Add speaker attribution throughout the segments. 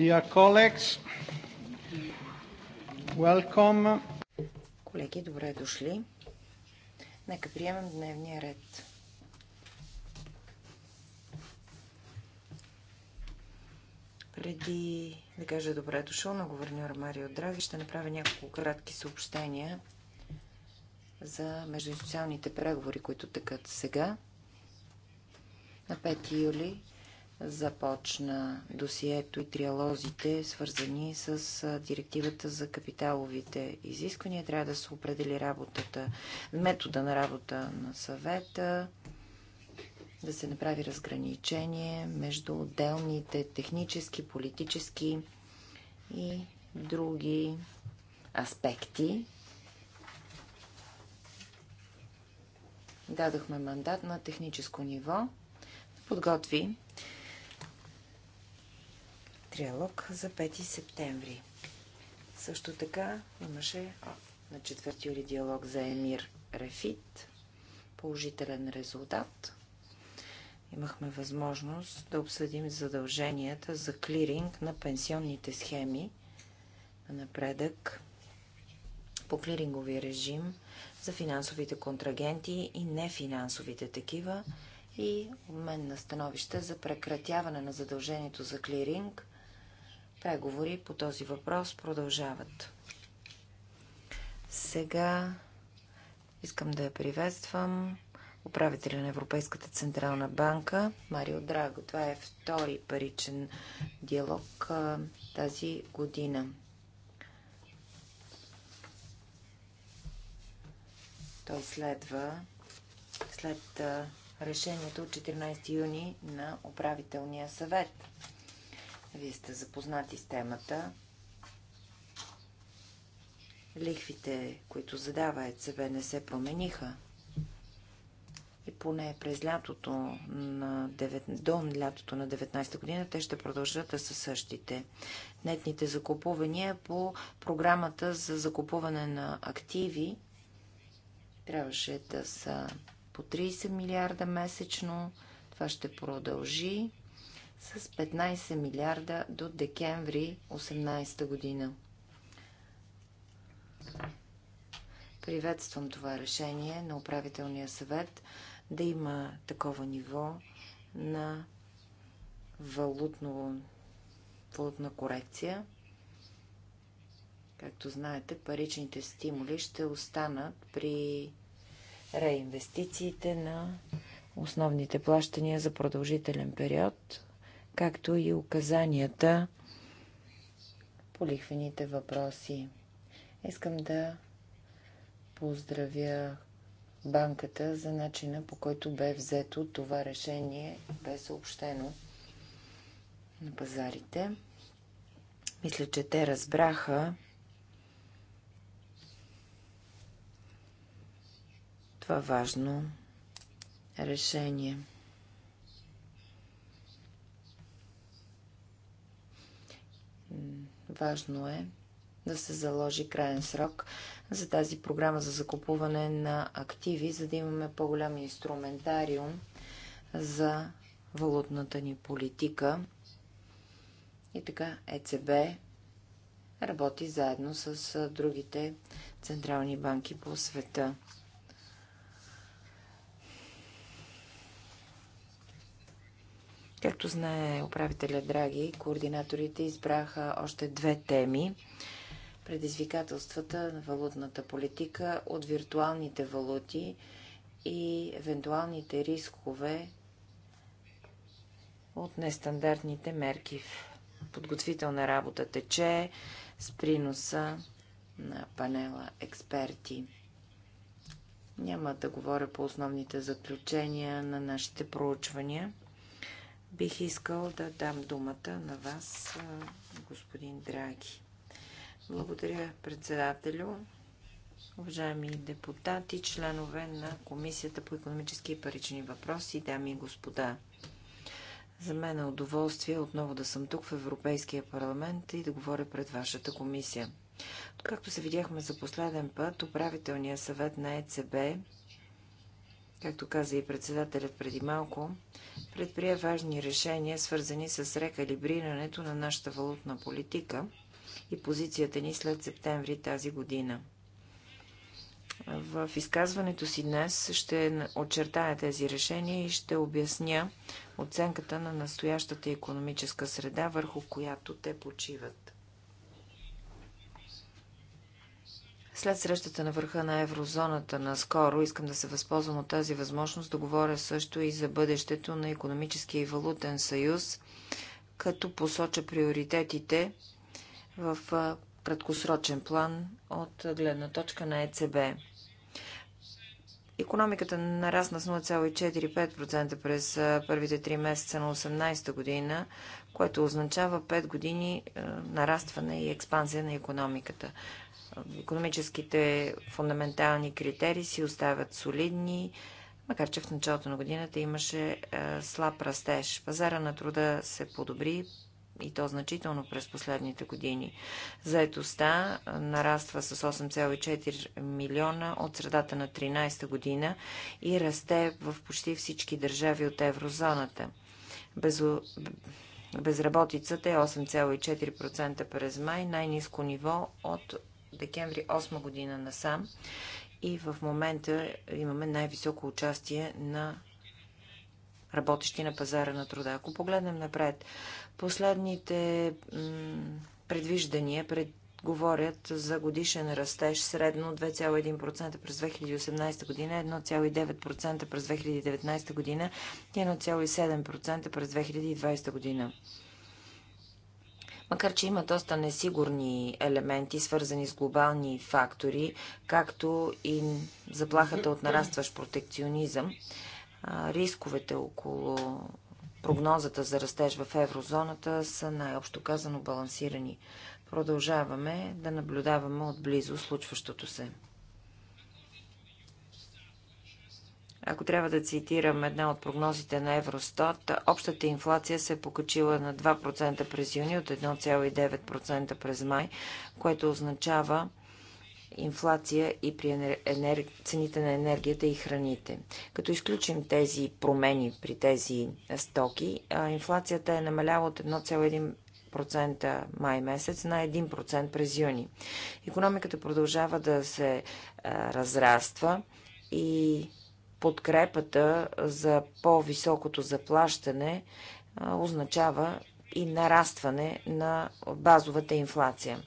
Speaker 1: Dear colleagues, welcome. Колеги, добре дошли. Нека приемем дневния ред. Преди да кажа добре дошъл на гуверньор Марио Драги, ще направя няколко кратки съобщения за междуинституционалните преговори, които тъкат сега. На 5 юли започна досието и триалозите, свързани с директивата за капиталовите изисквания. Трябва да се определи работата, метода на работа на съвета, да се направи разграничение между отделните технически, политически и други аспекти. Дадохме мандат на техническо ниво да подготви триалог за 5 септември. Също така имаше на 4 юли диалог за Емир Рефит. Положителен резултат. Имахме възможност да обсъдим задълженията за клиринг на пенсионните схеми на напредък по клирингови режим за финансовите контрагенти и нефинансовите такива и обмен на становища за прекратяване на задължението за клиринг Преговори по този въпрос продължават. Сега искам да я приветствам управителя на Европейската централна банка Марио Драго. Това е втори паричен диалог тази година. Той следва след решението от 14 юни на управителния съвет. Вие сте запознати с темата. Лихвите, които задава ЕЦБ, не се промениха. И поне през лятото на 9, до лятото на 19-та година те ще продължат да са същите. Нетните закупувания по програмата за закупуване на активи трябваше да са по 30 милиарда месечно. Това ще продължи с 15 милиарда до декември 2018 година. Приветствам това решение на управителния съвет да има такова ниво на валутно, валутна корекция. Както знаете, паричните стимули ще останат при реинвестициите на основните плащания за продължителен период както и указанията по лихвените въпроси. Искам да поздравя банката за начина по който бе взето това решение, бе съобщено на пазарите. Мисля, че те разбраха това важно решение. Важно е да се заложи крайен срок за тази програма за закупуване на активи, за да имаме по-голям инструментариум за валутната ни политика. И така ЕЦБ работи заедно с другите централни банки по света. Както знае управителя Драги, координаторите избраха още две теми. Предизвикателствата на валутната политика от виртуалните валути и евентуалните рискове от нестандартните мерки. Подготвителна работа тече с приноса на панела експерти. Няма да говоря по основните заключения на нашите проучвания – Бих искал да дам думата на вас, господин Драги. Благодаря, председателю. Уважаеми депутати, членове на Комисията по економически и парични въпроси, дами и господа. За мен е удоволствие отново да съм тук в Европейския парламент и да говоря пред вашата комисия. Както се видяхме за последен път, управителният съвет на ЕЦБ както каза и председателят преди малко, предприе важни решения, свързани с рекалибрирането на нашата валутна политика и позицията ни след септември тази година. В изказването си днес ще очертая тези решения и ще обясня оценката на настоящата економическа среда, върху която те почиват. След срещата на върха на еврозоната наскоро искам да се възползвам от тази възможност да говоря също и за бъдещето на економическия и валутен съюз, като посоча приоритетите в краткосрочен план от гледна точка на ЕЦБ. Економиката нарасна с 0,45% през първите три месеца на 18 година, което означава 5 години нарастване и експанзия на економиката. Економическите фундаментални критерии си остават солидни, макар че в началото на годината имаше е, слаб растеж. Пазара на труда се подобри и то значително през последните години. Заетостта е, нараства с 8,4 милиона от средата на 13-та година и расте в почти всички държави от еврозоната. Безработицата е 8,4% през май, най-низко ниво от декември 8 година насам и в момента имаме най-високо участие на работещи на пазара на труда. Ако погледнем напред, последните предвиждания пред говорят за годишен растеж средно 2,1% през 2018 година, 1,9% през 2019 година и 1,7% през 2020 година макар че има доста несигурни елементи, свързани с глобални фактори, както и заплахата от нарастващ протекционизъм, рисковете около прогнозата за растеж в еврозоната са най-общо казано балансирани. Продължаваме да наблюдаваме отблизо случващото се. Ако трябва да цитирам една от прогнозите на Евростат, общата инфлация се е покачила на 2% през юни от 1,9% през май, което означава инфлация и при енер... цените на енергията и храните. Като изключим тези промени при тези стоки, инфлацията е намаляла от 1,1 май месец на 1% през юни. Економиката продължава да се а, разраства и подкрепата за по-високото заплащане означава и нарастване на базовата инфлация.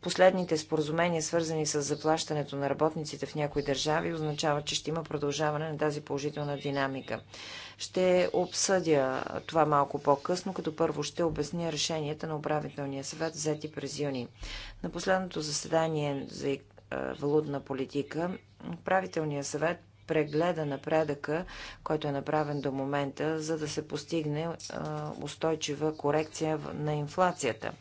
Speaker 1: Последните споразумения, свързани с заплащането на работниците в някои държави, означава, че ще има продължаване на тази положителна динамика. Ще обсъдя това малко по-късно, като първо ще обясня решенията на управителния съвет, взети през юни. На последното заседание за валутна политика, управителният съвет прегледа напредъка, който е направен до момента, за да се постигне устойчива корекция на инфлацията.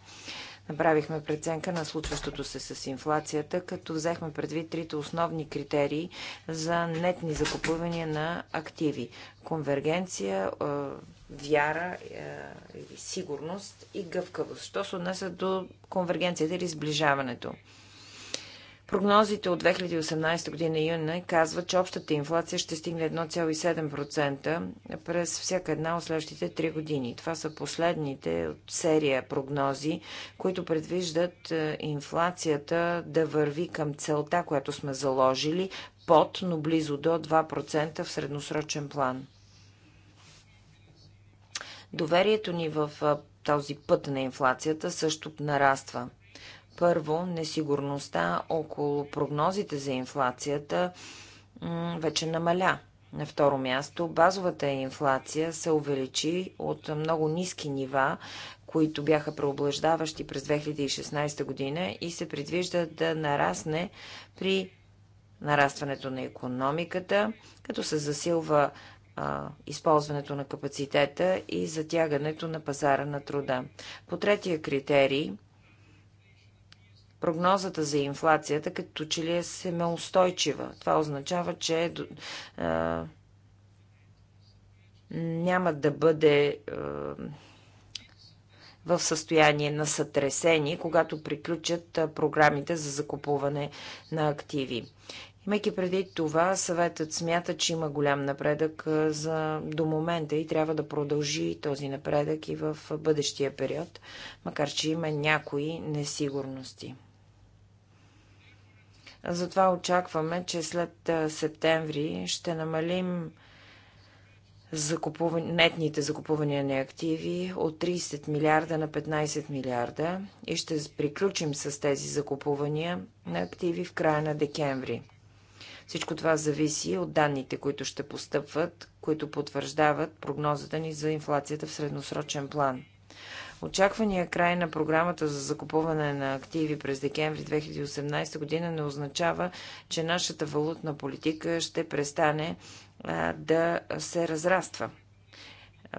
Speaker 1: Направихме преценка на случващото се с инфлацията, като взехме предвид трите основни критерии за нетни закупувания на активи. Конвергенция, вяра или сигурност и гъвкавост. Що се отнася до конвергенцията или сближаването? Прогнозите от 2018 година юна казват, че общата инфлация ще стигне 1,7% през всяка една от следващите 3 години. Това са последните от серия прогнози, които предвиждат е, инфлацията да върви към целта, която сме заложили, под, но близо до 2% в средносрочен план. Доверието ни в е, този път на инфлацията също нараства – първо, несигурността около прогнозите за инфлацията вече намаля. На второ място, базовата инфлация се увеличи от много ниски нива, които бяха преоблаждаващи през 2016 година и се предвижда да нарасне при нарастването на економиката, като се засилва а, използването на капацитета и затягането на пазара на труда. По третия критерий прогнозата за инфлацията като че ли е семеустойчива. Това означава, че е, а, няма да бъде а, в състояние на сътресение, когато приключат а, програмите за закупуване на активи. Имайки преди това, съветът смята, че има голям напредък за, до момента и трябва да продължи този напредък и в бъдещия период, макар че има някои несигурности. Затова очакваме, че след септември ще намалим закупуван... нетните закупувания на активи от 30 милиарда на 15 милиарда и ще приключим с тези закупувания на активи в края на декември. Всичко това зависи от данните, които ще постъпват, които потвърждават прогнозата ни за инфлацията в средносрочен план. Очаквания край на програмата за закупуване на активи през декември 2018 година не означава, че нашата валутна политика ще престане да се разраства.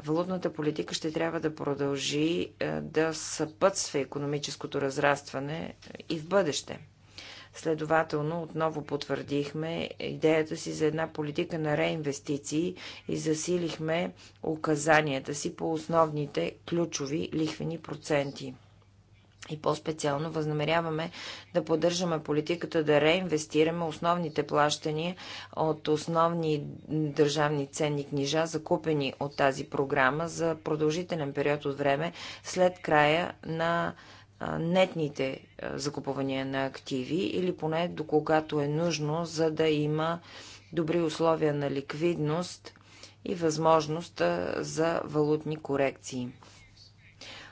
Speaker 1: Валутната политика ще трябва да продължи да съпътства економическото разрастване и в бъдеще. Следователно, отново потвърдихме идеята си за една политика на реинвестиции и засилихме указанията си по основните ключови лихвени проценти. И по-специално възнамеряваме да поддържаме политиката да реинвестираме основните плащания от основни държавни ценни книжа, закупени от тази програма за продължителен период от време след края на нетните закупувания на активи или поне до когато е нужно, за да има добри условия на ликвидност и възможност за валутни корекции.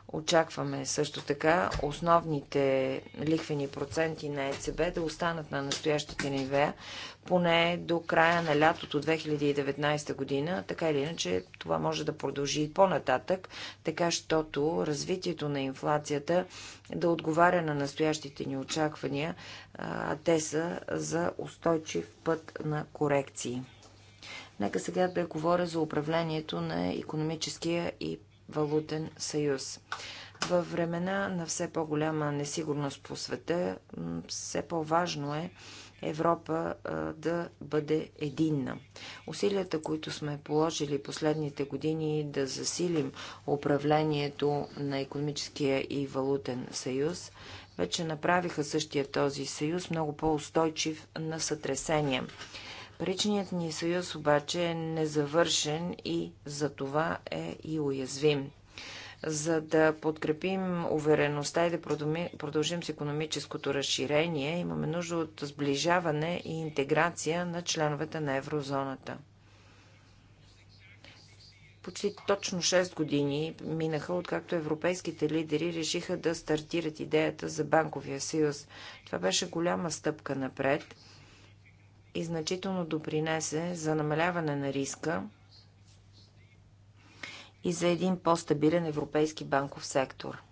Speaker 1: Очакваме също така основните лихвени проценти на ЕЦБ да останат на настоящите нива, поне до края на лятото 2019 година. Така или иначе, това може да продължи и по-нататък, така щото развитието на инфлацията да отговаря на настоящите ни очаквания, а те са за устойчив път на корекции. Нека сега да говоря за управлението на економическия и валутен съюз. Във времена на все по-голяма несигурност по света, все по-важно е Европа да бъде единна. Усилията, които сме положили последните години да засилим управлението на економическия и валутен съюз, вече направиха същия този съюз много по-устойчив на сътресения. Паричният ни съюз обаче е незавършен и за това е и уязвим за да подкрепим увереността и да продължим с економическото разширение, имаме нужда от сближаване и интеграция на членовете на еврозоната. Почти точно 6 години минаха, откакто европейските лидери решиха да стартират идеята за банковия съюз. Това беше голяма стъпка напред и значително допринесе за намаляване на риска и за един по-стабилен европейски банков сектор.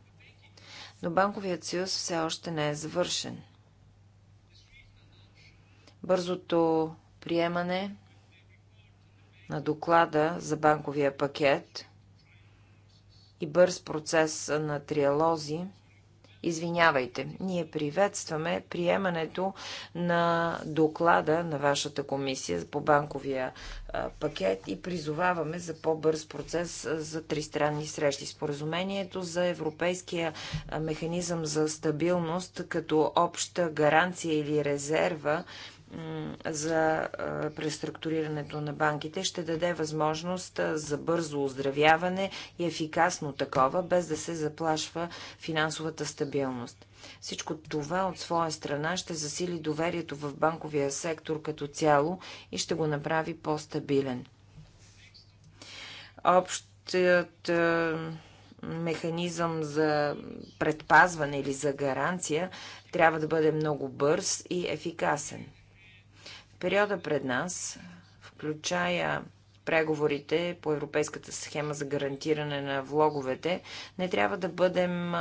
Speaker 1: Но банковият съюз все още не е завършен. Бързото приемане на доклада за банковия пакет и бърз процес на триалози – Извинявайте, ние приветстваме приемането на доклада на вашата комисия по банковия пакет и призоваваме за по-бърз процес за тристранни срещи. Споразумението за Европейския механизъм за стабилност като обща гаранция или резерва за преструктурирането на банките ще даде възможност за бързо оздравяване и ефикасно такова, без да се заплашва финансовата стабилност. Всичко това от своя страна ще засили доверието в банковия сектор като цяло и ще го направи по-стабилен. Общият механизъм за предпазване или за гаранция трябва да бъде много бърз и ефикасен. Периода пред нас включая преговорите по европейската схема за гарантиране на влоговете. Не трябва да бъдем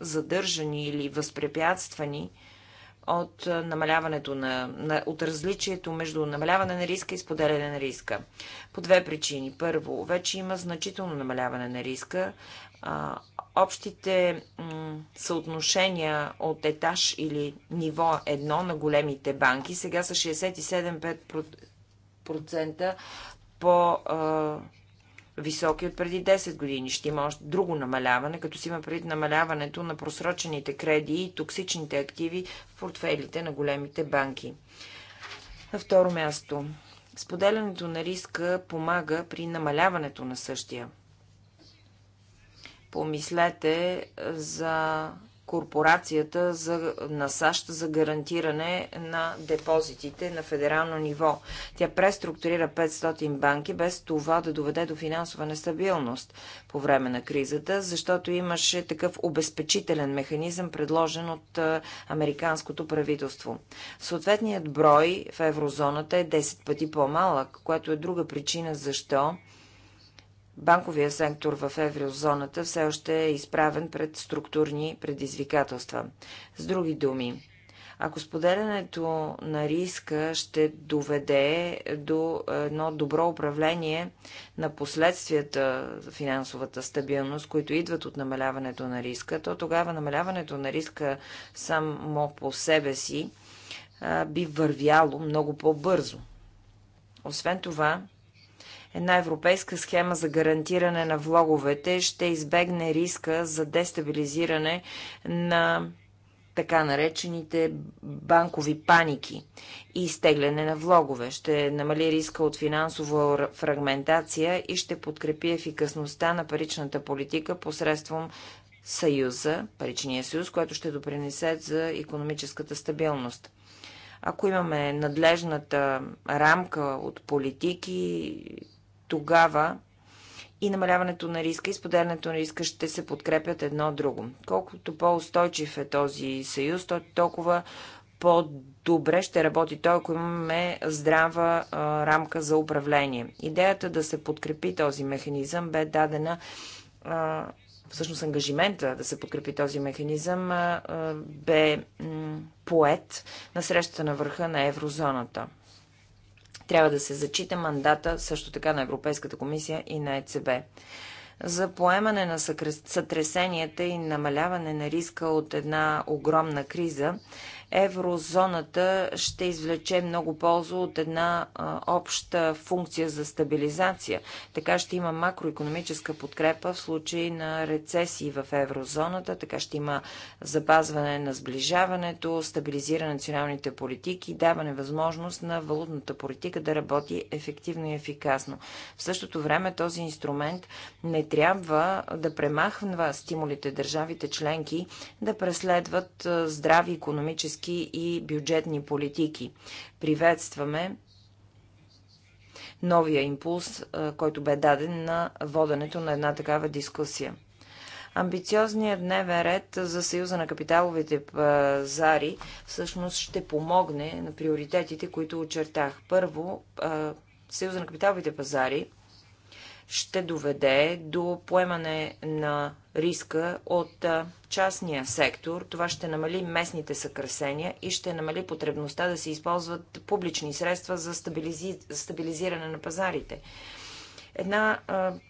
Speaker 1: задържани или възпрепятствани от намаляването на, на, от различието между намаляване на риска и споделяне на риска. По две причини. Първо, вече има значително намаляване на риска общите съотношения от етаж или ниво 1 на големите банки сега са 67,5% по-високи от преди 10 години. Ще има още друго намаляване, като си има преди намаляването на просрочените креди и токсичните активи в портфелите на големите банки. На второ място, споделянето на риска помага при намаляването на същия – Помислете за корпорацията за, на САЩ за гарантиране на депозитите на федерално ниво. Тя преструктурира 500 банки без това да доведе до финансова нестабилност по време на кризата, защото имаше такъв обезпечителен механизъм, предложен от американското правителство. Съответният брой в еврозоната е 10 пъти по-малък, което е друга причина защо банковия сектор в еврозоната все още е изправен пред структурни предизвикателства. С други думи, ако споделянето на риска ще доведе до едно добро управление на последствията за финансовата стабилност, които идват от намаляването на риска, то тогава намаляването на риска само по себе си би вървяло много по-бързо. Освен това, Една европейска схема за гарантиране на влоговете ще избегне риска за дестабилизиране на така наречените банкови паники и изтегляне на влогове. Ще намали риска от финансова фрагментация и ще подкрепи ефикасността на паричната политика посредством съюза, паричния съюз, който ще допринесе за економическата стабилност. Ако имаме надлежната рамка от политики, тогава и намаляването на риска и споделянето на риска ще се подкрепят едно друго. Колкото по-устойчив е този съюз, то толкова по-добре ще работи той, ако имаме здрава а, рамка за управление. Идеята да се подкрепи този механизъм бе дадена а, всъщност ангажимента да се подкрепи този механизъм а, бе поет на срещата на върха на еврозоната. Трябва да се зачита мандата също така на Европейската комисия и на ЕЦБ. За поемане на сътресенията и намаляване на риска от една огромна криза еврозоната ще извлече много полза от една а, обща функция за стабилизация. Така ще има макроекономическа подкрепа в случай на рецесии в еврозоната, така ще има запазване на сближаването, стабилизиране националните политики, даване възможност на валутната политика да работи ефективно и ефикасно. В същото време този инструмент не трябва да премахва стимулите държавите членки да преследват здрави економически икономически и бюджетни политики. Приветстваме новия импулс, който бе даден на воденето на една такава дискусия. Амбициозният дневен ред за Съюза на капиталовите пазари всъщност ще помогне на приоритетите, които очертах. Първо, Съюза на капиталовите пазари ще доведе до поемане на риска от частния сектор. Това ще намали местните съкрасения и ще намали потребността да се използват публични средства за стабилизи... стабилизиране на пазарите. Една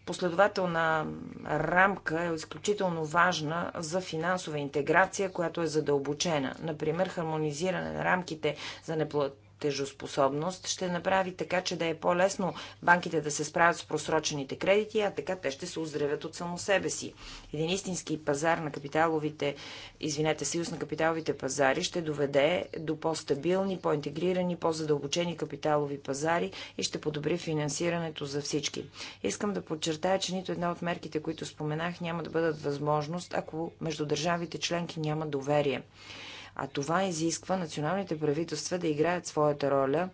Speaker 1: последователна рамка е изключително важна за финансова интеграция, която е задълбочена. Например, хармонизиране на рамките за неплат платежоспособност ще направи така, че да е по-лесно банките да се справят с просрочените кредити, а така те ще се оздравят от само себе си. Един истински пазар на капиталовите, извинете, съюз на капиталовите пазари ще доведе до по-стабилни, по-интегрирани, по-задълбочени капиталови пазари и ще подобри финансирането за всички. Искам да подчертая, че нито една от мерките, които споменах, няма да бъдат възможност, ако между държавите членки няма доверие. А това изисква националните правителства да играят своята роля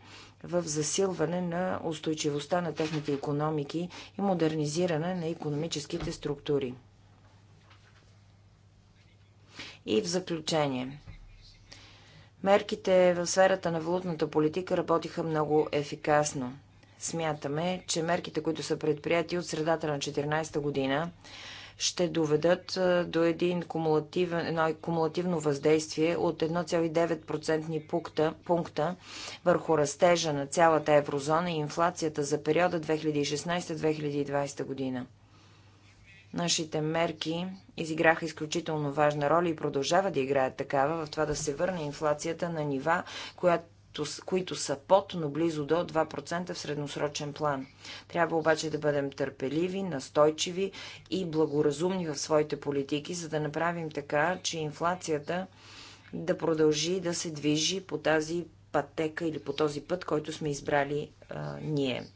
Speaker 1: в засилване на устойчивостта на техните економики и модернизиране на економическите структури. И в заключение. Мерките в сферата на валутната политика работиха много ефикасно. Смятаме, че мерките, които са предприяти от средата на 2014 година, ще доведат до един кумулативен, едно кумулативно въздействие от 1,9% пункта, пункта върху растежа на цялата еврозона и инфлацията за периода 2016-2020 година. Нашите мерки изиграха изключително важна роля и продължават да играят такава в това да се върне инфлацията на нива, която които са под, но близо до 2% в средносрочен план. Трябва обаче да бъдем търпеливи, настойчиви и благоразумни в своите политики, за да направим така, че инфлацията да продължи да се движи по тази пътека или по този път, който сме избрали а, ние.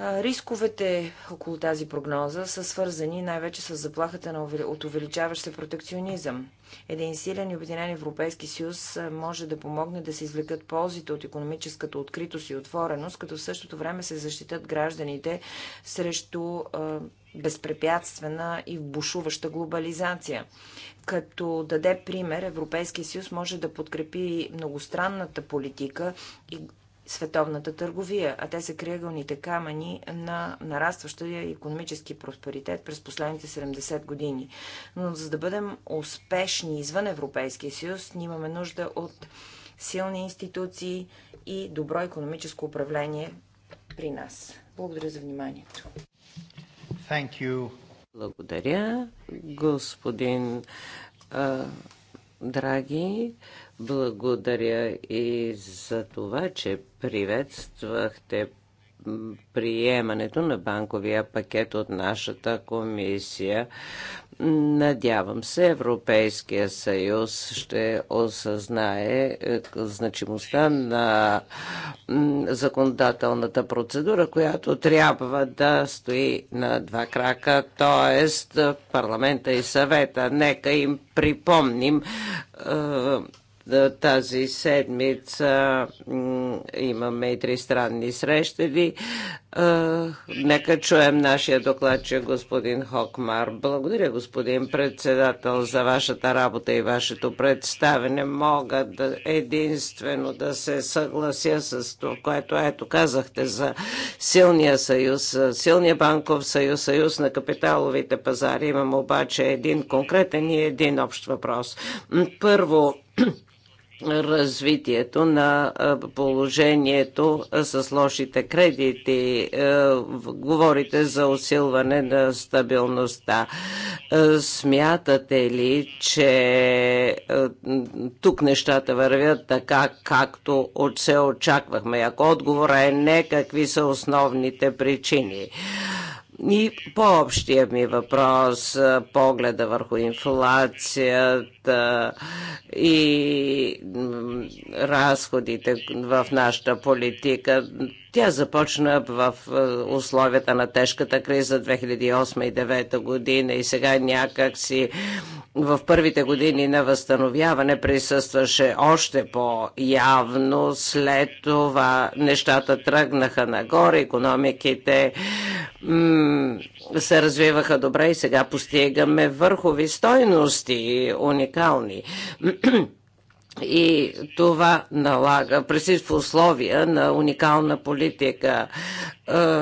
Speaker 1: Рисковете около тази прогноза са свързани най-вече с заплахата на, от увеличаващ се протекционизъм. Един силен и обединен Европейски съюз може да помогне да се извлекат ползите от економическата откритост и отвореност, като в същото време се защитат гражданите срещу безпрепятствена и бушуваща глобализация. Като даде пример, Европейския съюз може да подкрепи многостранната политика и световната търговия, а те са криъгълните камъни на нарастващия економически просперитет през последните 70 години. Но за да бъдем успешни извън Европейския съюз, ние имаме нужда от силни институции и добро економическо управление при нас. Благодаря за вниманието.
Speaker 2: Thank you. Благодаря, господин драги. Благодаря и за това, че приветствахте приемането на банковия пакет от нашата комисия. Надявам се, Европейския съюз ще осъзнае е, значимостта на законодателната процедура, която трябва да стои на два крака, т.е. парламента и съвета. Нека им припомним е, тази седмица имаме и тристранни срещи. Нека чуем нашия доклад, че господин Хокмар. Благодаря, господин председател, за вашата работа и вашето представене. Мога да, единствено да се съглася с това, което ето казахте за силния съюз, силния банков съюз, съюз на капиталовите пазари. Имам обаче един конкретен и един общ въпрос. Първо, развитието на положението с лошите кредити. Говорите за усилване на стабилността. Смятате ли, че тук нещата вървят така, както от се очаквахме? Ако отговора е не, какви са основните причини? И по-общия ми въпрос, погледа върху инфлацията и разходите в нашата политика, тя започна в е, условията на тежката криза 2008 и 2009 година и сега някакси в първите години на възстановяване присъстваше още по-явно. След това нещата тръгнаха нагоре, економиките се развиваха добре и сега постигаме върхови стойности, уникални. И това налага преси в условия на уникална политика. Е,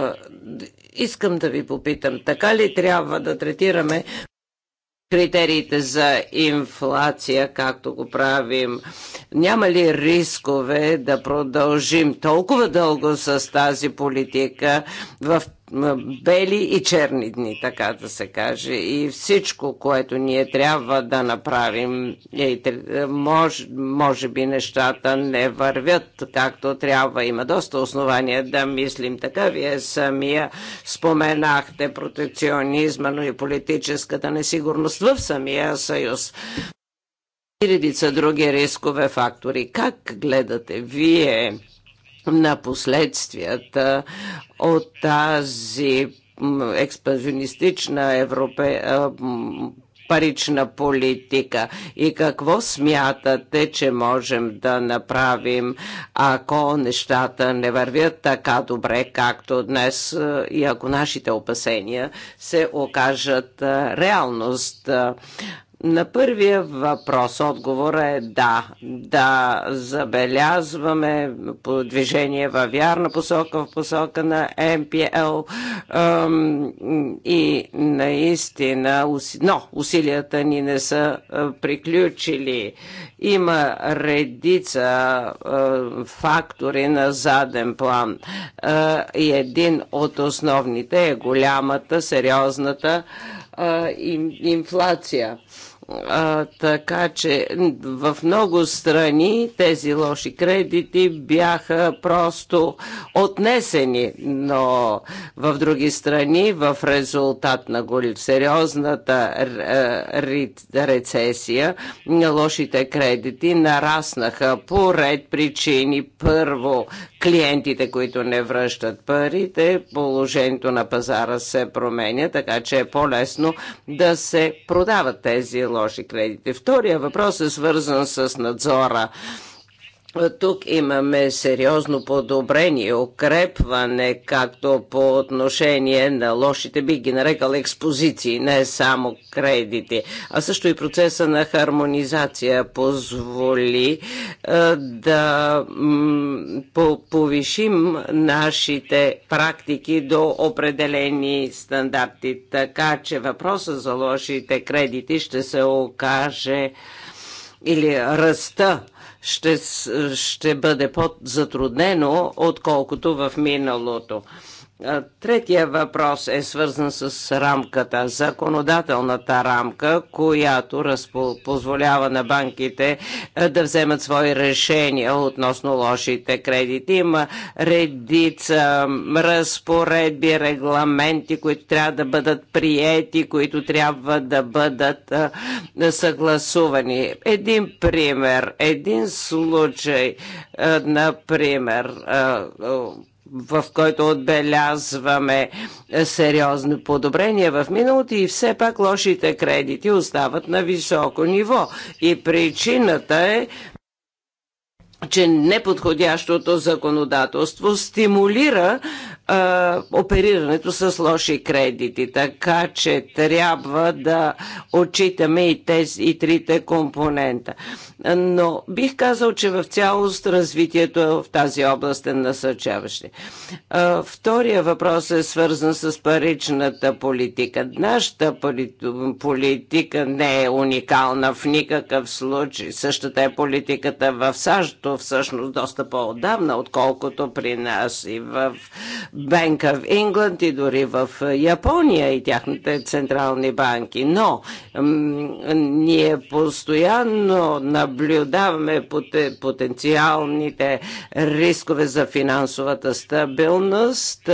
Speaker 2: искам да ви попитам, така ли трябва да третираме критериите за инфлация, както го правим. Няма ли рискове да продължим толкова дълго с тази политика в бели и черни дни, така да се каже. И всичко, което ние трябва да направим, е, е, мож, може би нещата не вървят както трябва. Има доста основания да мислим така. Вие самия споменахте протекционизма, но и политическата несигурност в самия съюз. И редица други рискове фактори. Как гледате вие? на последствията от тази експанзионистична европе, парична политика и какво смятате, че можем да направим, ако нещата не вървят така добре, както днес и ако нашите опасения се окажат реалност. На първия въпрос отговора е да. Да, забелязваме движение във вярна посока, в посока на МПЛ и наистина, но усилията ни не са приключили. Има редица фактори на заден план и един от основните е голямата, сериозната инфлация а, така че в много страни тези лоши кредити бяха просто отнесени, но в други страни в резултат на сериозната рецесия лошите кредити нараснаха по ред причини. Първо, клиентите, които не връщат парите, положението на пазара се променя, така че е по-лесно да се продават тези лоши кредити. Втория въпрос е свързан с надзора. Тук имаме сериозно подобрение, укрепване, както по отношение на лошите, би ги нарекал експозиции, не само кредити, а също и процеса на хармонизация позволи е, да повишим нашите практики до определени стандарти. Така че въпроса за лошите кредити ще се окаже или ръста ще, ще бъде по-затруднено, отколкото в миналото. Третия въпрос е свързан с рамката, законодателната рамка, която позволява на банките да вземат свои решения относно лошите кредити. Има редица разпоредби, регламенти, които трябва да бъдат приети, които трябва да бъдат съгласувани. Един пример, един случай, например, в който отбелязваме сериозни подобрения в миналото и все пак лошите кредити остават на високо ниво. И причината е че неподходящото законодателство стимулира оперирането с лоши кредити. Така че трябва да отчитаме и, тези, и трите компонента. Но бих казал, че в цялост развитието е в тази област е насърчаващи. Втория въпрос е свързан с паричната политика. Нашата политика не е уникална в никакъв случай. Същата е политиката в САЩ, всъщност доста по-отдавна, отколкото при нас и в Bank of England и дори в Япония и тяхните централни банки. Но ние постоянно наблюдаваме пот- потенциалните рискове за финансовата стабилност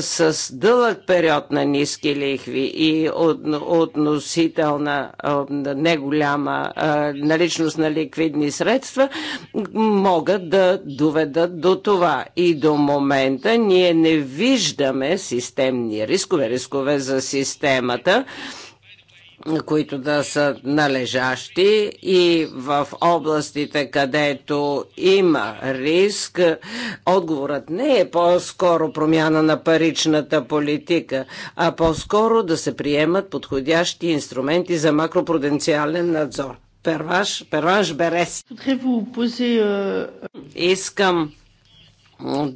Speaker 2: с дълъг период на ниски лихви и от, относителна неголяма наличност на ликвидни средства могат да доведат до това. И до момента ние ние не виждаме системни рискове, рискове за системата, които да са належащи и в областите, където има риск, отговорът не е по-скоро промяна на паричната политика, а по-скоро да се приемат подходящи инструменти за макропруденциален надзор. Перваш, перваш Берес. Euh, Искам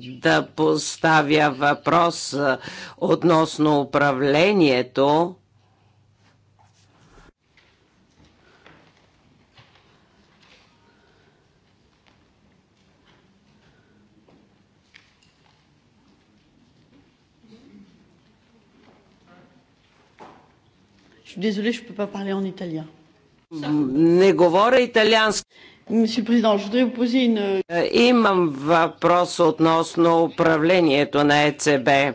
Speaker 2: да поставя въпрос относно управлението
Speaker 3: désolée, je ne peux pas parler en italien.
Speaker 2: Не говоря италиански. Е, имам въпрос относно управлението на ЕЦБ е,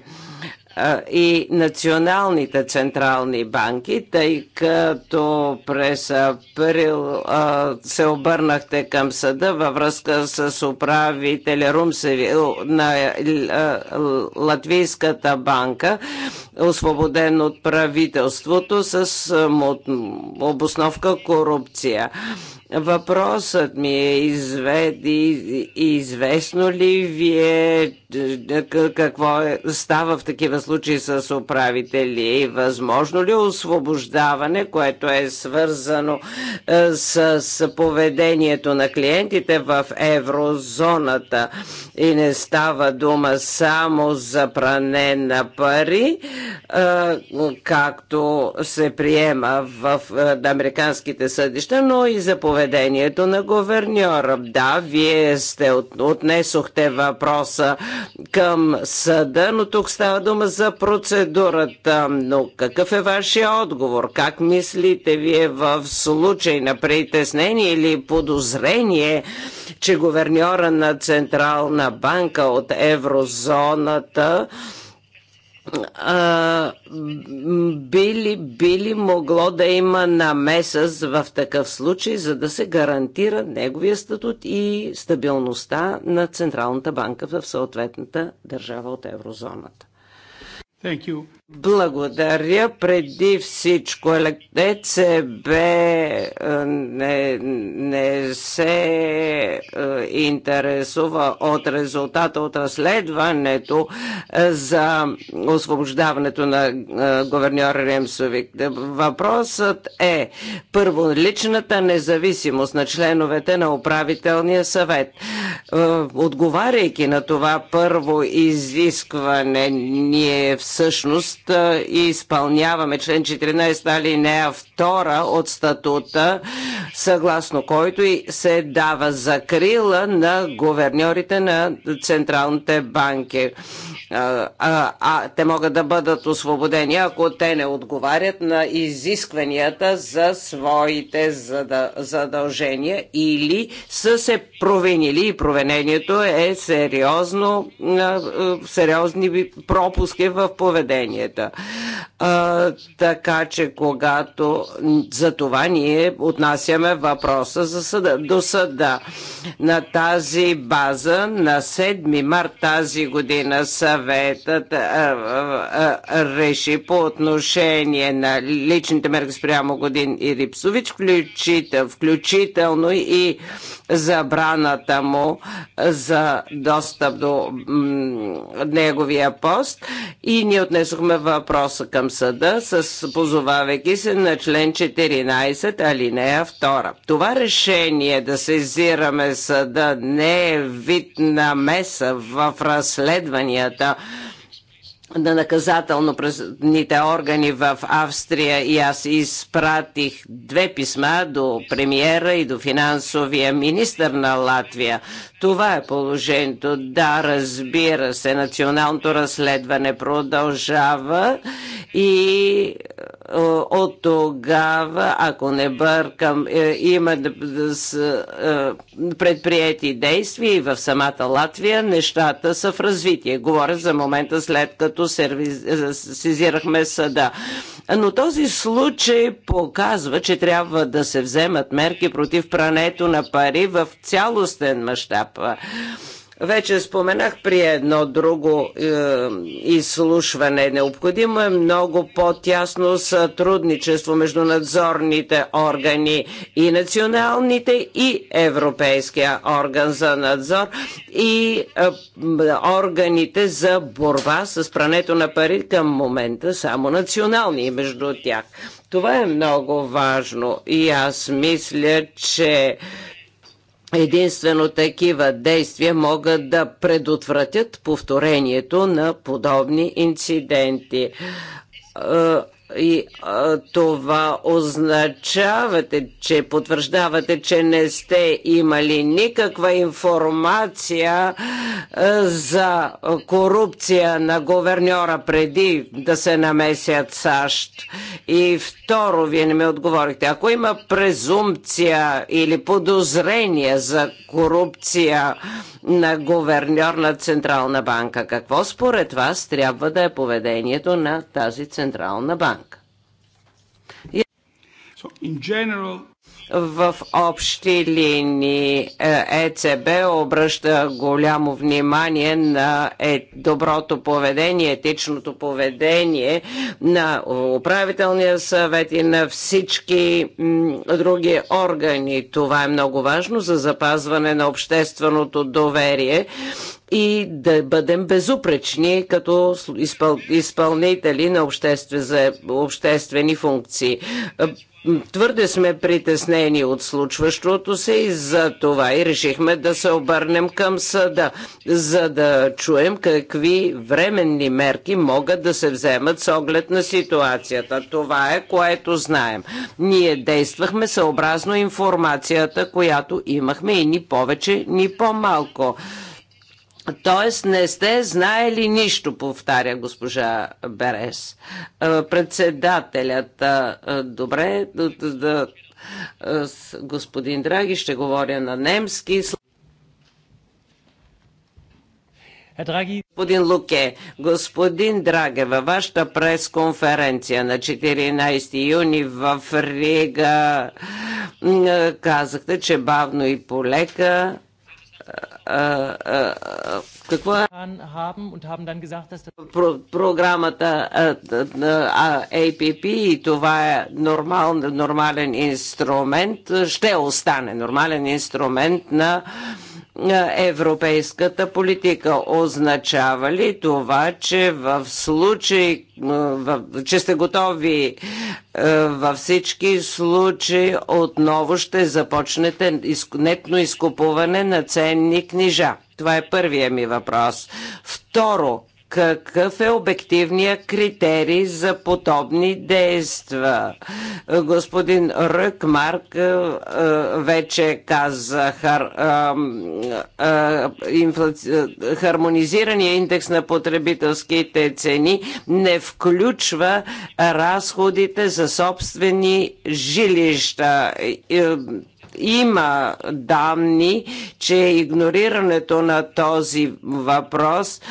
Speaker 2: и националните централни банки, тъй като през април а, е, се обърнахте към съда във връзка с управителя Румсеви на Латвийската банка, освободен от правителството с обосновка корупция. Въпросът ми е извед, известно ли вие какво е, става в такива случаи с управители и възможно ли освобождаване, което е свързано е, с, с поведението на клиентите в еврозоната и не става дума само за пране на пари, е, както се приема в е, американските съдища, но и за поведението поведението на говерньора. Да, вие сте от, отнесохте въпроса към съда, но тук става дума за процедурата. Но какъв е вашия отговор? Как мислите вие в случай на притеснение или подозрение, че говерньора на Централна банка от еврозоната би ли, би ли могло да има намеса в такъв случай, за да се гарантира неговия статут и стабилността на Централната банка в съответната държава от еврозоната? Thank you. Благодаря преди всичко. ЕЦБ е е, не, не се е, интересува от резултата от разследването за освобождаването на говерньор Ремсовик. Въпросът е първо личната независимост на членовете на управителния съвет. Отговаряйки на това първо изискване, ние всъщност всъщност изпълняваме член 14 алинея 2 от статута, съгласно който се дава закрила на говерньорите на централните банки. А, а, а те могат да бъдат освободени, ако те не отговарят на изискванията за своите задължения или са се провинили и провинението е сериозно, сериозни пропуски в поведението пандемията. А, така че, когато за това ние отнасяме въпроса за съда, до съда. На тази база на 7 март тази година съветът а, а, а, реши по отношение на личните мерки спрямо годин и Рипсович, включител, включително и забраната му за достъп до неговия пост и ние отнесохме повдигаме въпроса към съда, с позовавайки се на член 14, алинея 2. Това решение да сезираме съда не е вид на меса в разследванията на наказателно-правните органи в Австрия и аз изпратих две писма до премиера и до финансовия министр на Латвия. Това е положението. Да, разбира се, националното разследване продължава и е, от тогава, ако не бъркам, е, има е, предприяти действия и в самата Латвия нещата са в развитие. Говоря за момента след като сезирахме съда. Но този случай показва, че трябва да се вземат мерки против прането на пари в цялостен мащаб. Вече споменах при едно друго е, изслушване. Необходимо е много по-тясно сътрудничество между надзорните органи и националните и Европейския орган за надзор и е, органите за борба с прането на пари към момента само национални между тях. Това е много важно и аз мисля, че Единствено такива действия могат да предотвратят повторението на подобни инциденти е, и а, това означавате, че потвърждавате, че не сте имали никаква информация а, за корупция на говерньора преди да се намесят САЩ. И второ, вие не ми отговорихте, ако има презумпция или подозрение за корупция, на говерньор на Централна банка. Какво според вас трябва да е поведението на тази Централна банка? So, in general, в общи линии ЕЦБ е обръща голямо внимание на е, доброто поведение, етичното поведение на управителния съвет и на всички други органи. Това е много важно за запазване на общественото доверие и да бъдем безупречни като изпъл... изпълнители на обществе... за обществени функции. Е, Твърде сме притеснени от случващото се и за това и решихме да се обърнем към съда, за да чуем какви временни мерки могат да се вземат с оглед на ситуацията. Това е което знаем. Ние действахме съобразно информацията, която имахме и ни повече, ни по-малко. Тоест не сте знаели нищо, повтаря госпожа Берес. Е, председателят, е, е, добре, господин Драги, ще говоря на немски. Господин Луке, господин Драге, във вашата пресконференция на 14 юни в Рига казахте, че бавно и полека какво е програмата APP и това е нормал, нормален инструмент, ще остане нормален инструмент на европейската политика. Означава ли това, че в случай, че сте готови във всички случаи отново ще започнете нетно изкупуване на ценни книжа? Това е първия ми въпрос. Второ, какъв е обективният критерий за подобни действа. Господин Ръкмарк е, е, вече каза хар, а, а, хармонизирания индекс на потребителските цени не включва разходите за собствени жилища. Е, има данни, че игнорирането на този въпрос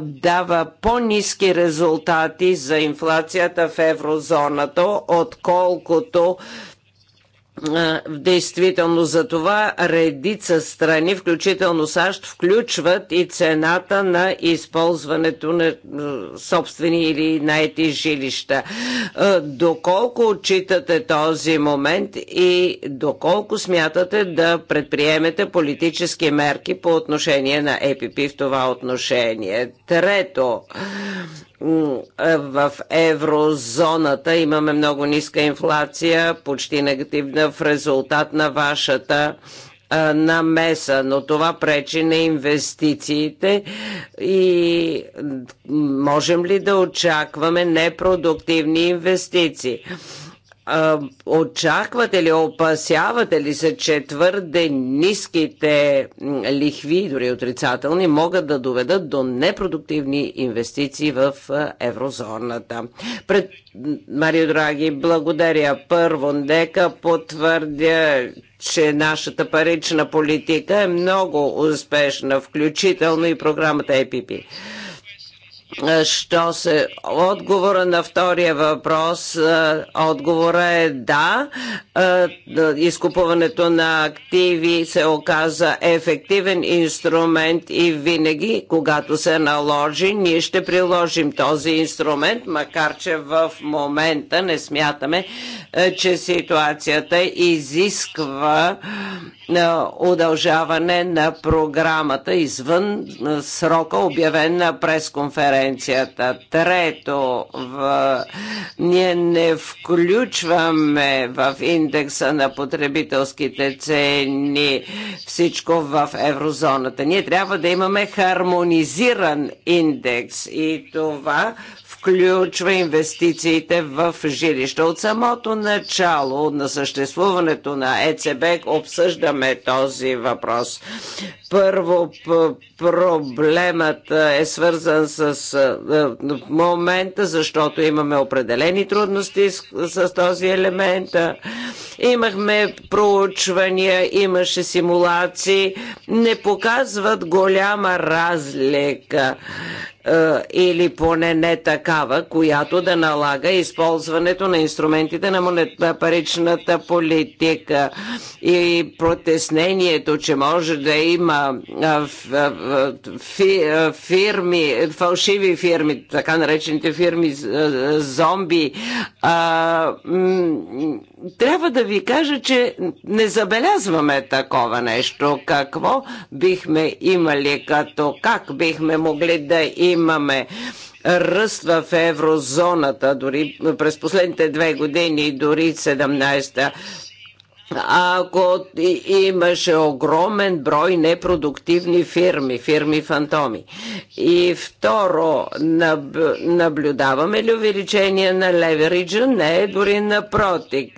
Speaker 2: дава по-низки резултати за инфлацията в еврозоната, отколкото в действително за това редица страни, включително САЩ, включват и цената на използването на собствени или наети жилища. Доколко отчитате този момент и доколко смятате да предприемете политически мерки по отношение на ЕПП в това отношение? Трето, е, в еврозоната имаме много ниска инфлация, почти негативна в резултат на вашата намеса, но това пречи на инвестициите и можем ли да очакваме непродуктивни инвестиции? очаквате ли, опасявате ли се, че твърде ниските лихви, дори отрицателни, могат да доведат до непродуктивни инвестиции в еврозоната? Пред Марио Драги, благодаря. Първо, нека потвърдя, че нашата парична политика е много успешна, включително и програмата ЕПП. Що се отговора на втория въпрос, е, отговора е да. Е, изкупуването на активи се оказа ефективен инструмент и винаги, когато се наложи, ние ще приложим този инструмент, макар че в момента не смятаме, е, че ситуацията изисква удължаване на програмата извън срока, обявен на пресконференция конвенцията. Трето, в... ние не включваме в индекса на потребителските цени всичко в еврозоната. Ние трябва да имаме хармонизиран индекс и това включва инвестициите в жилища. От самото начало на съществуването на ЕЦБ обсъждаме този въпрос. Първо, проблемът е свързан с момента, защото имаме определени трудности с, с този елемент. Имахме проучвания, имаше симулации, не показват голяма разлика. Е, или поне не такава, която да налага използването на инструментите на, монет, на паричната политика и протеснението, че може да има фирми, фалшиви фирми, така наречените фирми зомби, трябва да ви кажа, че не забелязваме такова нещо. Какво бихме имали като как бихме могли да имаме ръст в еврозоната, дори през последните две години, дори 17-та, ако имаше огромен брой непродуктивни фирми, фирми фантоми. И второ, наб, наблюдаваме ли увеличение на левериджа? Не, дори напротив.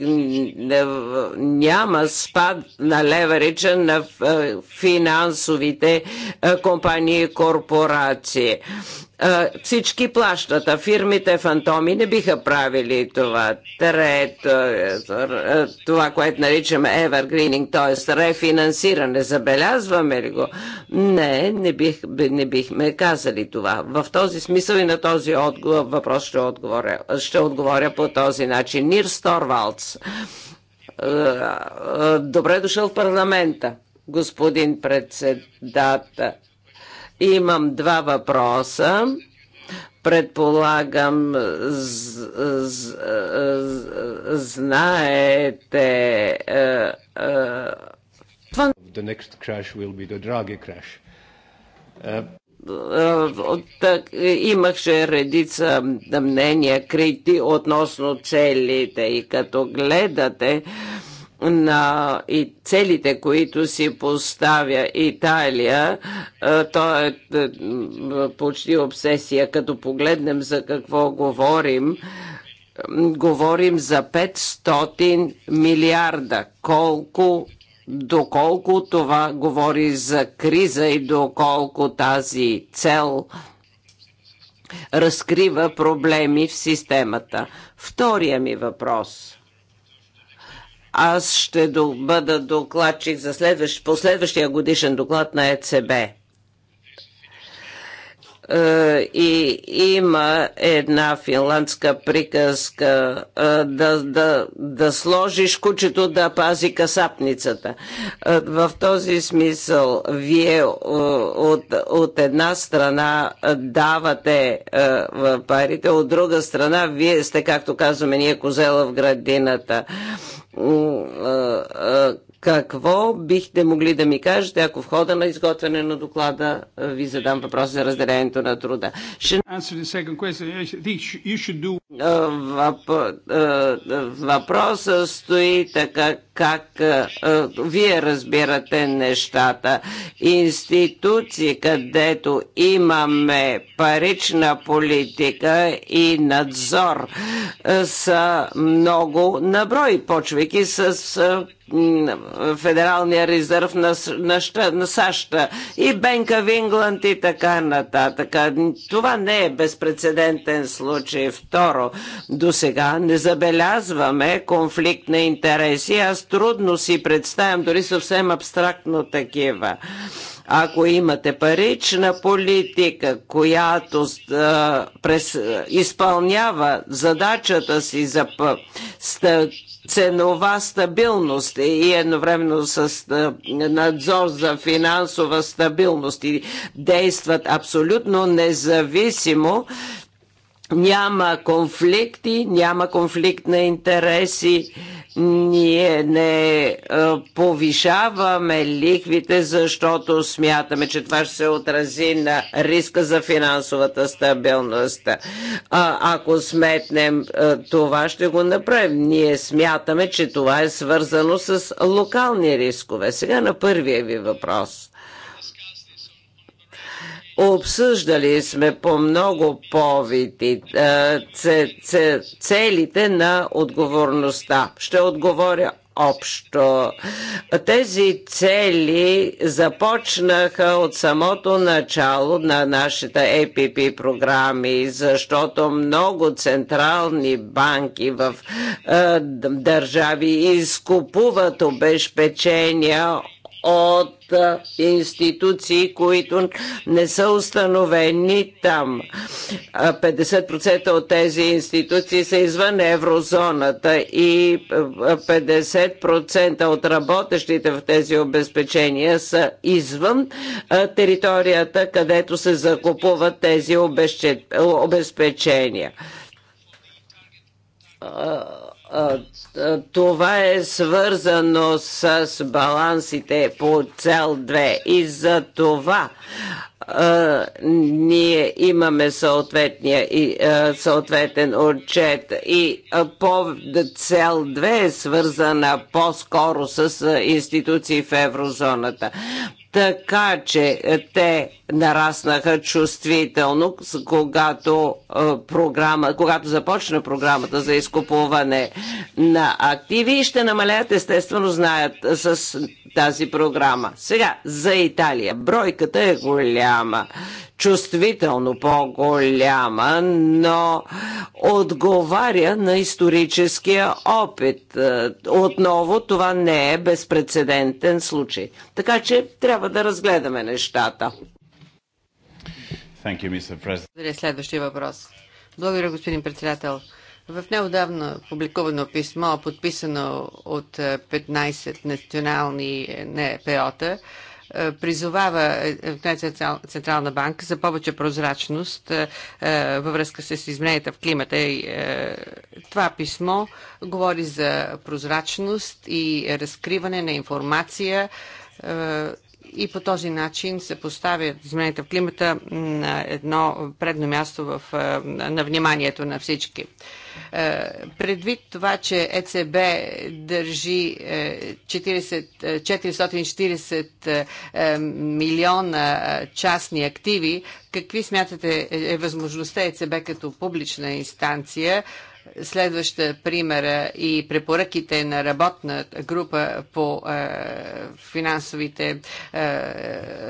Speaker 2: Няма спад на левериджа на финансовите компании и корпорации. Всички плащат, а фирмите фантоми не биха правили това. Трето, е, е, това, което наричаме evergreening, т.е. рефинансиране. Забелязваме ли го? Не, не, бих, не бихме казали това. В този смисъл и на този отговор, въпрос ще отговоря, ще отговоря по този начин. Нир Сторвалц. Е, добре дошъл в парламента, господин председател Имам два въпроса предполагам, з, з, з, знаете. Е, е,
Speaker 1: the next crash will be the Draghi crash.
Speaker 2: Е, так, имаше редица мнения крити относно целите и като гледате на и целите, които си поставя Италия, то е, е почти обсесия, като погледнем за какво говорим говорим за 500 милиарда. Колко, доколко това говори за криза и доколко тази цел разкрива проблеми в системата. Втория ми въпрос – аз ще бъда докладчик за следващ, последващия годишен доклад на ЕЦБ. Е, и има една финландска приказка е, да, да, да сложиш кучето да пази касапницата. Е, в този смисъл вие от, от една страна давате парите, от друга страна вие сте, както казваме ние, козела в градината какво бихте могли да ми кажете, ако в хода на изготвяне на доклада ви задам въпрос за разделението на труда? Въпросът стои така, как вие разбирате нещата. Институции, където имаме парична политика и надзор, са много наброй, почвайки с Федералния резерв на, на, на САЩ и Бенка в Ингланд и така нататък. Това не е безпредседентен случай. Второ, до сега не забелязваме конфликт на интереси. Аз трудно си представям дори съвсем абстрактно такива. Ако имате парична политика, която а, през, изпълнява задачата си за ста, ценова стабилност и едновременно с надзор за финансова стабилност и действат абсолютно независимо няма конфликти, няма конфликт на интереси, ние не е, повишаваме лихвите, защото смятаме, че това ще се отрази на риска за финансовата стабилност. А, ако сметнем е, това, ще го направим. Ние смятаме, че това е свързано с локални рискове. Сега на първия ви въпрос. Обсъждали сме по много повити целите на отговорността. Ще отговоря общо. Тези цели започнаха от самото начало на нашите APP програми, защото много централни банки в държави изкупуват обезпечения от институции, които не са установени там. 50% от тези институции са извън еврозоната и 50% от работещите в тези обезпечения са извън територията, където се закупуват тези обезпечения е, това е свързано с балансите по цел 2 и за това е, ние имаме съответния и, е, съответен отчет и по цел 2 е свързана по-скоро с институции в еврозоната така че е, те нараснаха чувствително, когато, е, програма, когато започна програмата за изкупуване на активи и ще намалят, естествено, знаят е, с тази програма. Сега, за Италия. Бройката е голяма чувствително по-голяма, но отговаря на историческия опит. Е, отново това не е безпредседентен случай. Така че трябва да разгледаме нещата.
Speaker 1: Благодаря.
Speaker 3: Следващия въпрос. Благодаря, господин председател. В неодавна публикувано писмо, подписано от 15 е, национални е, НПО-та, призовава е, е, Централна банка за повече прозрачност е, във връзка с измененията в климата. Това писмо говори за прозрачност и разкриване на информация и по този начин се поставят измененията в климата на едно предно място в, на вниманието на всички. Е, предвид това, че ЕЦБ държи 40, е, 440 е, милиона частни активи, какви смятате е възможността ЕЦБ като публична инстанция следваща примера и препоръките на работна група по е, финансовите е,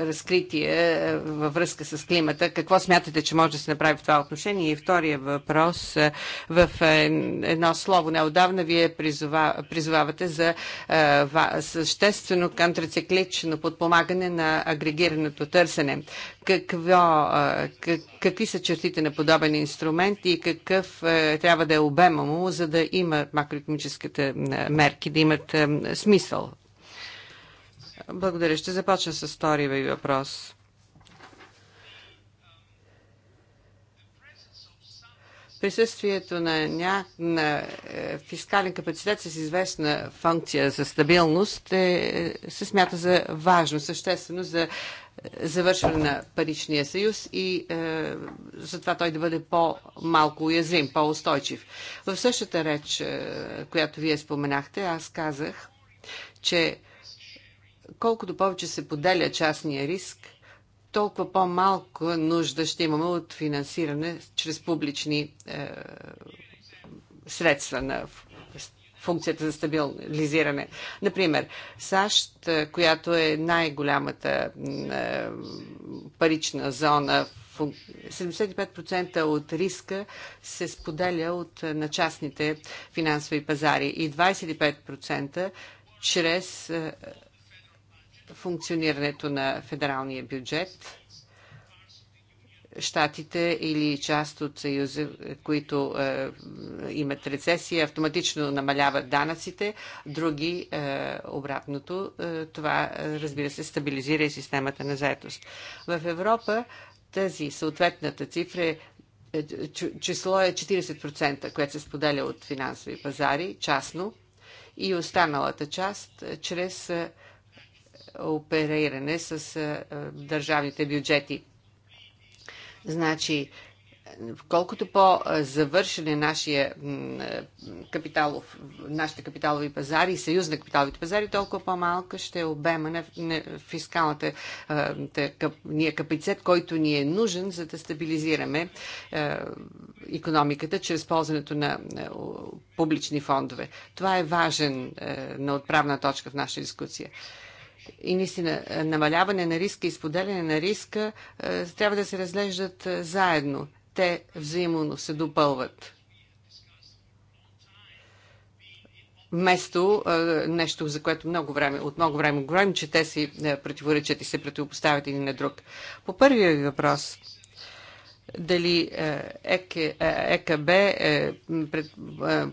Speaker 3: разкрития е, във връзка с климата. Какво смятате, че може да се направи в това отношение? И втория въпрос. Е, в е, едно слово неодавна вие призова, призовавате за ва, съществено контрациклично подпомагане на агрегираното търсене. Какво, как, Какви са чертите на подобен инструмент и какъв е, трябва да е обема му, за да има макроекономическите мерки, да имат е, смисъл? Благодаря. Ще започна с втория ви въпрос. присъствието на, ня... на е, фискален капацитет с известна функция за стабилност е, се смята за важно, съществено за е, завършване на паричния съюз и е, затова той да бъде по-малко уязвим, по-устойчив. В същата реч, е, която вие споменахте, аз казах, че колкото повече се поделя частния риск, толкова по-малко нужда ще имаме от финансиране чрез публични е, средства на функцията за стабилизиране. Например, САЩ, е, която е най-голямата е, парична зона, 75% от риска се споделя от е, на частните финансови пазари и 25% чрез е, функционирането на федералния бюджет. Штатите или част от Съюза, които е, имат рецесия, автоматично намаляват данъците, други е, обратното. Е, това, разбира се, стабилизира и системата на заетост. В Европа тази съответната цифра е, е число е 40%, което се споделя от финансови пазари, частно, и останалата част е, чрез е, опериране с държавните бюджети. Значи, колкото по-завършен е нашия капиталов, нашите капиталови пазари и съюз на капиталовите пазари, толкова по-малка ще е обема на, на фискалната ние капицет, който ни е нужен, за да стабилизираме економиката чрез ползването на публични фондове. Това е важен на отправна точка в нашата дискусия и наистина е, намаляване на риска и споделяне на риска е, трябва да се разглеждат е, заедно. Те взаимно се допълват. Вместо нещо, за което много време, от много време говорим, че те си противоречат и се противопоставят един на друг. По първия ви въпрос – дали е, е, ЕКБ е,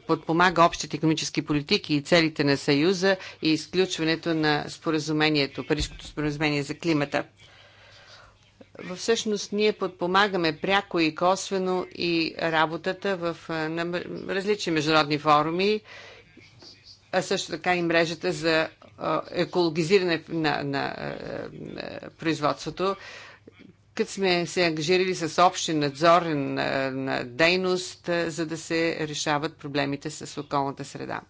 Speaker 3: подпомага общите економически политики и целите на Съюза и изключването на споразумението, Парижското споразумение за климата. Всъщност ние подпомагаме пряко и косвено и работата в на различни международни форуми, а също така и мрежата за екологизиране на, на, на производството като сме се ангажирали с общи надзор на, на дейност, за да се решават проблемите с околната среда.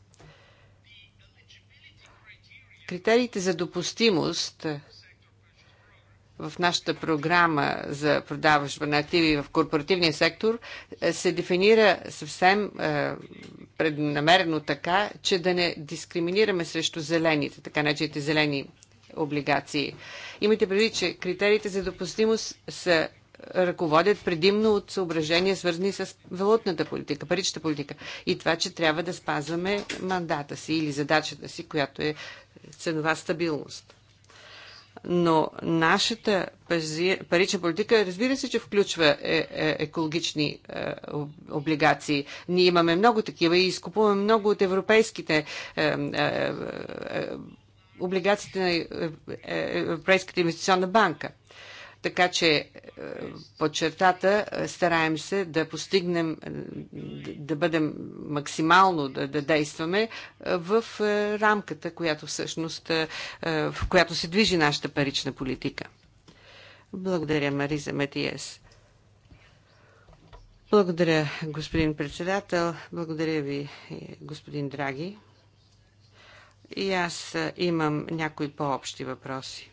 Speaker 3: Критериите за допустимост в нашата програма за продажба на активи в корпоративния сектор се дефинира съвсем преднамерено така, че да не дискриминираме срещу зелените, така наречените зелени облигации. Имайте предвид, че критериите за допустимост се ръководят предимно от съображения, свързани с валутната политика, паричната политика. И това, че трябва да спазваме мандата си или задачата си, която е ценова стабилност. Но нашата парична политика, разбира се, че включва е, е, екологични е, облигации. Ние имаме много такива и изкупуваме много от европейските е, е, е, облигациите на е, е, Европейската инвестиционна банка. Така че е, под чертата стараем се да постигнем, да бъдем максимално, да, да действаме в рамката, която всъщност, в която се движи нашата парична политика. Благодаря, Мариза Матиес. Благодаря, господин председател. Благодаря ви, господин Драги. И аз имам някои по-общи въпроси.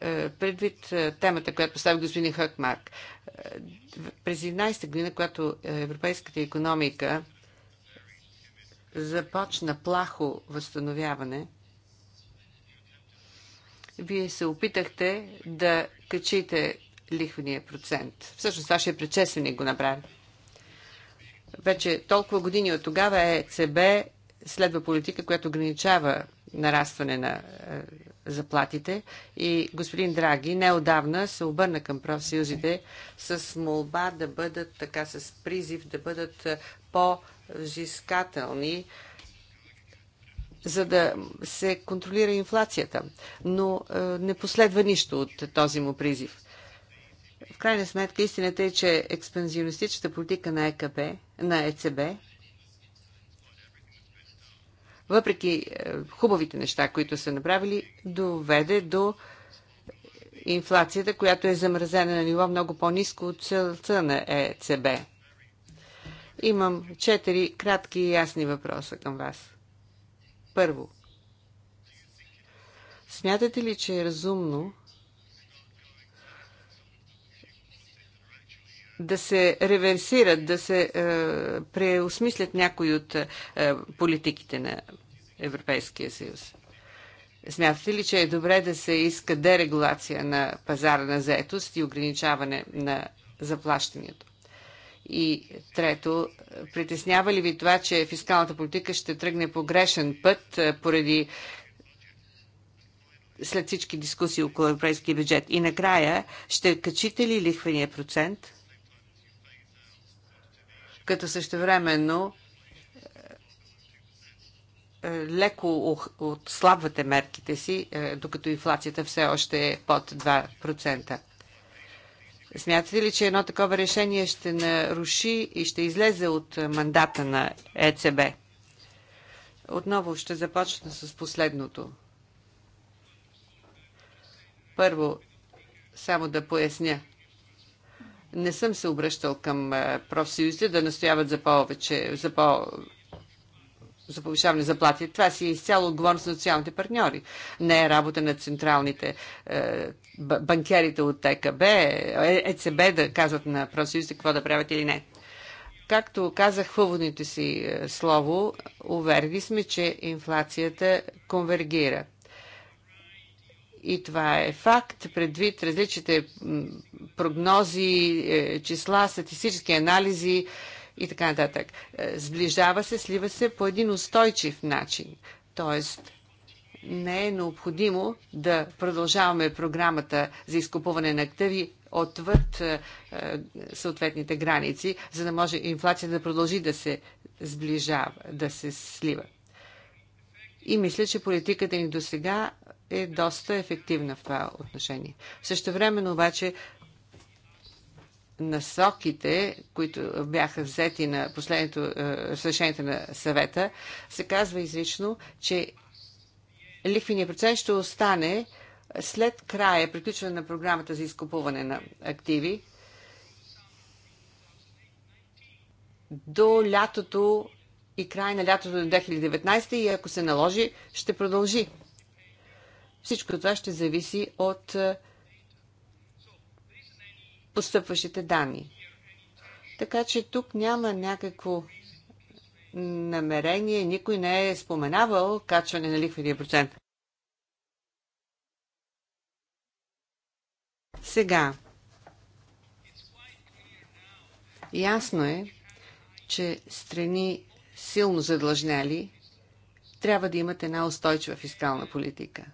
Speaker 3: Е, предвид е, темата, която постави господин Хъкмарк, е, през 11-та година, когато европейската економика започна плахо възстановяване, вие се опитахте да качите лихвения процент. Всъщност вашия предшественик го направи. Вече толкова години от тогава ЕЦБ следва политика, която ограничава нарастване на е, заплатите. И господин Драги неодавна се обърна към профсъюзите с молба да бъдат така с призив да бъдат е, по-взискателни, за да се контролира инфлацията. Но е, не последва нищо от този му призив. В крайна сметка истината е, че експанзионистичната политика на ЕКБ, на ЕЦБ, въпреки е, хубавите неща, които са направили, доведе до инфлацията, която е замразена на ниво много по-низко от целта на ЕЦБ. Имам четири кратки и ясни въпроса към вас. Първо, смятате ли, че е разумно да се реверсират, да се е, преосмислят някои от е, политиките на Европейския съюз. Смятате ли, че е добре да се иска дерегулация на пазара на заетост и ограничаване на заплащането? И трето, притеснява ли ви това, че фискалната политика ще тръгне по грешен път е, поради след всички дискусии около европейския бюджет? И накрая, ще качите ли лихвения процент? като същевременно е, леко отслабвате мерките си, е, докато инфлацията все още е под 2%. Смятате ли, че едно такова решение ще наруши и ще излезе от мандата на ЕЦБ? Отново ще започна с последното. Първо, само да поясня – не съм се обръщал към е, профсъюзите да настояват за повече, за по за повишаване заплати. Това си е изцяло отговорност на социалните партньори. Не е работа на централните е, банкерите от ТКБ, е, ЕЦБ да казват на профсъюзите какво да правят или не. Както казах в уводните си е, слово, уверени сме, че инфлацията конвергира и това е факт, предвид различните прогнози, е, числа, статистически анализи и така нататък. Е, сближава се, слива се по един устойчив начин. Тоест, не е необходимо да продължаваме програмата за изкупуване на активи отвъд е, съответните граници, за да може инфлацията да продължи да се сближава, да се слива. И мисля, че политиката ни до сега е доста ефективна в това отношение. Също времено обаче насоките, които бяха взети на последното е, решението на съвета, се казва изрично, че лихвиният процент ще остане след края приключване на програмата за изкупуване на активи до лятото и край на лятото на 2019 и ако се наложи, ще продължи всичко това ще зависи от е, постъпващите данни. Така че тук няма някакво намерение, никой не е споменавал качване на лихвения процент. Сега, ясно е, че страни силно задлъжняли трябва да имат една устойчива фискална политика.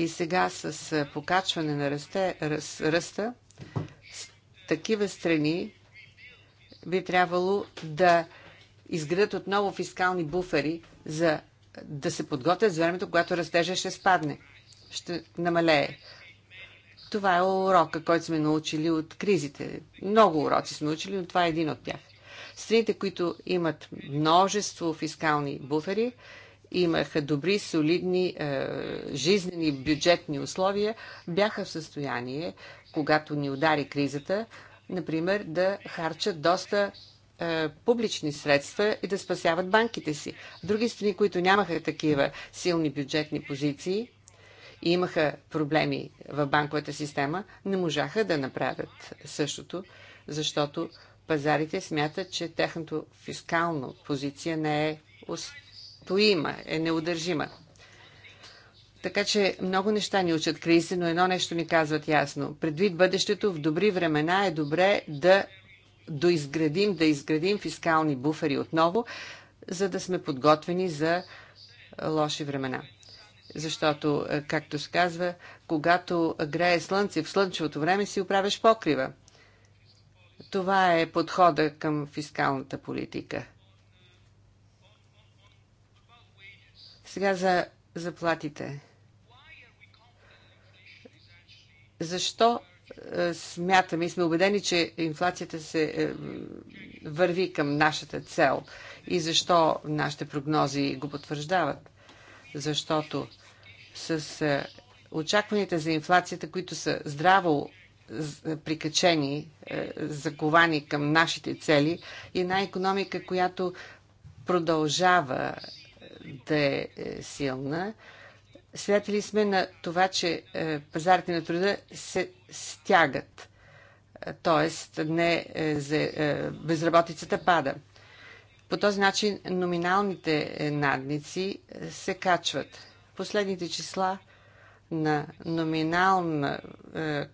Speaker 3: И сега с покачване на ръсте, ръс, ръста, с такива страни би трябвало да изградат отново фискални буфери, за да се подготвят за времето, когато растежа ще спадне, ще намалее. Това е урока, който сме научили от кризите. Много уроци сме научили, но това е един от тях. Страните, които имат множество фискални буфери, имаха добри, солидни, е, жизнени бюджетни условия, бяха в състояние, когато ни удари кризата, например, да харчат доста е, публични средства и да спасяват банките си. Други страни, които нямаха такива силни бюджетни позиции и имаха проблеми в банковата система, не можаха да направят същото, защото пазарите смятат, че тяхното фискална позиция не е която има, е неудържима. Така че много неща ни учат кризи, но едно нещо ни казват ясно. Предвид бъдещето, в добри времена е добре да доизградим, да изградим фискални буфери отново, за да сме подготвени за лоши времена. Защото, както се казва, когато грее слънце, в слънчевото време си оправяш покрива. Това е подхода към фискалната политика – Сега за заплатите. Защо е, смятаме и сме убедени, че инфлацията се е, върви към нашата цел и защо нашите прогнози го потвърждават? Защото с е, очакванията за инфлацията, които са здраво прикачени, заковани към нашите цели и една економика, която продължава да е, е силна. Свидетели сме на това, че е, пазарите на труда се стягат, т.е. не е, безработицата пада. По този начин номиналните надници се качват. Последните числа на номинална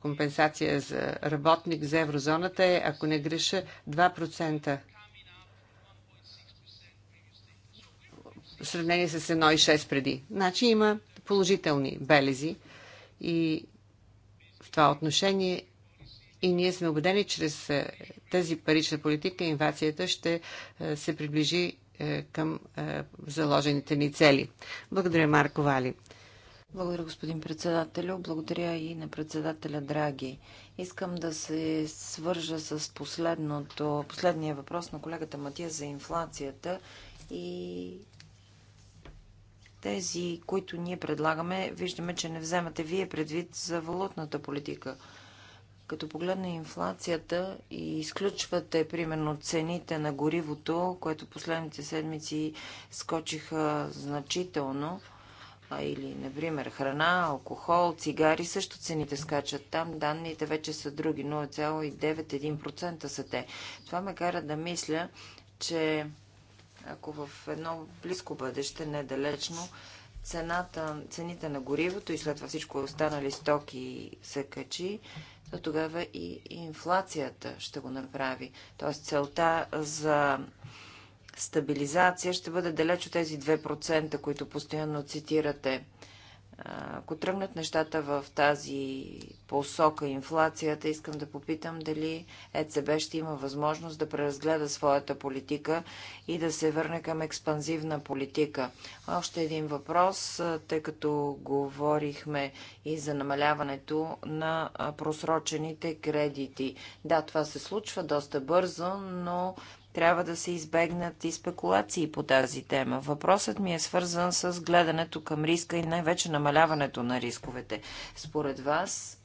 Speaker 3: компенсация за работник за еврозоната е, ако не греша, 2%. в сравнение с 1,6 преди. Значи има положителни белези и в това отношение и ние сме убедени, чрез е, тази парична политика инвацията ще е, се приближи е, към заложените ни цели. Благодаря, Марко Вали.
Speaker 1: Благодаря, господин председателю. Благодаря и на председателя Драги. Искам да се свържа с последното, последния въпрос на колегата Матия за инфлацията и тези, които ние предлагаме, виждаме, че не вземате вие предвид за валутната политика. Като погледна инфлацията и изключвате, примерно, цените на горивото, което последните седмици скочиха значително, а, или, например, храна, алкохол, цигари, също цените скачат. Там данните вече са други, 0,91% са те. Това ме кара да мисля, че ако в едно близко бъдеще, недалечно, цената, цените на горивото и след това всичко останали стоки се качи, то тогава и инфлацията ще го направи. Тоест целта за стабилизация ще бъде далеч от тези 2%, които постоянно цитирате. Ако тръгнат нещата в тази посока инфлацията, искам да попитам дали ЕЦБ ще има възможност да преразгледа своята политика и да се върне към експанзивна политика. Още един въпрос, тъй като говорихме и за намаляването на просрочените кредити. Да, това се случва доста бързо, но трябва да се избегнат и спекулации по тази тема. Въпросът ми е свързан с гледането към риска и най-вече намаляването на рисковете. Според вас,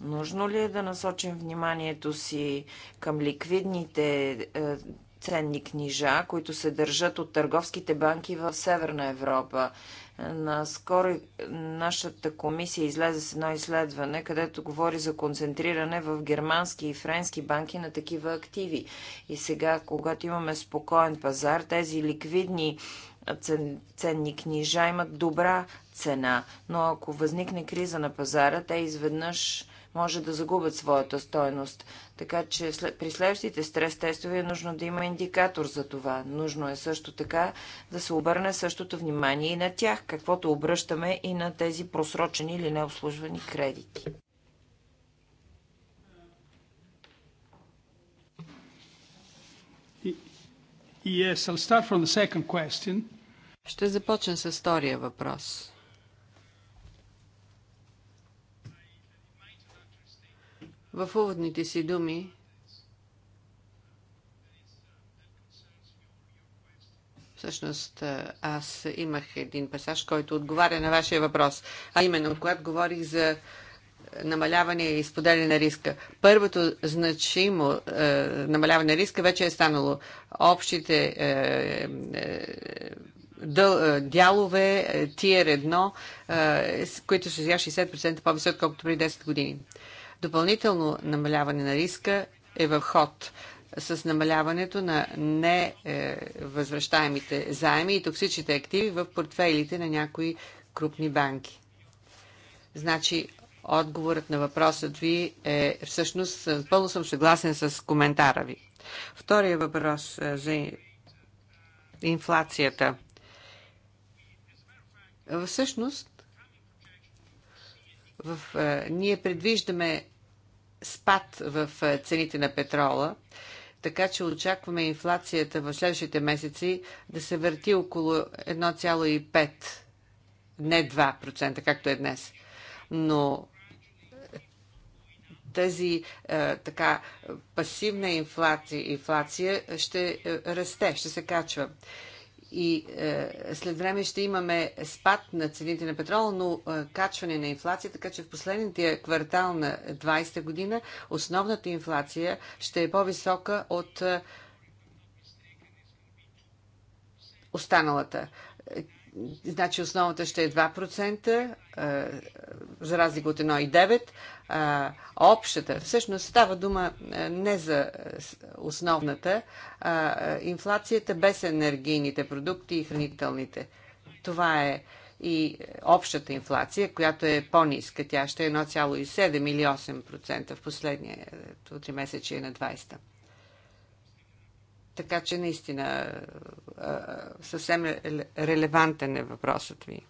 Speaker 1: нужно ли е да насочим вниманието си към ликвидните е, ценни книжа, които се държат от търговските банки в Северна Европа? Наскоро нашата комисия излезе с едно изследване, където говори за концентриране в германски и френски банки на такива активи. И сега, когато имаме спокоен пазар, тези ликвидни цен, ценни книжа имат добра цена, но ако възникне криза на пазара, те изведнъж може да загубят своята стойност. Така че при следващите стрес тестове е нужно да има индикатор за това. Нужно е също така да се обърне същото внимание и на тях, каквото обръщаме и на тези просрочени или необслужвани кредити.
Speaker 3: Yes, I'll start from the second question. Ще започна с втория въпрос. В уводните си думи Всъщност аз имах един пасаж, който отговаря на вашия въпрос. А именно, когато говорих за намаляване и споделяне на риска. Първото значимо е, намаляване на риска вече е станало. Общите е, е, дъл, дялове, тиер едно, е, които са сега 60% по-високи, колкото преди 10 години. Е, Допълнително намаляване на риска е в ход с намаляването на невъзвръщаемите заеми и токсичните активи в портфейлите на някои крупни банки. Значи, отговорът на въпросът ви е всъщност, пълно съм съгласен с коментара ви. Втория въпрос е, за инфлацията. Всъщност, в, е, ние предвиждаме спад в е, цените на петрола, така че очакваме инфлацията в следващите месеци да се върти около 1,5, не 2%, както е днес. Но тази е, така пасивна инфлация, инфлация ще е, расте, ще се качва и е, след време ще имаме спад на цените на петрола, но е, качване на инфлация, така че в последните квартал на 20-та година основната инфлация ще е по-висока от е, останалата. Значи основната ще е 2%, за разлика от 1,9%. Общата, всъщност става дума не за основната, а инфлацията без енергийните продукти и хранителните. Това е и общата инфлация, която е по-ниска. Тя ще е 1,7 или 8% в последния 3 месече на 20%. Така че наистина съвсем релевантен е въпросът ви.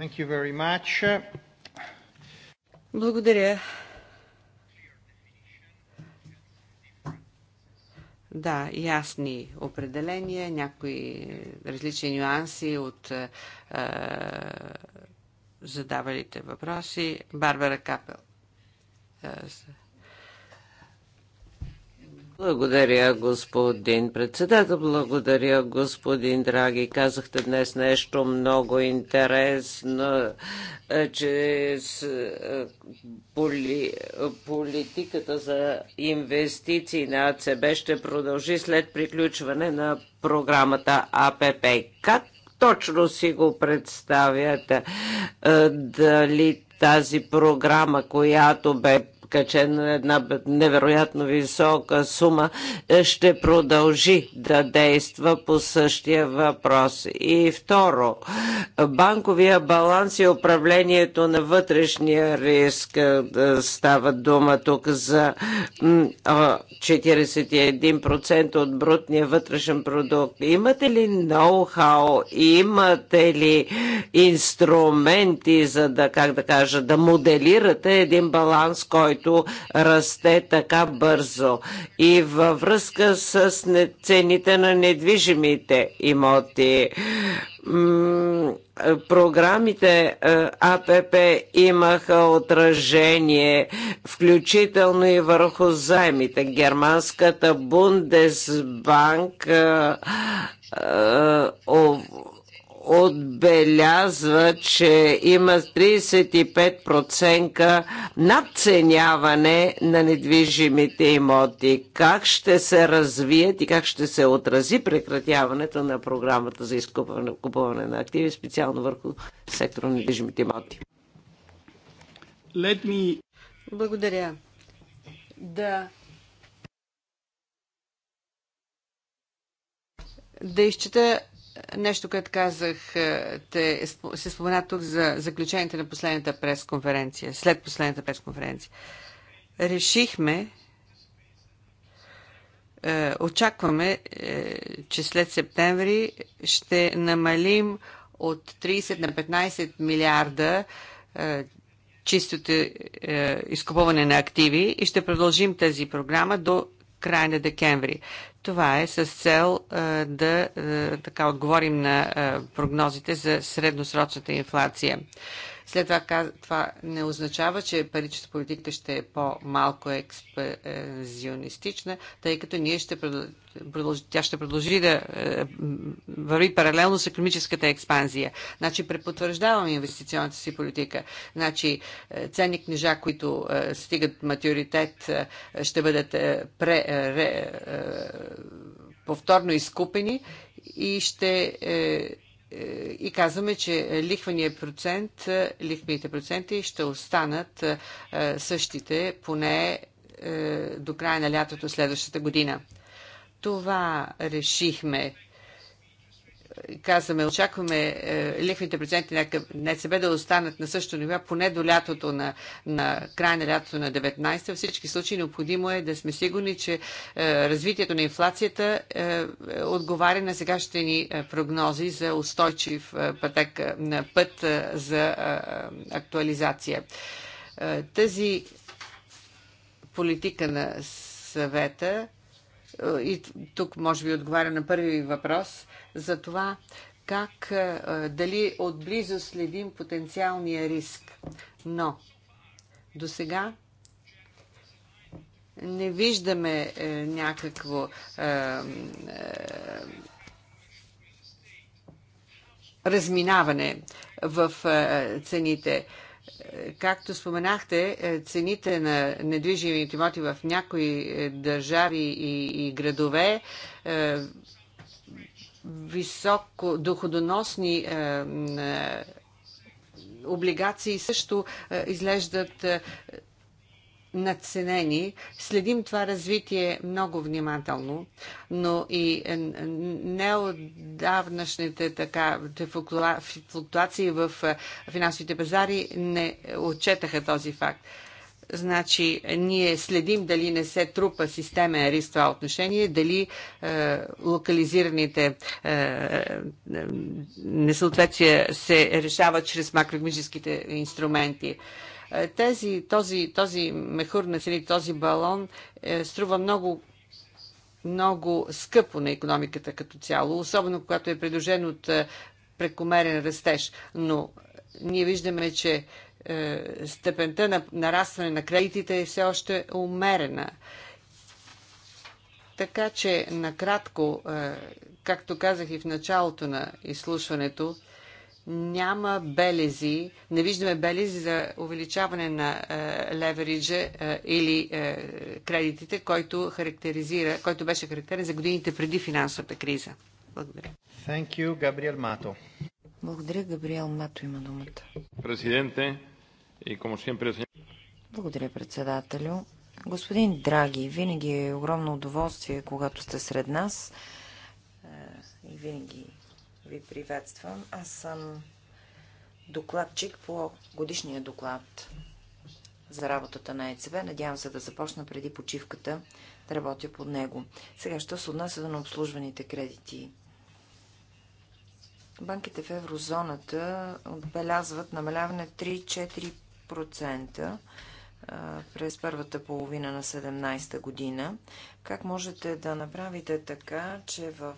Speaker 3: Thank you very much. Благодаря. Да, ясни определения, някои различни нюанси от е, задавалите въпроси. Барбара Капел. Е,
Speaker 2: благодаря, господин председател. Благодаря, господин Драги. Казахте днес нещо много интересно, е, че с е, поли, политиката за инвестиции на АЦБ ще продължи след приключване на програмата АПП. Как точно си го представяте? Е, дали тази програма, която бе на една невероятно висока сума, е, ще продължи да действа по същия въпрос. И второ, банковия баланс и управлението на вътрешния риск е, става дума тук за 41% от брутния вътрешен продукт. Имате ли ноу-хау, имате ли инструменти за да, как да кажа, да моделирате един баланс, който който расте така бързо. И във връзка с цените на недвижимите имоти програмите е, АПП имаха отражение, включително и върху заемите. Германската Бундесбанк е, е, отбелязва, че има 35% надценяване на недвижимите имоти. Как ще се развият и как ще се отрази прекратяването на програмата за изкупване купуване на активи, специално върху сектора на недвижимите имоти?
Speaker 3: Me... Благодаря. Да. Да изчета нещо, което казах, е, те, се спомена тук за заключените на последната пресконференция, след последната пресконференция. Решихме, е, очакваме, е, че след септември ще намалим от 30 на 15 милиарда чистото изкупуване на активи и ще продължим тази програма до края на декември. Това е с цел да така отговорим на прогнозите за средносрочната инфлация. След това това не означава, че паричната политика ще е по-малко експанзионистична, тъй като ние ще продължи, тя ще продължи да е, върви паралелно с економическата експанзия. Значи препотвърждаваме инвестиционната си политика. Значи е, ценни книжа, които е, стигат матюритет, ще бъдат пре, ре, повторно изкупени и ще и казваме, че лихвения процент, лихвените проценти ще останат е, същите поне е, до края на лятото следващата година. Това решихме казваме, очакваме е, лихвите проценти на НЦБ да останат на същото ниво, поне до лятото на, на края на лятото на 19 В всички случаи необходимо е да сме сигурни, че е, развитието на инфлацията е, отговаря на сегашните ни прогнози за устойчив пътек, път за актуализация. Тази политика на съвета и тук може би отговаря на първи въпрос, за това как, е, дали отблизо следим потенциалния риск. Но до сега не виждаме е, някакво е, е, разминаване в е, цените. Както споменахте, е, цените на недвижимите имоти в някои е, държави и, и градове е, високо доходоносни е, е, облигации също е, изглеждат е, надценени. Следим това развитие много внимателно, но и е, неодавнашните така флуктуации в е, финансовите пазари не отчетаха този факт. Значи, ние следим дали не се трупа системен риск това отношение, дали е, локализираните е, е, несъответствия се решават чрез макроекономическите инструменти. Е, тези, този, този мехур на цели, този балон е, струва много много скъпо на економиката като цяло, особено когато е предложен от е, прекомерен растеж. Но ние виждаме, че е, степента на нарастване на кредитите е все още умерена. Така че, накратко, е, както казах и в началото на изслушването, няма белези, не виждаме белези за увеличаване на е, левериджа или кредитите, който, характеризира, който беше характерен за годините преди финансовата криза.
Speaker 1: Благодаря. Thank you, Габриел Мато. Благодаря, Габриел Мато има думата.
Speaker 2: Президенте, и, como siempre, señor...
Speaker 1: Благодаря, председателю. Господин Драги, винаги е огромно удоволствие, когато сте сред нас. Е, и винаги ви приветствам. Аз съм докладчик по годишния доклад за работата на ЕЦБ. Надявам се да започна преди почивката да работя под него. Сега, що се отнася на обслужваните кредити? Банките в еврозоната отбелязват намаляване 3, 4, 10% през първата половина на 17-та година. Как можете да направите така, че в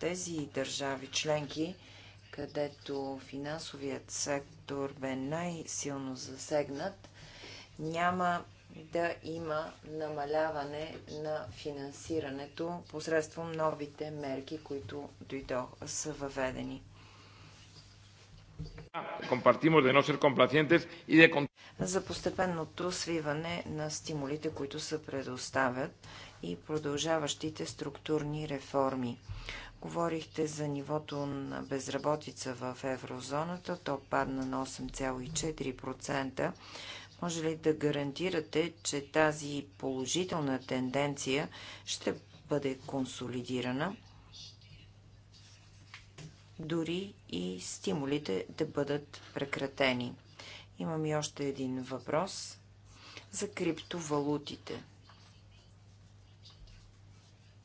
Speaker 1: тези държави членки, където финансовият сектор бе най-силно засегнат, няма да има намаляване на финансирането посредством новите мерки, които дойдох, са въведени за постепенното свиване на стимулите, които се предоставят и продължаващите структурни реформи. Говорихте за нивото на безработица в еврозоната. То падна на 8,4%. Може ли да гарантирате, че тази положителна тенденция ще бъде консолидирана? дори и стимулите да бъдат прекратени. Имам и още един въпрос за криптовалутите.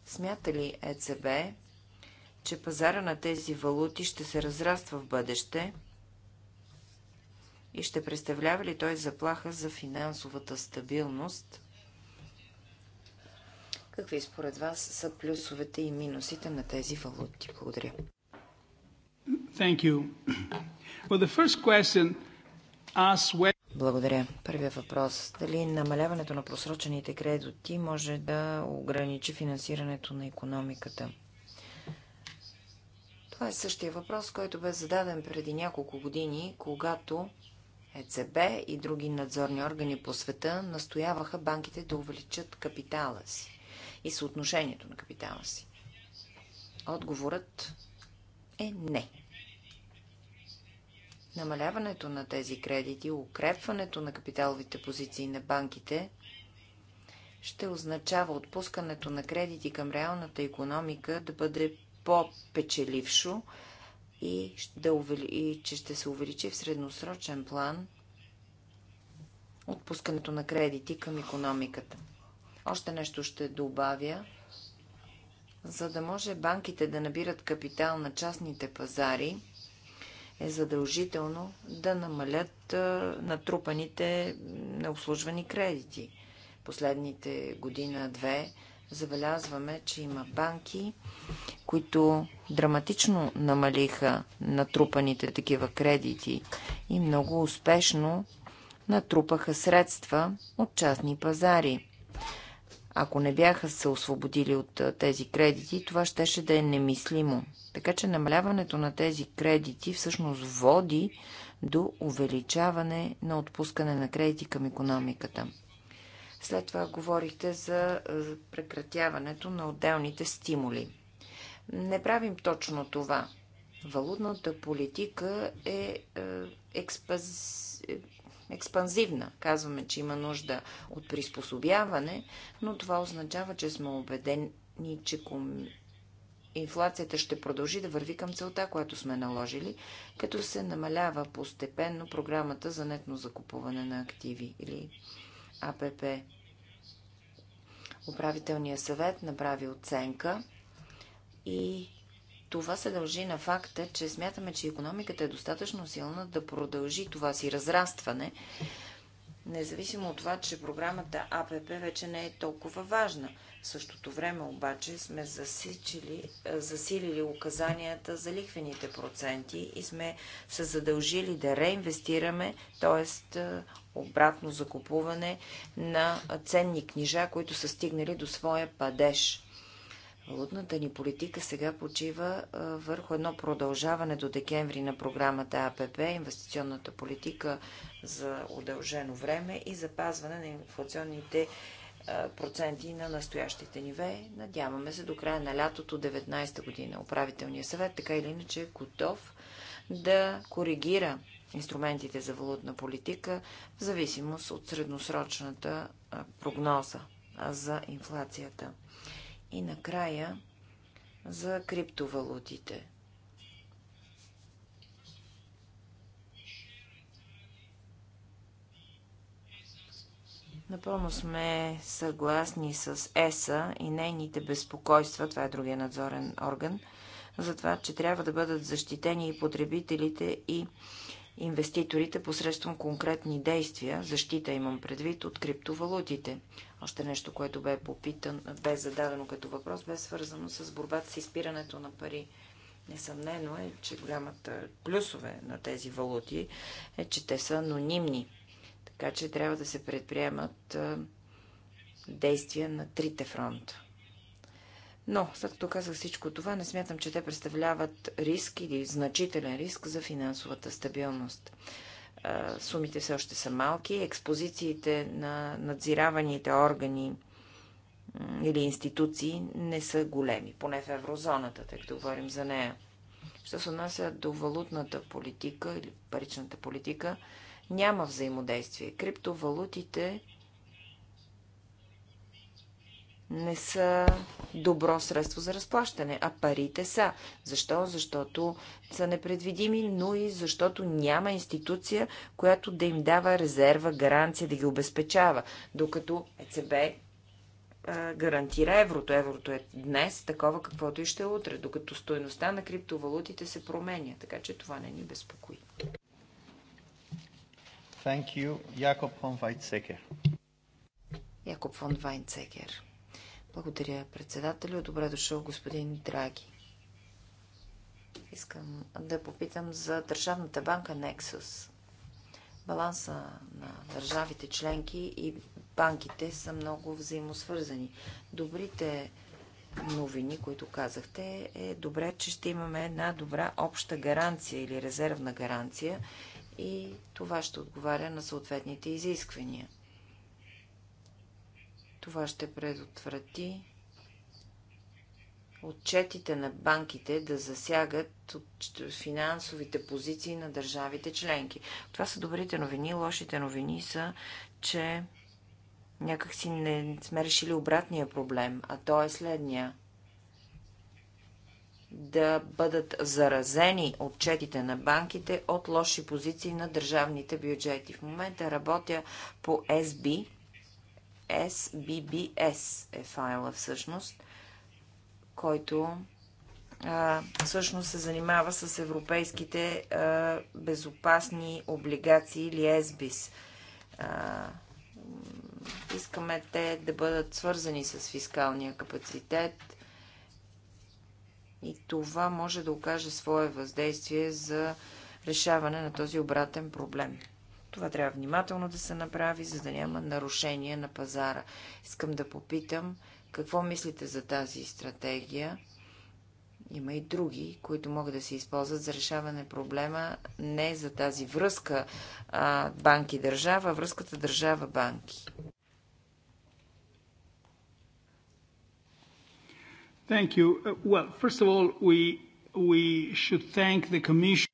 Speaker 1: Смята ли ЕЦБ, че пазара на тези валути ще се разраства в бъдеще и ще представлява ли той заплаха за финансовата стабилност? Какви според вас са плюсовете и минусите на тези валути? Благодаря. Thank you. Well, the first question asks whether... Благодаря. Първия въпрос. Дали намаляването на просрочените кредити може да ограничи финансирането на економиката? Това е същия въпрос, който бе зададен преди няколко години, когато ЕЦБ и други надзорни органи по света настояваха банките да увеличат капитала си и съотношението на капитала си. Отговорът е не. Намаляването на тези кредити, укрепването на капиталовите позиции на банките ще означава отпускането на кредити към реалната економика да бъде по-печелившо и, да увели... и че ще се увеличи в средносрочен план отпускането на кредити към економиката. Още нещо ще добавя за да може банките да набират капитал на частните пазари, е задължително да намалят натрупаните обслужвани кредити. Последните година-две забелязваме, че има банки, които драматично намалиха натрупаните такива кредити и много успешно натрупаха средства от частни пазари. Ако не бяха се освободили от тези кредити, това щеше да е немислимо. Така че намаляването на тези кредити всъщност води до увеличаване на отпускане на кредити към економиката. След това говорихте за прекратяването на отделните стимули. Не правим точно това. Валутната политика е експаз експанзивна. Казваме, че има нужда от приспособяване, но това означава, че сме убедени, че ком... инфлацията ще продължи да върви към целта, която сме наложили, като се намалява постепенно програмата за нетно закупуване на активи или АПП. Управителният съвет направи оценка и това се дължи на факта, че смятаме, че економиката е достатъчно силна да продължи това си разрастване, независимо от това, че програмата АПП вече не е толкова важна. В същото време обаче сме засичили, засилили указанията за лихвените проценти и сме се задължили да реинвестираме, т.е. обратно закупуване на ценни книжа, които са стигнали до своя падеж. Валутната ни политика сега почива върху едно продължаване до декември на програмата АПП, инвестиционната политика за удължено време и запазване на инфлационните проценти на настоящите ниве. Надяваме се до края на лятото 19 година. Управителният съвет така или иначе е готов да коригира инструментите за валутна политика в зависимост от средносрочната прогноза за инфлацията. И накрая за криптовалутите. Напълно сме съгласни с ЕСА и нейните безпокойства, това е другия надзорен орган, за това, че трябва да бъдат защитени и потребителите и инвеститорите посредством конкретни действия, защита имам предвид, от криптовалутите. Още нещо, което бе, попитан, бе зададено като въпрос, бе свързано с борбата с изпирането на пари. Несъмнено е, че голямата плюсове на тези валути е, че те са анонимни. Така че трябва да се предприемат действия на трите фронта. Но, след като казах всичко това, не смятам, че те представляват риск или значителен риск за финансовата стабилност. Сумите все още са малки, експозициите на надзираваните органи или институции не са големи, поне в еврозоната, тъй като говорим за нея. Що се отнася до валутната политика или паричната политика, няма взаимодействие. Криптовалутите не са добро средство за разплащане, а парите са. Защо? Защото са непредвидими, но и защото няма институция, която да им дава резерва, гаранция, да ги обезпечава, докато ЕЦБ гарантира еврото. Еврото е днес такова, каквото и ще е утре, докато стоеността на криптовалутите се променя, така че това не ни безпокои. Thank you. Jakob von Weizsäcker. Jakob von Weizsäcker. Благодаря, председателю. Добре дошъл, господин Драги. Искам да попитам за Държавната банка Nexus. Баланса на държавите членки и банките са много взаимосвързани. Добрите новини, които казахте, е добре, че ще имаме една добра обща гаранция или резервна гаранция и това ще отговаря на съответните изисквания. Това ще предотврати отчетите на банките да засягат финансовите позиции на държавите членки. Това са добрите новини. Лошите новини са, че някакси не сме решили обратния проблем, а то е следния. Да бъдат заразени отчетите на банките от лоши позиции на държавните бюджети. В момента работя по SB, SBBS е файла всъщност, който а, всъщност се занимава с европейските а, безопасни облигации или SBIS. А, искаме те да бъдат свързани с фискалния капацитет и това може да окаже свое въздействие за решаване на този обратен проблем. Това трябва внимателно да се направи, за да няма нарушение на пазара. Искам да попитам, какво мислите за тази стратегия? Има и други, които могат да се използват за решаване проблема не за тази връзка банки-държава, а връзката държава-банки. Thank you. Well, first of all, we, we should thank the Commission.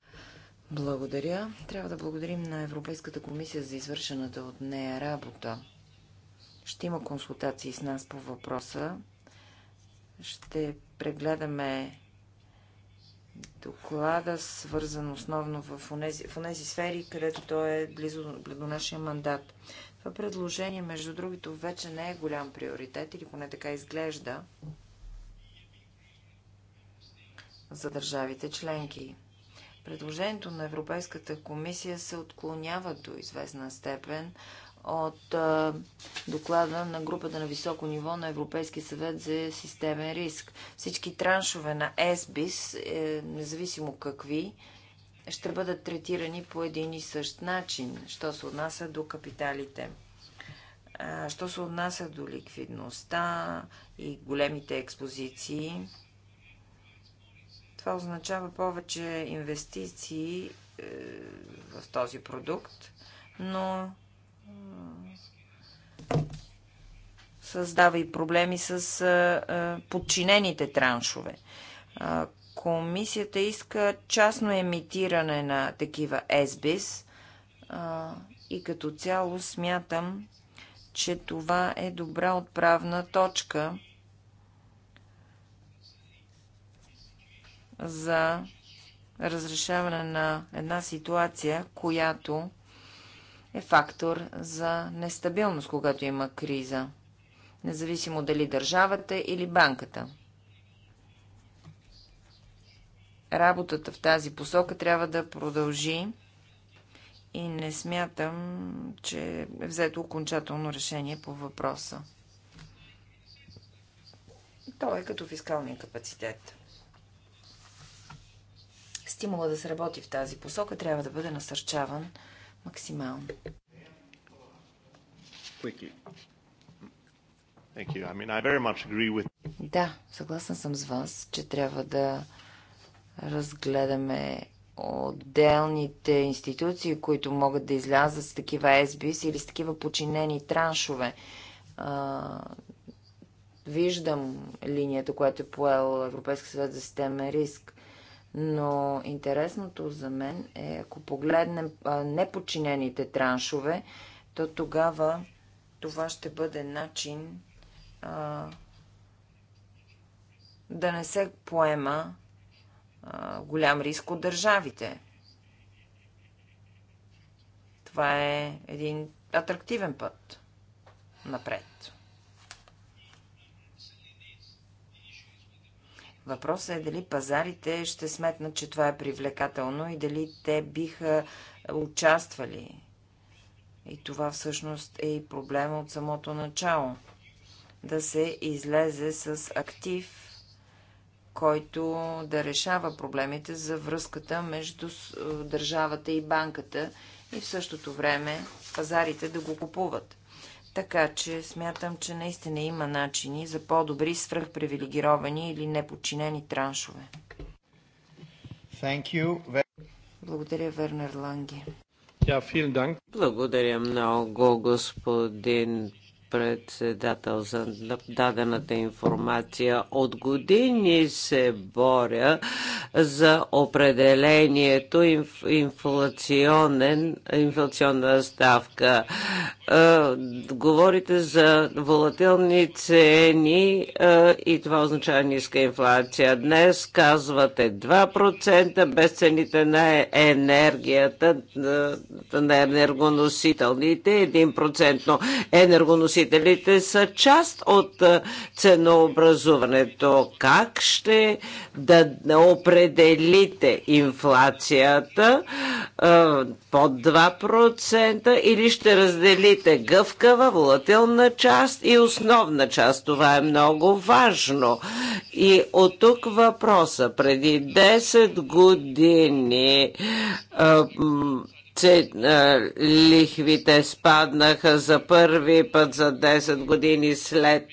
Speaker 1: Благодаря. Трябва да благодарим на Европейската комисия за извършената от нея работа. Ще има консултации с нас по въпроса. Ще прегледаме доклада, свързан основно в онези, в онези сфери, където той е близо до нашия мандат. Това предложение, между другото, вече не е голям приоритет или поне така изглежда за държавите членки. Предложението на Европейската комисия се отклонява до известна степен от а, доклада на групата на високо ниво на Европейски съвет за системен риск. Всички траншове на ЕСБИС, е, независимо какви, ще бъдат третирани по един и същ начин, що се отнася до капиталите. А, що се отнася до ликвидността и големите експозиции, това означава повече инвестиции е, в този продукт, но създава и проблеми с е, е, подчинените траншове. Комисията иска частно емитиране на такива СБИС и като цяло смятам, че това е добра отправна точка за разрешаване на една ситуация, която е фактор за нестабилност, когато има криза, независимо дали държавата или банката. Работата в тази посока трябва да продължи и не смятам, че е взето окончателно решение по въпроса. То е като фискалния капацитет стимула да се работи в тази посока трябва да бъде насърчаван максимално. Да, съгласна съм с вас, че трябва да разгледаме отделните институции, които могат да излязат с такива SBS или с такива починени траншове. виждам линията, която е поел Европейска съвет за системен риск. Но интересното за мен е, ако погледнем непочинените траншове, то тогава това ще бъде начин а, да не се поема а, голям риск от държавите. Това е един атрактивен път напред. Въпросът е дали пазарите ще сметнат, че това е привлекателно и дали те биха участвали. И това всъщност е и проблема от самото начало. Да се излезе с актив, който да решава проблемите за връзката между е, държавата и банката и в същото време пазарите да го купуват. Така че смятам, че наистина има начини за по-добри свръхпривилегировани или непочинени траншове. Благодаря, Вернер Ланги.
Speaker 2: Благодаря много, господин председател, за дадената информация. От години се боря за определението инфлационен, инфлационна ставка. Е, говорите за волатилни цени е, и това означава ниска инфлация. Днес казвате 2% без цените на енергията, е, на енергоносителните, 1% енергоносителните замърсителите са част от ценообразуването. Как ще да определите инфлацията под 2% или ще разделите гъвкава, волатилна част и основна част? Това е много важно. И от тук въпроса. Преди 10 години че лихвите спаднаха за първи път за 10 години след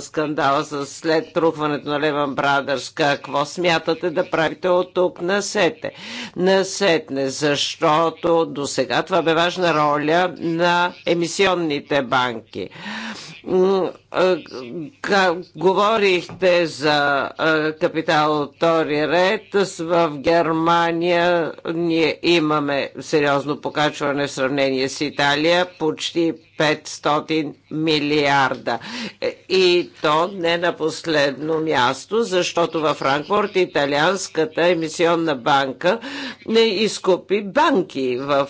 Speaker 2: скандала, след трухването на Леван Брадърс. Какво смятате да правите от тук насете? Насетне, защото до сега това бе важна роля на емисионните банки говорихте за капитал втори ред. В Германия ние имаме сериозно покачване в сравнение с Италия, почти 500 милиарда. Е, и то не на последно място, защото във Франкфурт италианската емисионна банка не изкупи банки в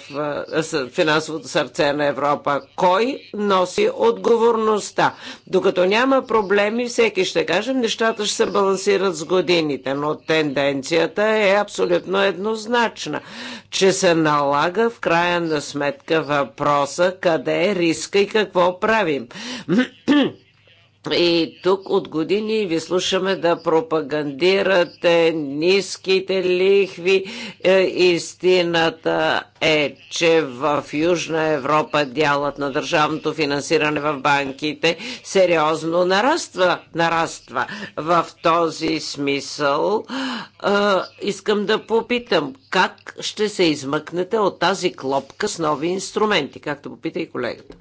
Speaker 2: е, финансовото сърце на Европа. Кой носи отговорността? Докато няма проблеми, всеки ще каже, нещата ще се балансират с годините, но тенденцията е абсолютно еднозначна, че се налага в края на сметка въпроса къде е риск иска и какво правим. И тук от години ви слушаме да пропагандирате ниските лихви. Е, истината е, че в Южна Европа дялът на държавното финансиране в банките сериозно нараства. нараства. В този смисъл е, искам да попитам как ще се измъкнете от тази клопка с нови инструменти, както попита и колегата.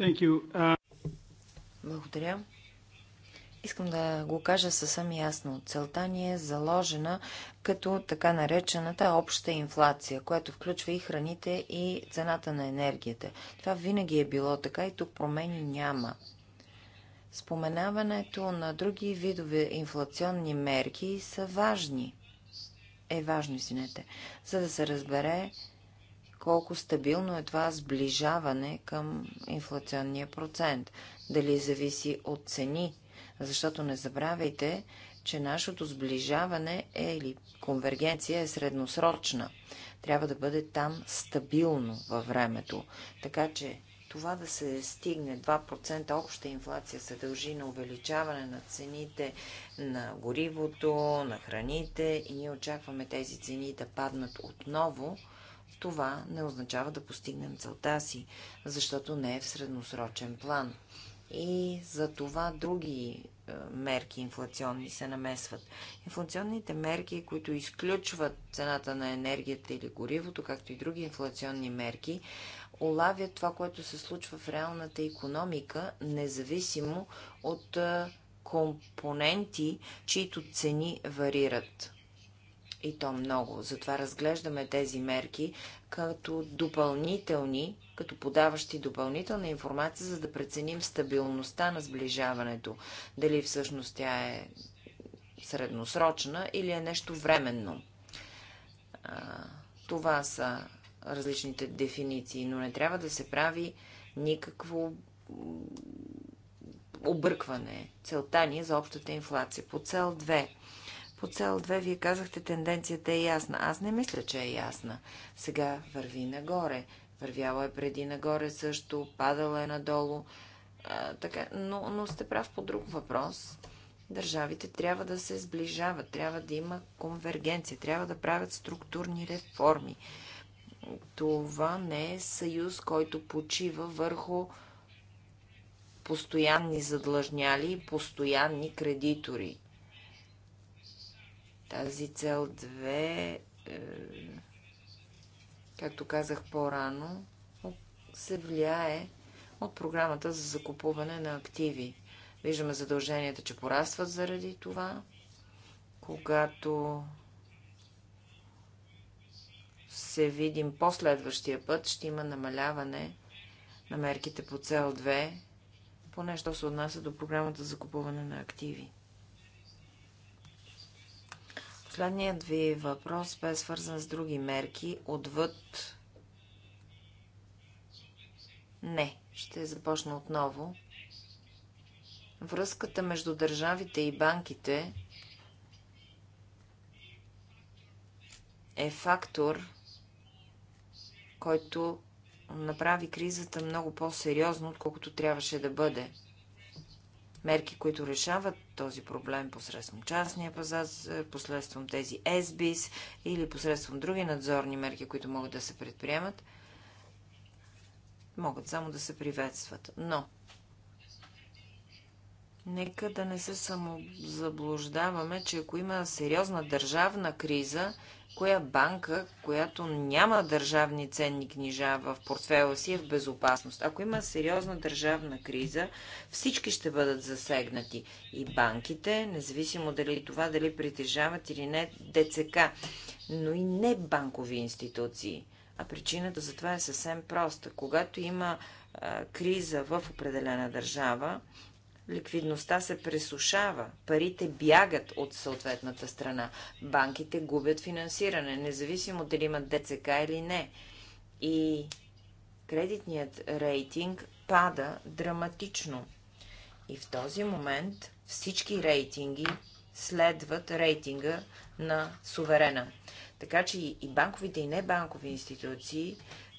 Speaker 1: Uh... Благодаря. Искам да го кажа съвсем ясно. Целта ни е заложена като така наречената обща инфлация, която включва и храните и цената на енергията. Това винаги е било така и тук промени няма. Споменаването на други видове инфлационни мерки са важни. Е важно, извинете, за да се разбере колко стабилно е това сближаване към инфлационния процент. Дали зависи от цени, защото не забравяйте, че нашето сближаване е, или конвергенция е средносрочна. Трябва да бъде там стабилно във времето. Така че това да се стигне 2% обща инфлация се дължи на увеличаване на цените на горивото, на храните и ние очакваме тези цени да паднат отново това не означава да постигнем целта си, защото не е в средносрочен план. И за това други е, мерки инфлационни се намесват. Инфлационните мерки, които изключват цената на енергията или горивото, както и други инфлационни мерки, улавят това, което се случва в реалната економика, независимо от е, компоненти, чието цени варират. И то много. Затова разглеждаме тези мерки като допълнителни, като подаващи допълнителна информация, за да преценим стабилността на сближаването. Дали всъщност тя е средносрочна или е нещо временно. Това са различните дефиниции, но не трябва да се прави никакво объркване. Целта ни е за общата инфлация. По цел по цел 2 вие казахте, тенденцията е ясна. Аз не мисля, че е ясна. Сега върви нагоре. Вървяла е преди нагоре също, падала е надолу. А, така, но, но сте прав по друг въпрос. Държавите трябва да се сближават, трябва да има конвергенция, трябва да правят структурни реформи. Това не е съюз, който почива върху постоянни задлъжняли и постоянни кредитори. Тази цел 2, е, както казах по-рано, се влияе от програмата за закупуване на активи. Виждаме задълженията, че порастват заради това. Когато се видим по-следващия път, ще има намаляване на мерките по цел 2, поне що се отнася до програмата за купуване на активи. Последният е ви въпрос бе свързан с други мерки отвъд. Не, ще започна отново. Връзката между държавите и банките е фактор, който направи кризата много по-сериозно, отколкото трябваше да бъде мерки, които решават този проблем посредством частния пазар, посредством тези SBIS или посредством други надзорни мерки, които могат да се предприемат, могат само да се приветстват. Но Нека да не се самозаблуждаваме, че ако има сериозна държавна криза, коя банка, която няма държавни ценни книжа в портфела си е в безопасност. Ако има сериозна държавна криза, всички ще бъдат засегнати. И банките, независимо дали това дали притежават или не ДЦК, но и не банкови институции. А причината за това е съвсем проста. Когато има а, криза в определена държава, ликвидността се пресушава, парите бягат от съответната страна, банките губят финансиране, независимо дали имат ДЦК или не. И кредитният рейтинг пада драматично. И в този момент всички рейтинги следват рейтинга на суверена. Така че и банковите и небанкови институции,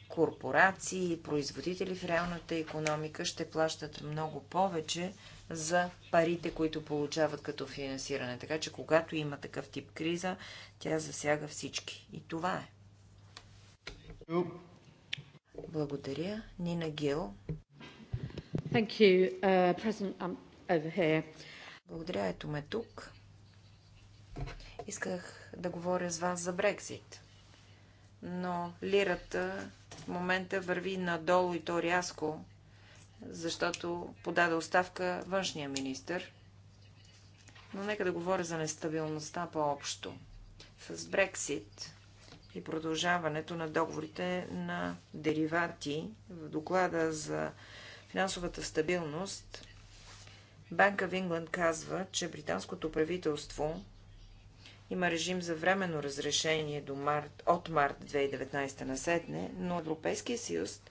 Speaker 1: корпорации, производители в реалната економика ще плащат много повече за парите, които получават като финансиране. Така че, когато има такъв тип криза, тя засяга всички. И това е. Благодаря. Нина Гил. Uh, um, Благодаря. Ето ме тук. Исках да говоря с вас за Брексит. Но лирата в момента върви надолу и то рязко защото подаде оставка външния министр. Но нека да говоря за нестабилността по-общо. С Брексит и продължаването на договорите на деривати в доклада за финансовата стабилност, Банка в Ингланд казва, че британското правителство има режим за временно разрешение до март, от март 2019 на сетне, но Европейския съюз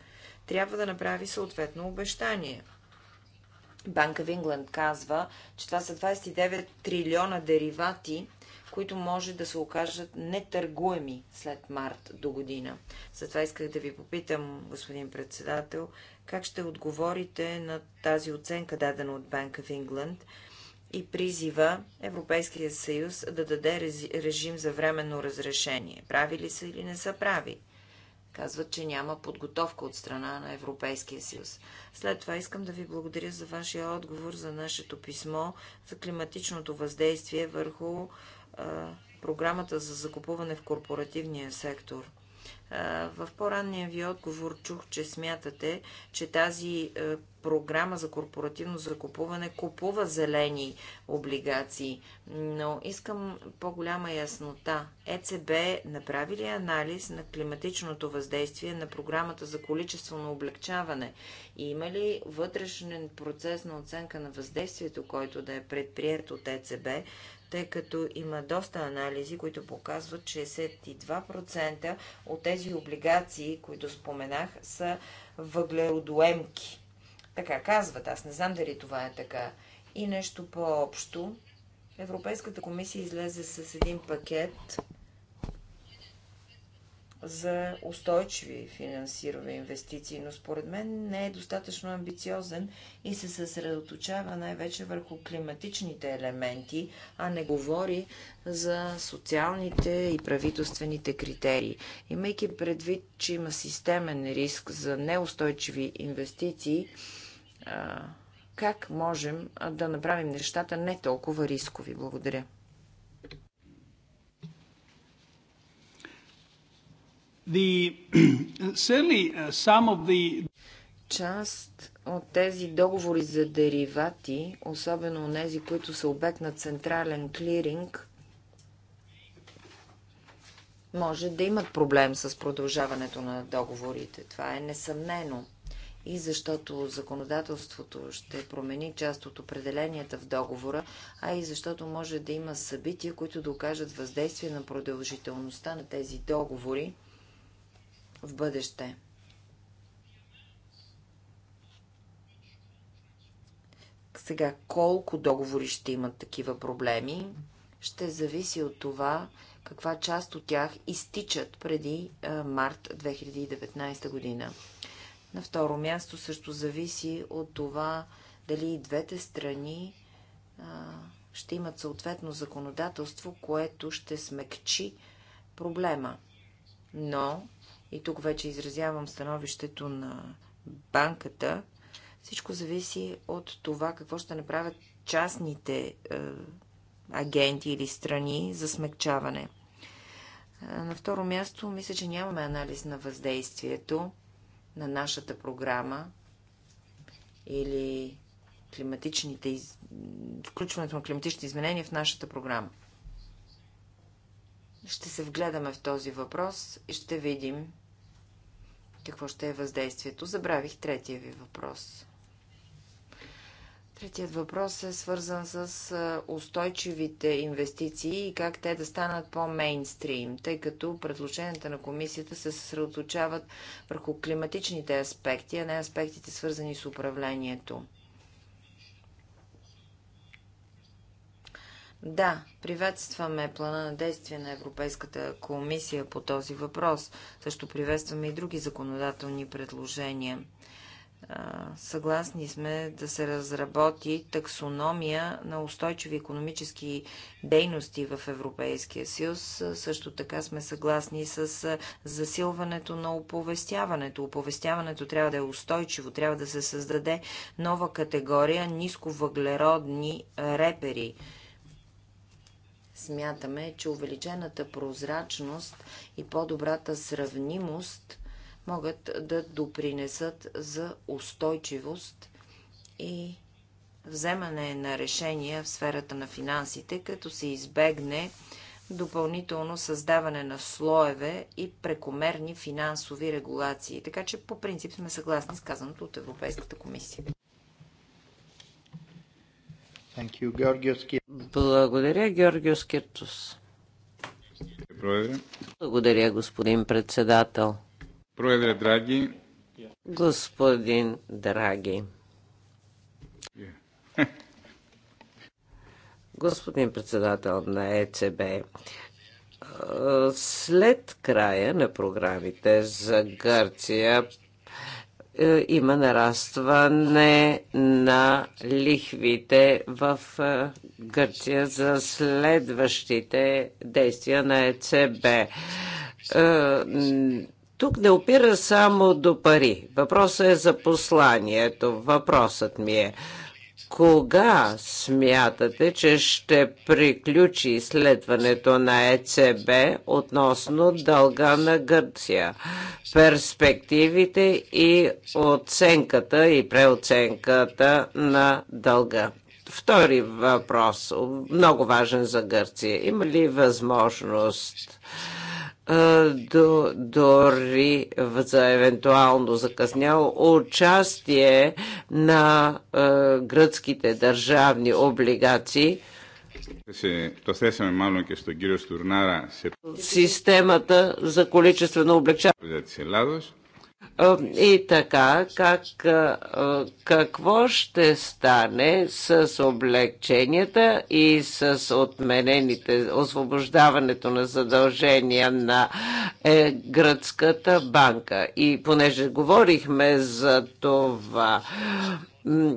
Speaker 1: трябва да направи съответно обещание. Банка в Ингланд казва, че това са 29 трилиона деривати, които може да се окажат нетъргуеми след март до година. Затова исках да ви попитам, господин председател, как ще отговорите на тази оценка, дадена от Банк в Ингланд и призива Европейския съюз да даде режим за временно разрешение. Прави ли са или не са прави? Казват, че няма подготовка от страна на Европейския съюз. След това искам да ви благодаря за вашия отговор за нашето писмо за климатичното въздействие върху а, програмата за закупуване в корпоративния сектор. В по-ранния ви отговор чух, че смятате, че тази е, програма за корпоративно закупуване купува зелени облигации, но искам по-голяма яснота. ЕЦБ направи ли анализ на климатичното въздействие на програмата за количествено облегчаване? И има ли вътрешен процес на оценка на въздействието, който да е предприят от ЕЦБ, тъй като има доста анализи, които показват, че 62% от тези облигации, които споменах, са въглеродоемки. Така казват, аз не знам дали това е така. И нещо по-общо. Европейската комисия излезе с един пакет за устойчиви финансирови инвестиции, но според мен не е достатъчно амбициозен и се съсредоточава най-вече върху климатичните елементи, а не говори за социалните и правителствените критерии. Имайки предвид, че има системен риск за неустойчиви инвестиции, как можем да направим нещата не толкова рискови? Благодаря. Uh, част от тези договори за деривати, особено тези, които са обект на централен клиринг, може да имат проблем с продължаването на договорите. Това е несъмнено. И защото законодателството ще промени част от определенията в договора, а и защото може да има събития, които докажат въздействие на продължителността на тези договори в бъдеще. Сега, колко договори ще имат такива проблеми, ще зависи от това, каква част от тях изтичат преди а, март 2019 година. На второ място също зависи от това, дали и двете страни а, ще имат съответно законодателство, което ще смекчи проблема. Но и тук вече изразявам становището на банката, всичко зависи от това какво ще направят частните е, агенти или страни за смягчаване. Е, на второ място, мисля, че нямаме анализ на въздействието на нашата програма или климатичните, включването на климатични изменения в нашата програма. Ще се вгледаме в този въпрос и ще видим какво ще е въздействието. Забравих третия ви въпрос. Третият въпрос е свързан с устойчивите инвестиции и как те да станат по-мейнстрим, тъй като предложенията на комисията се съсредоточават върху климатичните аспекти, а не аспектите свързани с управлението. Да, приветстваме плана на действие на Европейската комисия по този въпрос. Също приветстваме и други законодателни предложения. Съгласни сме да се разработи таксономия на устойчиви економически дейности в Европейския съюз. Също така сме съгласни с засилването на оповестяването. Оповестяването трябва да е устойчиво, трябва да се създаде нова категория нисковъглеродни репери – Смятаме, че увеличената прозрачност и по-добрата сравнимост могат да допринесат за устойчивост и вземане на решения в сферата на финансите, като се избегне допълнително създаване на слоеве и прекомерни финансови регулации. Така че по принцип сме съгласни с казаното от Европейската комисия.
Speaker 2: Благодаря, Георгиос Киртус. Благодаря, господин председател. Проедре, драги. Господин Драги. Господин председател на ЕЦБ, след края на програмите за Гърция е, има нарастване на лихвите в е, Гърция за следващите действия на ЕЦБ. Е, тук не опира само до пари. Въпросът е за посланието. Въпросът ми е кога смятате, че ще приключи изследването на ЕЦБ относно дълга на Гърция, перспективите и оценката и преоценката на дълга? Втори въпрос, много важен за Гърция. Има ли възможност до, дори за евентуално закъсняло участие на а, гръцките държавни облигации. Системата за количествено облегчаване е, и така, как, е, какво ще стане с облегченията и с отменените, освобождаването на задължения на е, гръцката банка? И понеже говорихме за това,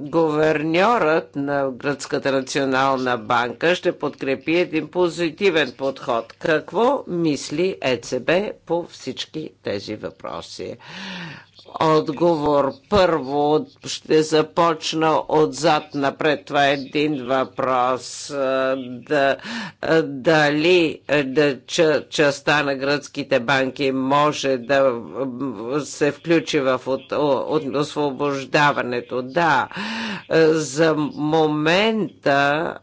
Speaker 2: Говерньорът на Гръцката национална банка ще подкрепи един позитивен подход. Какво мисли ЕЦБ по всички тези въпроси? отговор. Първо ще започна отзад напред. Това е един въпрос. Да, дали да, частта на гръцките банки може да се включи в от, от освобождаването? Да. За момента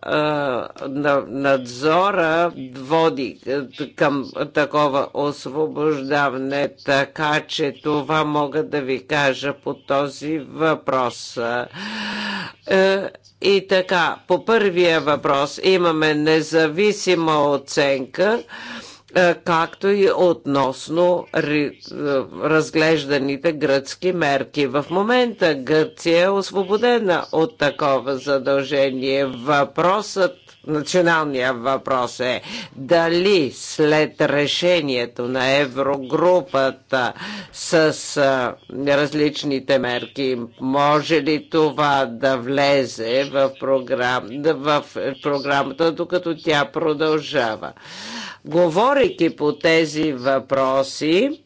Speaker 2: надзора води към такова освобождаване, така че това могат да да ви кажа по този въпрос. Е, и така, по първия въпрос имаме независима оценка е, както и относно е, разглежданите гръцки мерки. В момента Гърция е освободена от такова задължение. Въпросът националният въпрос е дали след решението на Еврогрупата с различните мерки може ли това да влезе в, програм, в програмата, докато тя продължава. Говорейки по тези въпроси,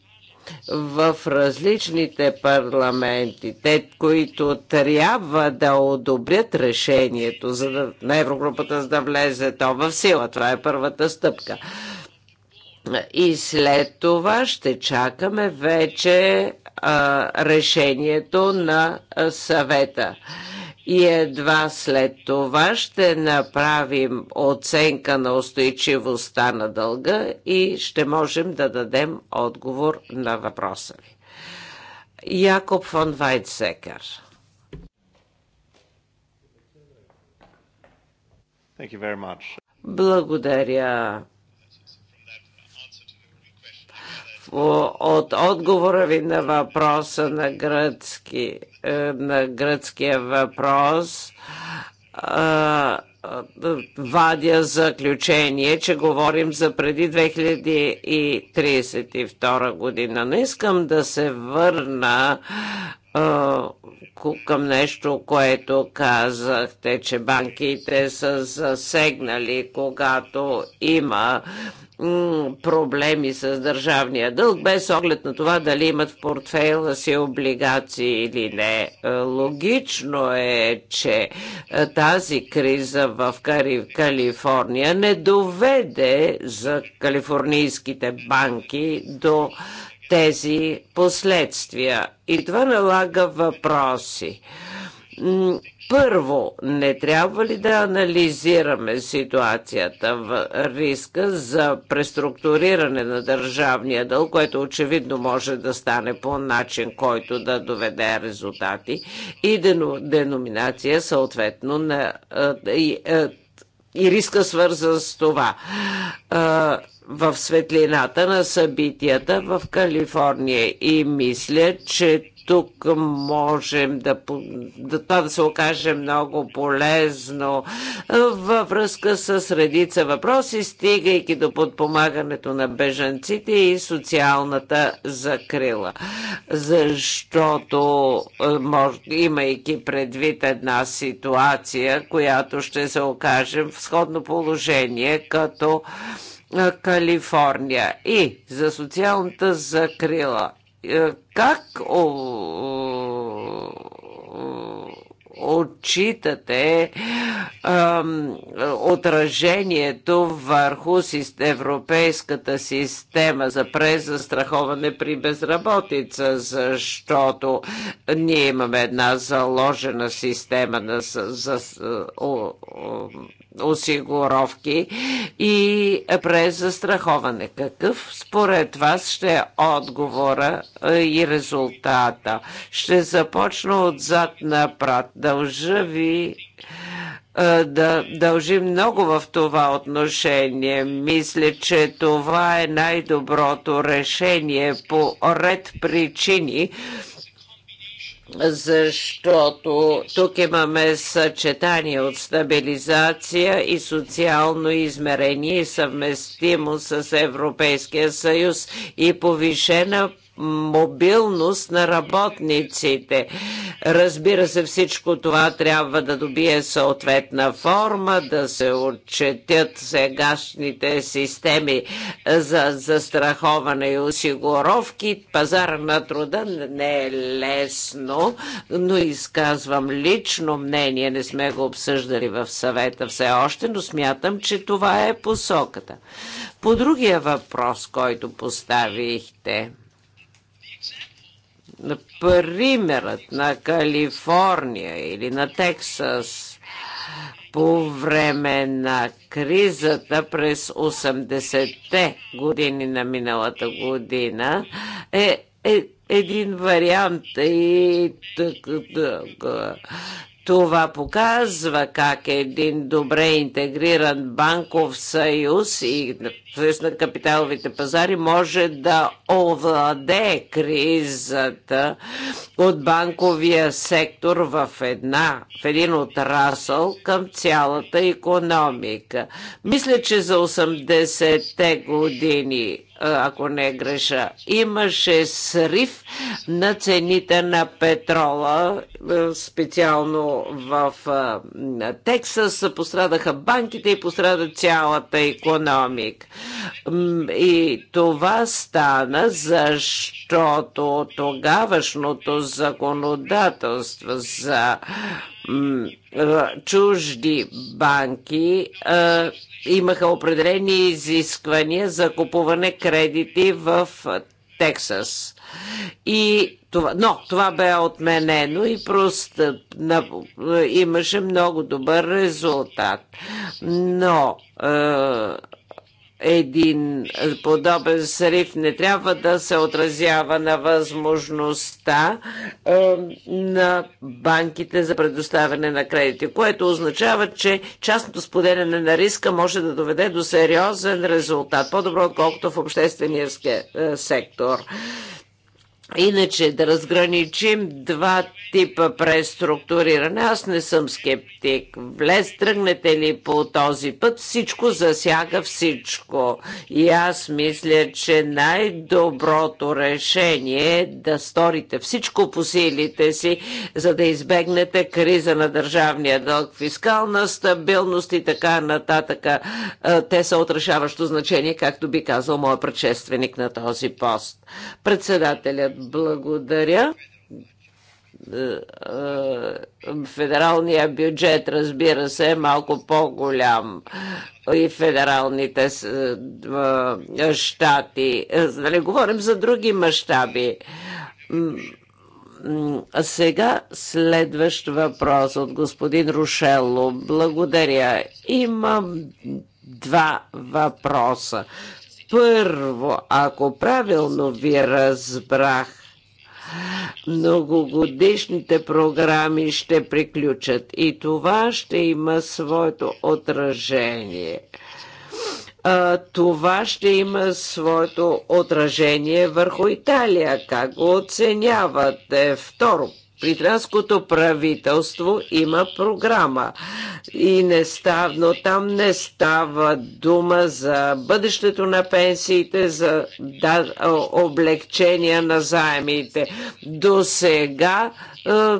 Speaker 2: в различните парламенти, те, които трябва да одобрят решението за да, на Еврогрупата, за да влезе то в сила. Това е първата стъпка. И след това ще чакаме вече а, решението на съвета и едва след това ще направим оценка на устойчивостта на дълга и ще можем да дадем отговор на въпроса ви. Якоб фон Вайдсекер. Благодаря. от отговора ви на въпроса на, гръцки, е, на гръцкия въпрос вадя заключение, че говорим за преди 2032 година. Но искам да се върна към нещо, което казахте, че банките са засегнали, когато има проблеми с държавния дълг, без оглед на това дали имат в портфейла си облигации или не. Е, логично е, че е, тази криза в Калифорния не доведе за калифорнийските банки до тези последствия. И това налага въпроси първо, не трябва ли да анализираме ситуацията в риска за преструктуриране на държавния дълг, което очевидно може да стане по начин, който да доведе резултати и деноминация съответно на и, и риска свързан с това в светлината на събитията в Калифорния и мисля, че тук можем да, да това да се окаже много полезно във връзка с редица въпроси, стигайки до подпомагането на бежанците и социалната закрила. Защото, е, може, имайки предвид една ситуация, която ще се окажем в сходно положение, като е, Калифорния и за социалната закрила е, как отчитате ам, отражението върху европейската система за презастраховане при безработица, защото ние имаме една заложена система на, за, за о, о, осигуровки и през застраховане. Какъв според вас ще е отговора и резултата? Ще започна отзад напред. Дължа ви да дължи много в това отношение. Мисля, че това е най-доброто решение по ред причини, защото тук имаме съчетание от стабилизация и социално измерение и съвместимо с Европейския съюз и повишена мобилност на работниците. Разбира се, всичко това трябва да добие съответна форма, да се отчетят сегашните системи за застраховане и осигуровки. Пазара на труда не е лесно, но изказвам лично мнение. Не сме го обсъждали в съвета все още, но смятам, че това е посоката. По другия въпрос, който поставихте – Примерът на Калифорния или на Тексас по време на кризата през 80-те години на миналата година е, е един вариант и това показва как един добре интегриран банков съюз и съюз на капиталовите пазари може да овладе кризата от банковия сектор в, една, в един отрасъл към цялата економика. Мисля, че за 80-те години ако не е греша. Имаше срив на цените на петрола, специално в Тексас. Пострадаха банките и пострада цялата економик. И това стана, защото тогавашното законодателство за чужди банки имаха определени изисквания за купуване кредити в Тексас. И това, но това бе отменено и просто на, имаше много добър резултат. Но е, един подобен срив не трябва да се отразява на възможността е, на банките за предоставяне на кредити, което означава, че частното споделяне на риска може да доведе до сериозен резултат, по-добро отколкото в обществения е, сектор. Иначе да разграничим два типа преструктуриране. Аз не съм скептик. Влез тръгнете ли по този път, всичко засяга всичко. И аз мисля, че най-доброто решение е да сторите всичко по силите си, за да избегнете криза на държавния дълг, фискална стабилност и така нататък. Те са отрешаващо значение, както би казал моят предшественик на този пост. Председателят благодаря. Е, е, федералния бюджет, разбира се, е малко по-голям и федералните е, щати. Нали, говорим за други мащаби. Сега следващ въпрос от господин Рушело. Благодаря. Имам два въпроса. Първо, ако правилно ви разбрах, многогодишните програми ще приключат и това ще има своето отражение това ще има своето отражение върху Италия. Как го оценявате? Второ, британското правителство има програма. И не става, но там не става дума за бъдещето на пенсиите, за да, облегчения на заемите. До сега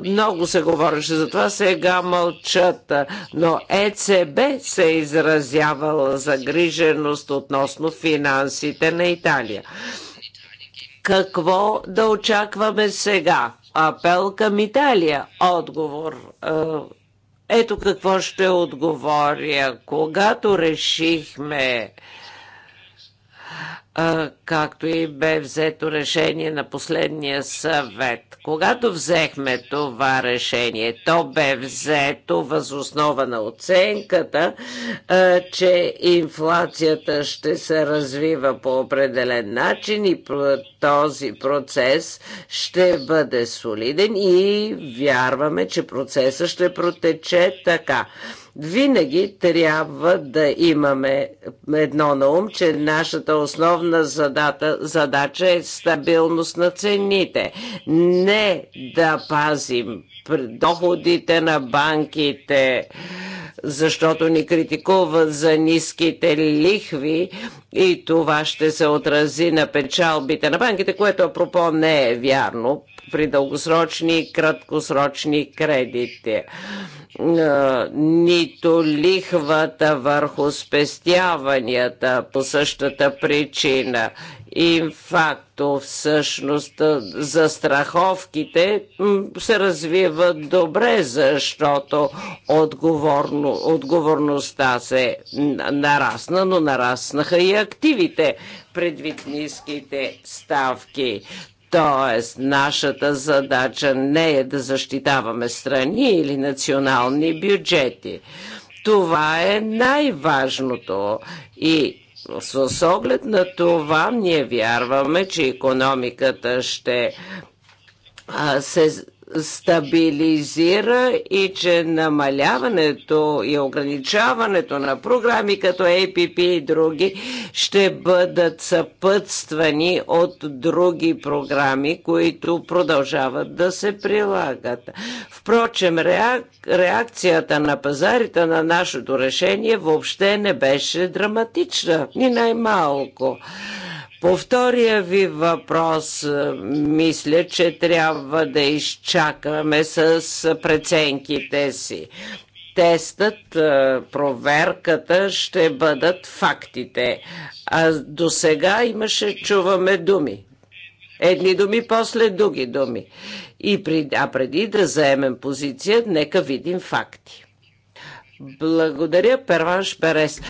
Speaker 2: много се говореше за това, сега мълчат. Но ЕЦБ се е изразявала загриженост относно финансите на Италия. Какво да очакваме сега? Апел към Италия. Отговор. Е, ето какво ще отговоря. Когато решихме както и бе взето решение на последния съвет. Когато взехме това решение, то бе взето възоснова на оценката, че инфлацията ще се развива по определен начин и този процес ще бъде солиден и вярваме, че процесът ще протече така. Винаги трябва да имаме едно на ум, че нашата основна задата, задача е стабилност на цените. Не да пазим доходите на банките, защото ни критикуват за ниските лихви и това ще се отрази на печалбите на банките, което апропо не е вярно при дългосрочни и краткосрочни кредити. Нито лихвата върху спестяванията по същата причина инфакто всъщност застраховките се развиват добре, защото отговорно, отговорността се нарасна, но нараснаха и активите предвид ниските ставки. Тоест, нашата задача не е да защитаваме страни или национални бюджети. Това е най-важното и с оглед на това ние вярваме, че економиката ще се стабилизира и че намаляването и ограничаването на програми като APP и други ще бъдат съпътствани от други програми, които продължават да се прилагат. Впрочем, реак... реакцията на пазарите на нашето решение въобще не беше драматична, ни най-малко. По втория ви въпрос, е, мисля, че трябва да изчакаме с преценките си. Тестът, е, проверката ще бъдат фактите. А до сега имаше, чуваме думи. Едни думи, после други думи. И при, а преди да заемем позиция, нека видим факти. Благодаря, Перванш Перес.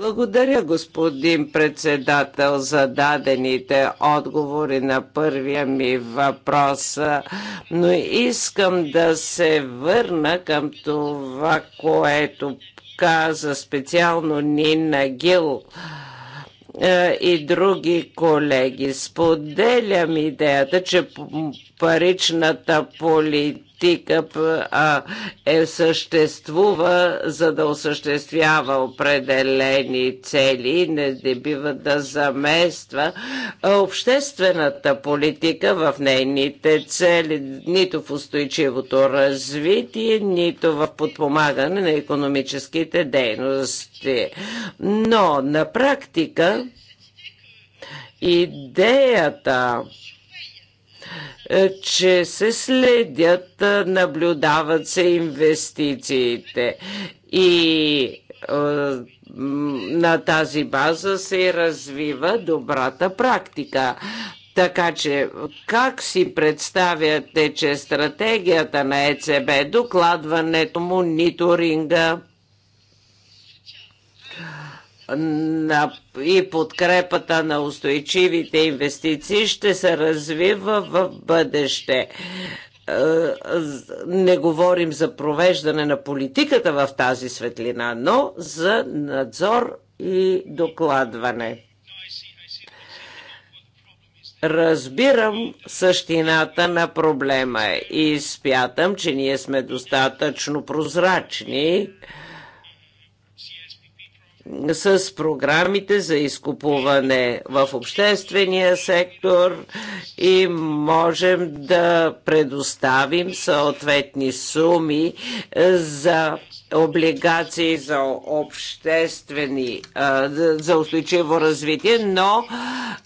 Speaker 2: Благодаря, господин председател, за дадените отговори на първия ми въпрос, но искам да се върна към това, което каза специално Нина Гил е, и други колеги. Споделям идеята, че паричната политика политика а, е съществува, за да осъществява определени цели, не, не бива да замества обществената политика в нейните цели, нито в устойчивото развитие, нито в подпомагане на економическите дейности. Но на практика идеята е, че се следят, е, наблюдават се инвестициите и е, на тази база се развива добрата практика. Така че, как си представяте, че стратегията на ЕЦБ, докладването, мониторинга на, и подкрепата на устойчивите инвестиции ще се развива в бъдеще. Е, не говорим за провеждане на политиката в тази светлина, но за надзор и докладване. Разбирам същината на проблема и спятам, че ние сме достатъчно прозрачни с програмите за изкупуване в обществения сектор и можем да предоставим съответни суми за облигации за обществени, за устойчиво развитие, но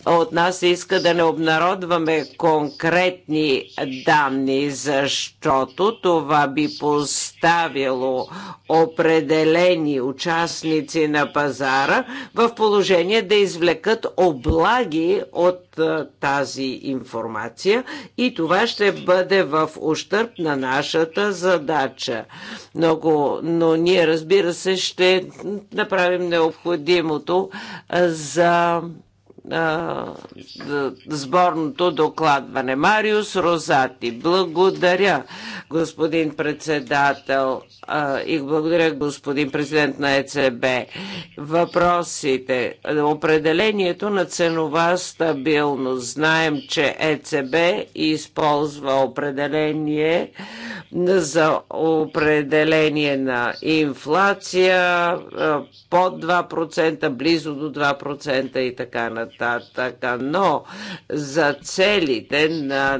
Speaker 2: от нас иска да не обнародваме конкретни данни, защото това би поставило определени участници на пазара в положение да извлекат облаги от тази информация и това ще бъде в ущърп на нашата задача. Много но ние разбира се ще направим необходимото за сборното докладване. Мариус Розати, благодаря господин председател и благодаря господин президент на ЕЦБ. Въпросите. Определението на ценова стабилност. Знаем, че ЕЦБ използва определение за определение на инфлация под 2%, близо до 2% и така нататък нататък, но за целите на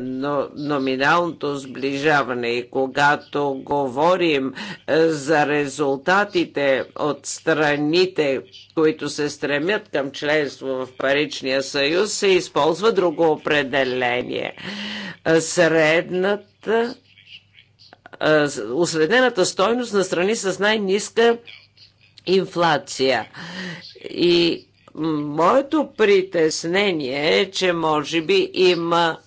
Speaker 2: номиналното сближаване и когато говорим е, за резултатите от страните, които се стремят към членство в Паричния съюз, се използва друго определение. Е, средната е, осредената стойност на страни с най-ниска инфлация. И Моето притеснение е, че може би има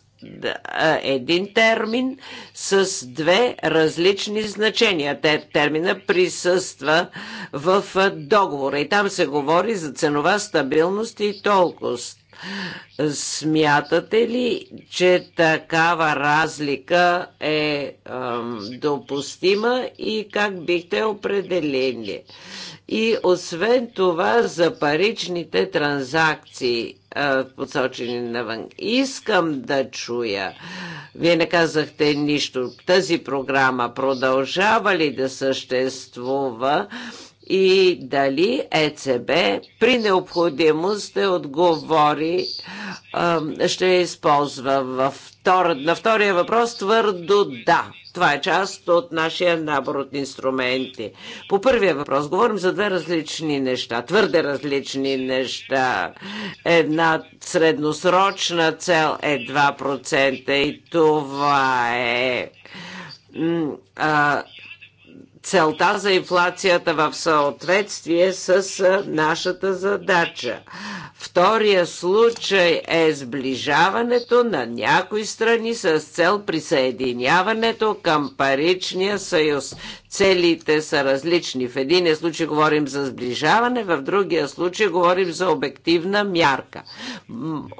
Speaker 2: един термин с две различни значения. Термина присъства в договора и там се говори за ценова стабилност и толкост. Смятате ли, че такава разлика е, е допустима и как бихте определили? И освен това за паричните транзакции, посочени навън. Искам да чуя. Вие не казахте нищо. Тази програма продължава ли да съществува? и дали ЕЦБ при необходимост да е отговори, ще използва във втор... на втория въпрос твърдо да. Това е част от нашия набор от инструменти. По първия въпрос говорим за две различни неща, твърде различни неща. Една средносрочна цел е 2% и това е целта за инфлацията в съответствие с нашата задача. Втория случай е сближаването на някои страни с цел присъединяването към паричния съюз. Целите са различни. В един случай говорим за сближаване, в другия случай говорим за обективна мярка.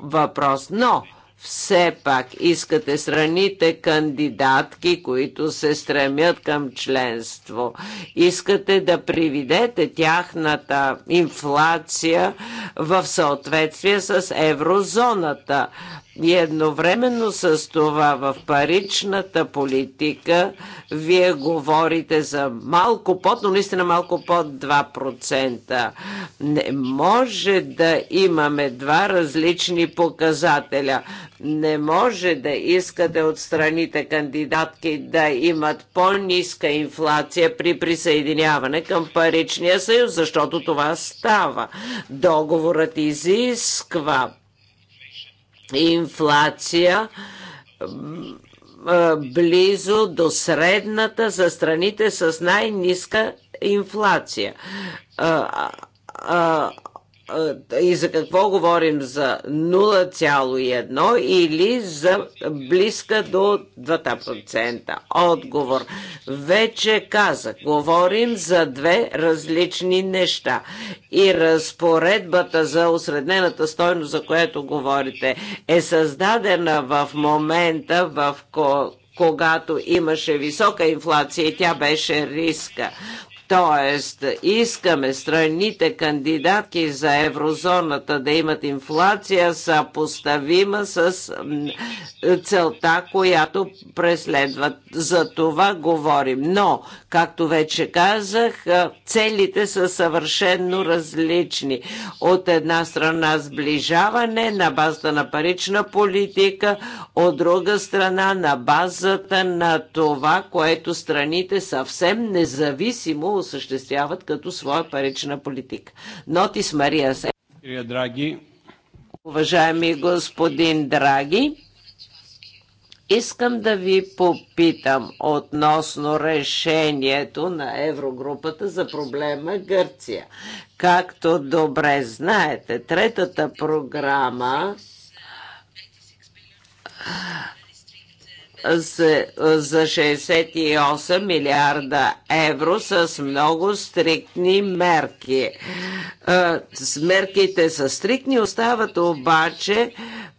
Speaker 2: Въпрос. Но все пак искате страните кандидатки, които се стремят към членство, искате да приведете тяхната инфлация в съответствие с еврозоната. И едновременно с това в паричната политика вие говорите за малко под, но наистина малко под 2%. Не може да имаме два различни показателя. Не може да искате от страните кандидатки да имат по-ниска инфлация при присъединяване към паричния съюз, защото това става. Договорът изисква инфлация близо до средната за страните с най-ниска инфлация е, и за какво говорим? За 0,1 или за близка до 2%? Отговор. Вече казах, говорим за две различни неща. И разпоредбата за осреднената стойност, за която говорите, е създадена в момента, в когато имаше висока инфлация и тя беше риска. Тоест, искаме страните кандидатки за еврозоната да имат инфлация съпоставима с целта, която преследват. За това говорим. Но, както вече казах, целите са съвършенно различни. От една страна сближаване на базата на парична политика, от друга страна на базата на това, което страните съвсем независимо осъществяват като своя парична политика. Нотис Мария Се. Драги. Уважаеми господин Драги, Искам да ви попитам относно решението на Еврогрупата за проблема Гърция. Както добре знаете, третата програма за 68 милиарда евро с много стриктни мерки. мерките са стриктни, остават обаче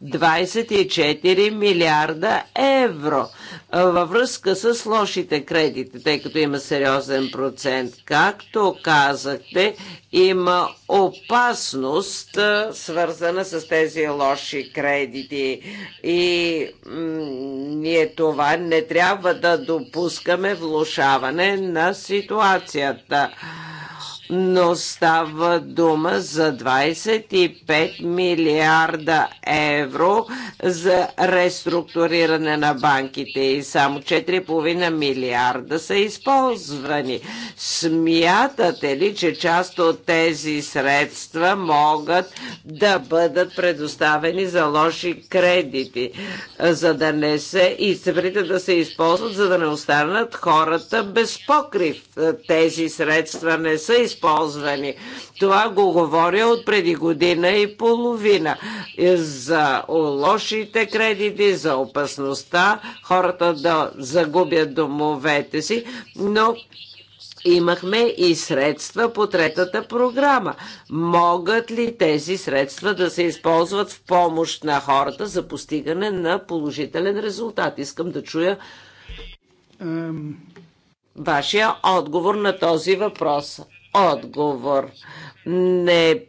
Speaker 2: 24 милиарда евро във връзка с лошите кредити, тъй като има сериозен процент. Както казахте, има опасност, свързана с тези лоши кредити. И ние това не трябва да допускаме влушаване на ситуацията но става дума за 25 милиарда евро за реструктуриране на банките и само 4,5 милиарда са използвани. Смятате ли, че част от тези средства могат да бъдат предоставени за лоши кредити, за да не се и цифрите да се използват, за да не останат хората без покрив. Тези средства не са използвани използвани. Това го говоря от преди година и половина. За лошите кредити, за опасността хората да загубят домовете си, но Имахме и средства по третата програма. Могат ли тези средства да се използват в помощ на хората за постигане на положителен резултат? Искам да чуя вашия отговор на този въпрос отговор. Не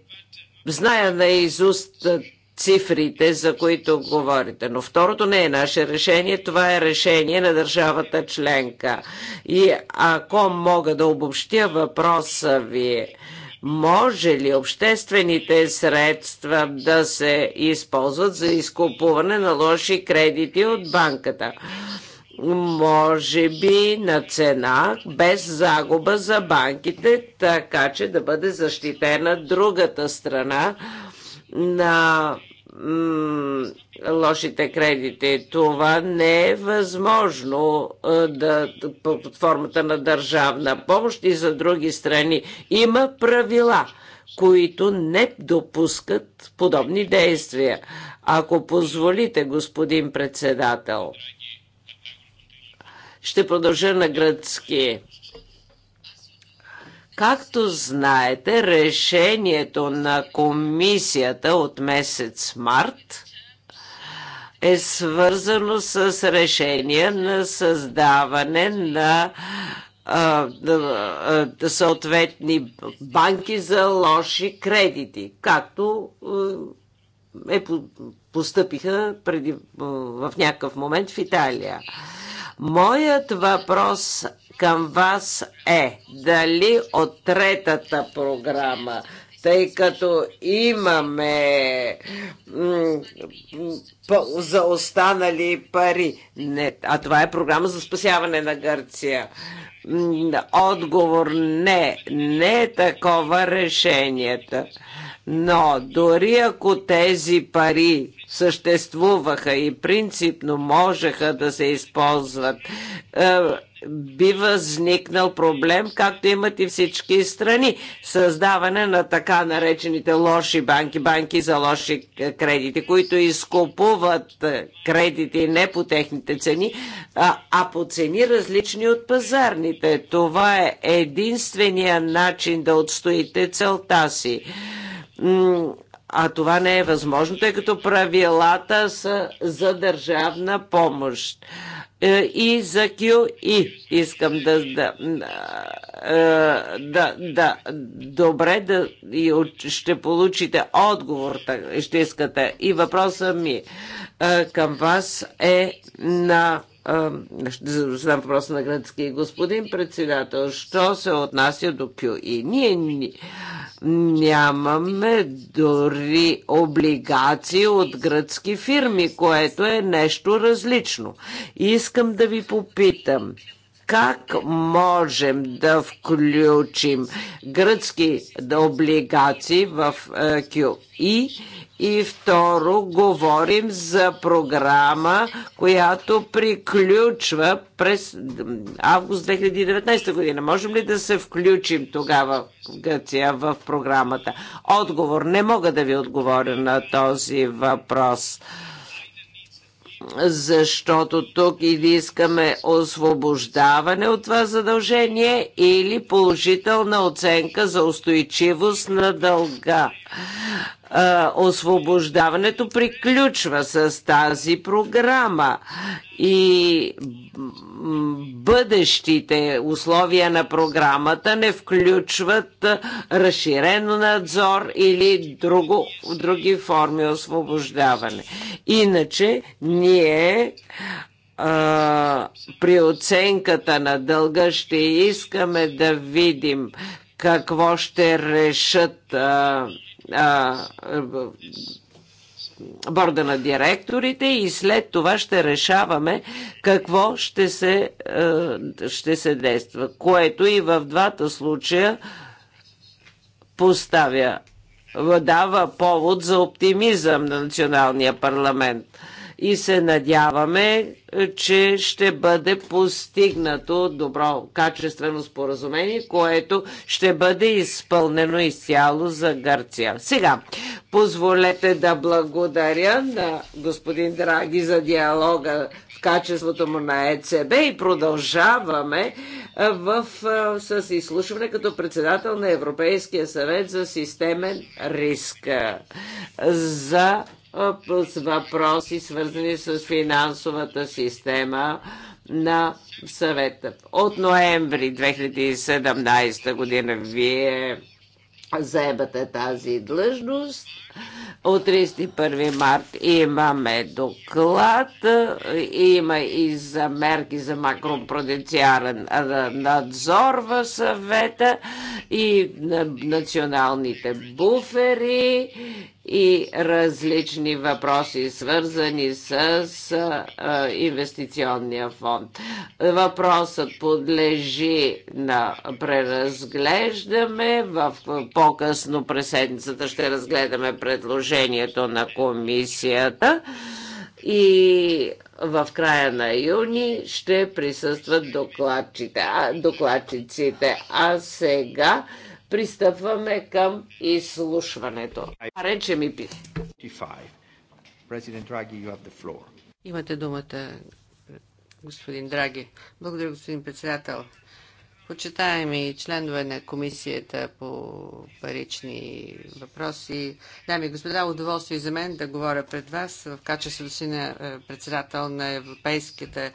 Speaker 2: зная на изуст цифрите, за които говорите. Но второто не е наше решение, това е решение на държавата членка. И ако мога да обобщя въпроса ви, може ли обществените средства да се използват за изкупуване на лоши кредити от банката? може би на цена, без загуба за банките, така че да бъде защитена другата страна на лошите кредити. Това не е възможно да, под формата на държавна помощ и за други страни. Има правила, които не допускат подобни действия. Ако позволите, господин председател. Ще продължа на гръцки. Както знаете, решението на комисията от месец март е свързано с решение на създаване на съответни банки за лоши кредити, както е, постъпиха преди, в някакъв момент в Италия. Моят въпрос към вас е дали от третата програма, тъй като имаме за останали пари, не, а това е програма за спасяване на Гърция. Отговор не, не е такова решението. Но дори ако тези пари съществуваха и принципно можеха да се използват, е, би възникнал проблем, както имат и всички страни. Създаване на така наречените лоши банки, банки за лоши кредити, които изкупуват е, кредити не по техните цени, а, а по цени различни от пазарните. Това е единствения начин да отстоите целта си а това не е възможно, тъй като правилата са за държавна помощ е, и за QI. E искам да, да, е, да, да добре да и ще получите отговор, ще искате. И въпроса ми е, към вас е на задам въпроса на градски. Господин председател, що се отнася до QI? E? Ние Нямаме дори облигации от гръцки фирми, което е нещо различно. Искам да ви попитам как можем да включим гръцки облигации в е, QE? И второ, говорим за програма, която приключва през август 2019 година. Можем ли да се включим тогава в Гъция в програмата? Отговор. Не мога да ви отговоря на този въпрос защото тук или искаме освобождаване от това задължение или положителна оценка за устойчивост на дълга освобождаването приключва с тази програма и бъдещите условия на програмата не включват разширено надзор или друго, други форми освобождаване. Иначе ние а, при оценката на дълга ще искаме да видим какво ще решат а, борда на директорите и след това ще решаваме какво ще се, ще се действа, което и в двата случая поставя, дава повод за оптимизъм на националния парламент и се надяваме, е, че ще бъде постигнато добро качествено споразумение, което ще бъде изпълнено изцяло за Гърция. Сега, позволете да благодаря на господин Драги за диалога в качеството му на ЕЦБ и продължаваме е, в, е, с изслушване като председател на Европейския съвет за системен риск за с въпроси, свързани с финансовата система на съвета. От ноември 2017 година вие заебате тази длъжност. От 31 март имаме доклад, има и за мерки за макропруденциален надзор в съвета и националните буфери и различни въпроси, свързани с а, инвестиционния фонд. Въпросът подлежи на преразглеждаме. В по-късно преседницата ще разгледаме предложението на комисията и в края на юни ще присъстват докладчите, а, докладчиците. А сега пристъпваме към изслушването. Рече ми пи.
Speaker 3: Имате думата, господин Драги. Благодаря, господин председател почитаеми членове на Комисията по парични въпроси, дами и господа, удоволствие за мен да говоря пред вас в качеството си на е, председател на Европейската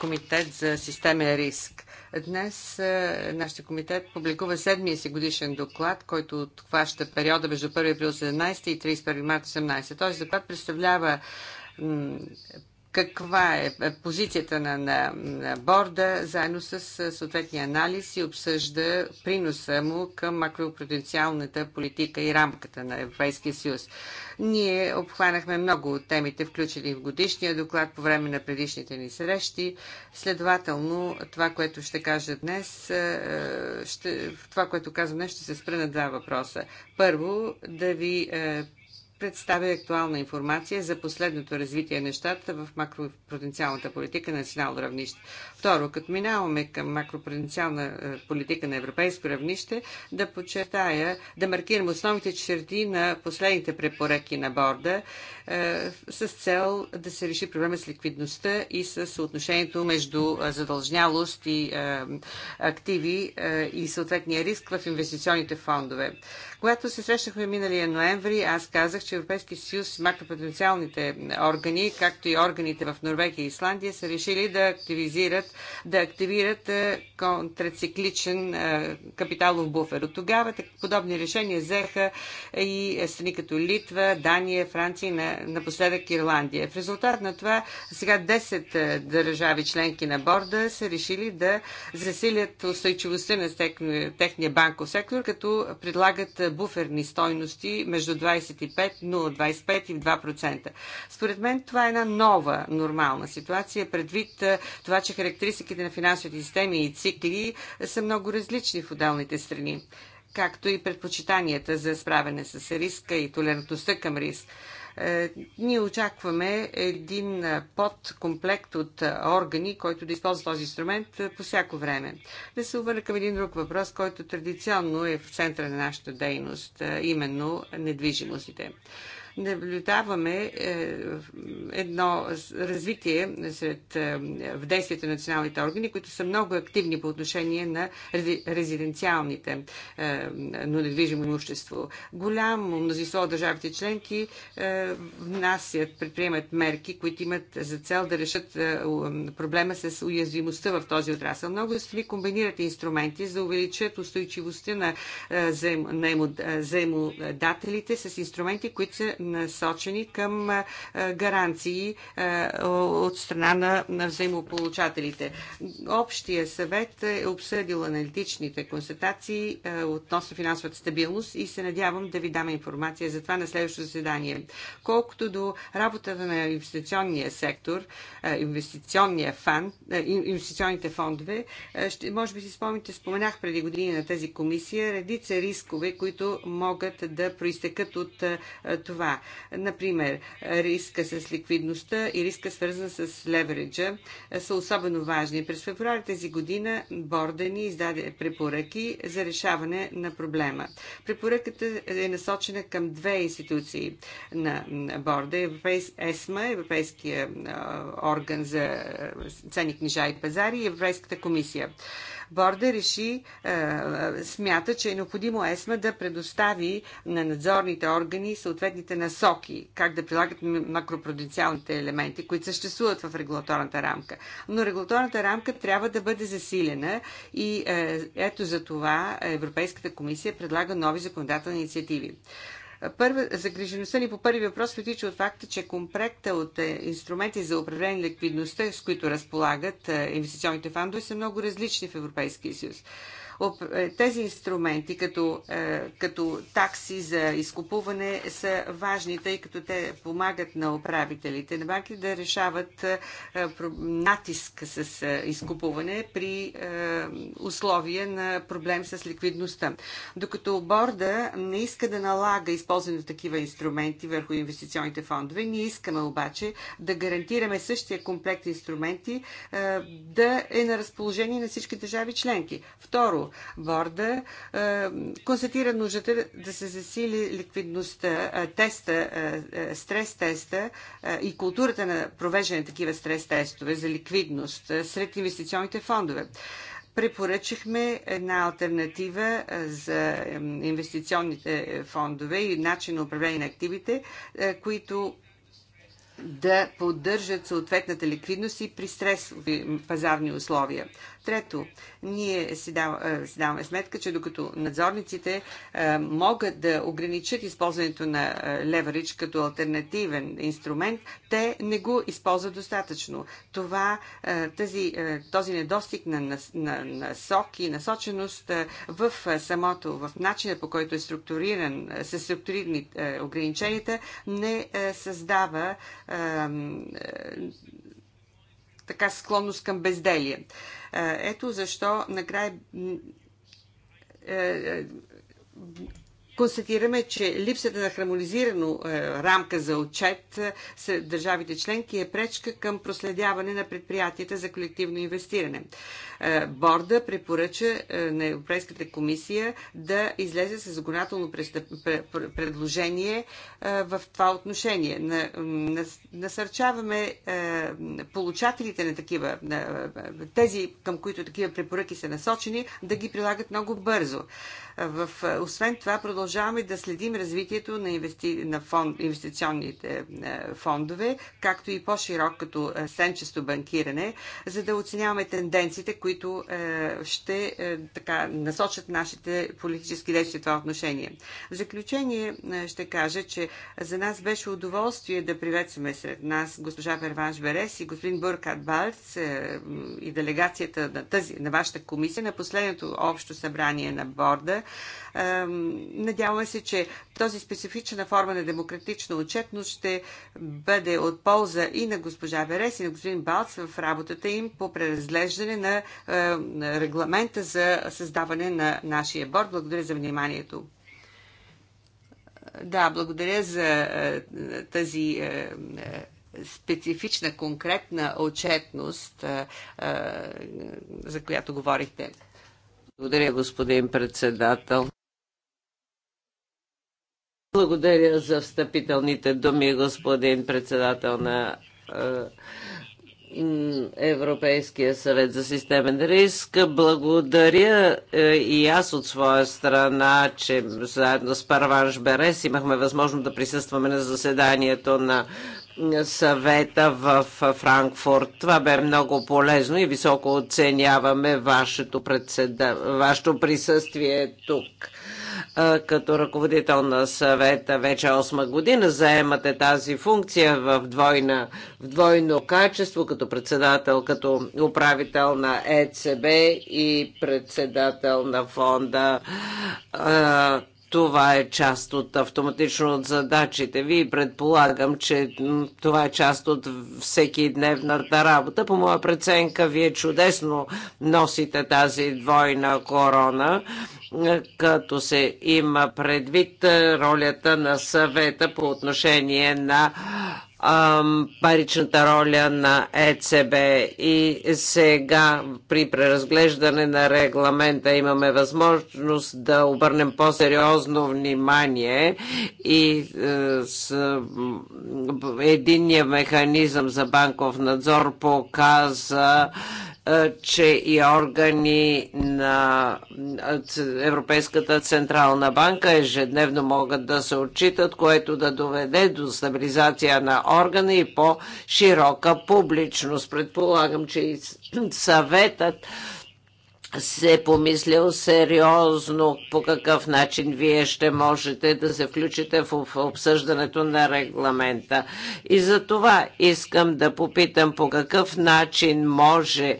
Speaker 3: комитет за системен риск. Днес е, нашия комитет публикува седмия си годишен доклад, който отхваща периода между 1 април 17 и 31 марта 18. Този доклад представлява каква е, е позицията на, на, на борда, заедно с съответния анализ и обсъжда приноса му към макропруденциалната политика и рамката на Европейския съюз. Ние обхванахме много от темите, включени в годишния доклад по време на предишните ни срещи. Следователно, това, което ще кажа днес, е, е, ще, това, което казвам днес, ще се спра на два въпроса. Първо, да ви представя актуална информация за последното развитие на нещата в макропроденциалната политика на национално равнище. Второ, като минаваме към макропотенциална е, политика на европейско равнище, да подчертая, да маркирам основните черти на последните препоръки на борда е, с цел да се реши проблема с ликвидността и с съотношението между е, задължнялост и активи и съответния риск в инвестиционните фондове. Когато се срещнахме миналия ноември, аз казах, че Европейски съюз, макропотенциалните органи, както и органите в Норвегия и Исландия, са решили да активизират, да активират е, контрацикличен е, капиталов буфер. От тогава подобни решения взеха и страни като Литва, Дания, Франция и напоследък Ирландия. В резултат на това сега 10 е, държави членки на борда са решили да засилят устойчивостта на техния банков сектор, като предлагат буферни стойности между 25, 0,25 и 2%. Според мен това е една нова нормална ситуация, предвид това, че характеристиките на финансовите системи и цикли са много различни в отделните страни както и предпочитанията за справяне с риска и толерантността към риск. Е, ние очакваме един е, подкомплект от е, органи, който да използва този инструмент по всяко време. Да се обърна към един друг въпрос, който традиционно е в центъра на нашата дейност, именно недвижимостите наблюдаваме е, едно развитие сред, е, в действието на националните органи, които са много активни по отношение на резиденциалните, е, но недвижимо имущество. Голямо мнозинство от държавите членки внасят, предприемат мерки, които имат за цел да решат проблема с уязвимостта в този отрасъл. Много страни комбинират инструменти за да увеличат устойчивостта на заемодателите с инструменти, които са насочени към гаранции от страна на взаимополучателите. Общия съвет е обсъдил аналитичните констатации относно финансовата стабилност и се надявам да ви дам информация за това на следващото заседание. Колкото до работата на инвестиционния сектор, инвестиционния фонд, инвестиционните фондове, ще, може би си спомните, споменах преди години на тази комисия редица рискове, които могат да проистекат от това. Например, риска с ликвидността и риска свързан с левериджа са особено важни. През февруари тази година борда ни издаде препоръки за решаване на проблема. Препоръката е насочена към две институции на борда. Европейс, ЕСМА, Европейския орган за ценни книжа и пазари и Европейската комисия. Борда реши, е, е, смята, че е необходимо ЕСМА да предостави на надзорните органи съответните насоки, как да прилагат макропруденциалните елементи, които съществуват в регулаторната рамка. Но регулаторната рамка трябва да бъде засилена и е, ето за това Европейската комисия предлага нови законодателни инициативи. Първа, загрижеността ни по първи въпрос протича от факта, че комплекта от е, инструменти за управление на ликвидността, с които разполагат е, инвестиционните фондове, са много различни в Европейския съюз. Е, тези инструменти, като, е, като такси за изкупуване, са важни, тъй като те помагат на управителите на банки да решават е, натиск с изкупуване при условия на проблем с ликвидността. Докато борда не иска да налага използване на такива инструменти върху инвестиционните фондове, ние искаме обаче да гарантираме същия комплект инструменти да е на разположение на всички държави членки. Второ, борда е, констатира нуждата да се засили ликвидността, е, теста, е, стрес теста и културата на провеждане на такива стрес тестове за ликвидност сред инвестиционните фондове препоръчахме една альтернатива за инвестиционните фондове и начин на управление на активите, които да поддържат съответната ликвидност и при стресови пазарни условия. Трето, ние си, дав, е, си даваме сметка, че докато надзорниците е, могат да ограничат използването на е, леверидж като альтернативен инструмент, те не го използват достатъчно. Това, тази, този недостиг на, на, на, на сок и насоченост в самото, в начина по който е структуриран, са структурирани ограниченията, не създава така склонност към безделие. Е, ето защо накрая е, е, констатираме, че липсата на хармонизирано е, рамка за отчет е, с държавите членки е пречка към проследяване на предприятията за колективно инвестиране. Е, борда препоръча на Европейската комисия да излезе с законодателно предложение в това отношение. насърчаваме получателите на такива, тези към които такива препоръки са насочени, да ги прилагат много бързо. В, е, освен това, продължаваме да следим развитието на, инвести... на фонд... инвестиционните е, фондове, както и по-широк като е, сенчесто банкиране, за да оценяваме тенденциите, които ще така, насочат нашите политически действия в това отношение. В заключение ще кажа, че за нас беше удоволствие да приветстваме сред нас госпожа Перванш Берес и господин Буркат Балц и делегацията на, тази, на вашата комисия на последното общо събрание на борда Надяваме се, че този специфична форма на демократична отчетност ще бъде от полза и на госпожа Берес, и на господин Балц в работата им по преразглеждане на регламента за създаване на нашия борт. Благодаря за вниманието. Да, благодаря за тази специфична, конкретна отчетност, за която говорихте.
Speaker 2: Благодаря, господин председател. Благодаря за встъпителните думи, господин председател на е, Европейския съвет за системен риск. Благодаря е, и аз от своя страна, че заедно с Парванш Берес имахме възможност да присъстваме на заседанието на съвета в Франкфурт. Това бе много полезно и високо оценяваме вашето, председа... вашето присъствие тук. Като ръководител на съвета вече 8 година заемате тази функция в, двойна, в двойно качество, като председател, като управител на ЕЦБ и председател на фонда това е част от автоматично от задачите ви и предполагам, че това е част от всеки дневната работа. По моя преценка, вие чудесно носите тази двойна корона като се има предвид е, ролята на съвета по отношение на паричната роля на ЕЦБ и сега при преразглеждане на регламента имаме възможност да обърнем по-сериозно внимание и е, с единния механизъм за банков надзор показа, че и органи на Европейската Централна банка ежедневно могат да се отчитат, което да доведе до стабилизация на органа и по-широка публичност. Предполагам, че и съветът се помислил сериозно по какъв начин вие ще можете да се включите в обсъждането на регламента. И за това искам да попитам по какъв начин може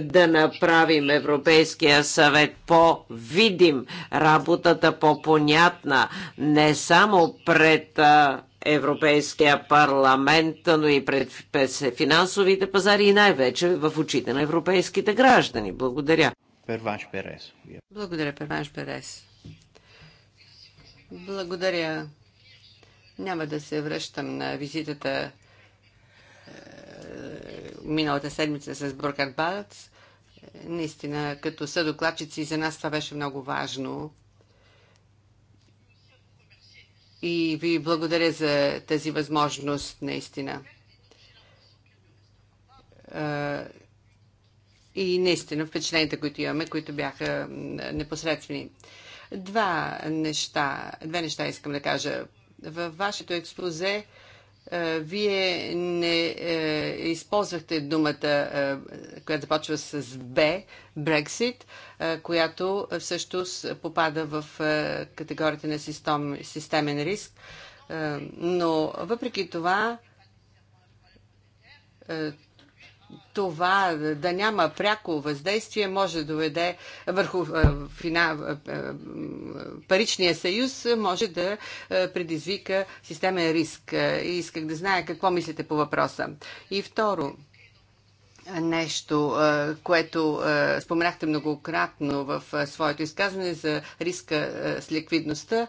Speaker 2: да направим Европейския съвет по-видим, работата по-понятна, не само пред Европейския парламент, но и пред финансовите пазари и най-вече в очите на европейските граждани. Благодаря. Перванш Перес.
Speaker 3: Благодаря, Перванш Перес. Благодаря. Няма да се връщам на визитата е, миналата седмица с Брокът Балц. Наистина, като съдокладчици за нас това беше много важно. И ви благодаря за тази възможност, наистина е, и наистина впечатленията, които имаме, които бяха непосредствени. Два неща, две неща искам да кажа. Във вашето експозе е, вие не е, използвахте думата, е, която започва с Б, Брексит, е, която всъщност попада в е, категорията на систем, системен риск. Е, но въпреки това, е, това да няма пряко въздействие може да доведе върху е, фина, е, е, паричния съюз, може да предизвика системен риск. И исках да зная какво мислите по въпроса. И второ, нещо, което споменахте многократно в своето изказване за риска с ликвидността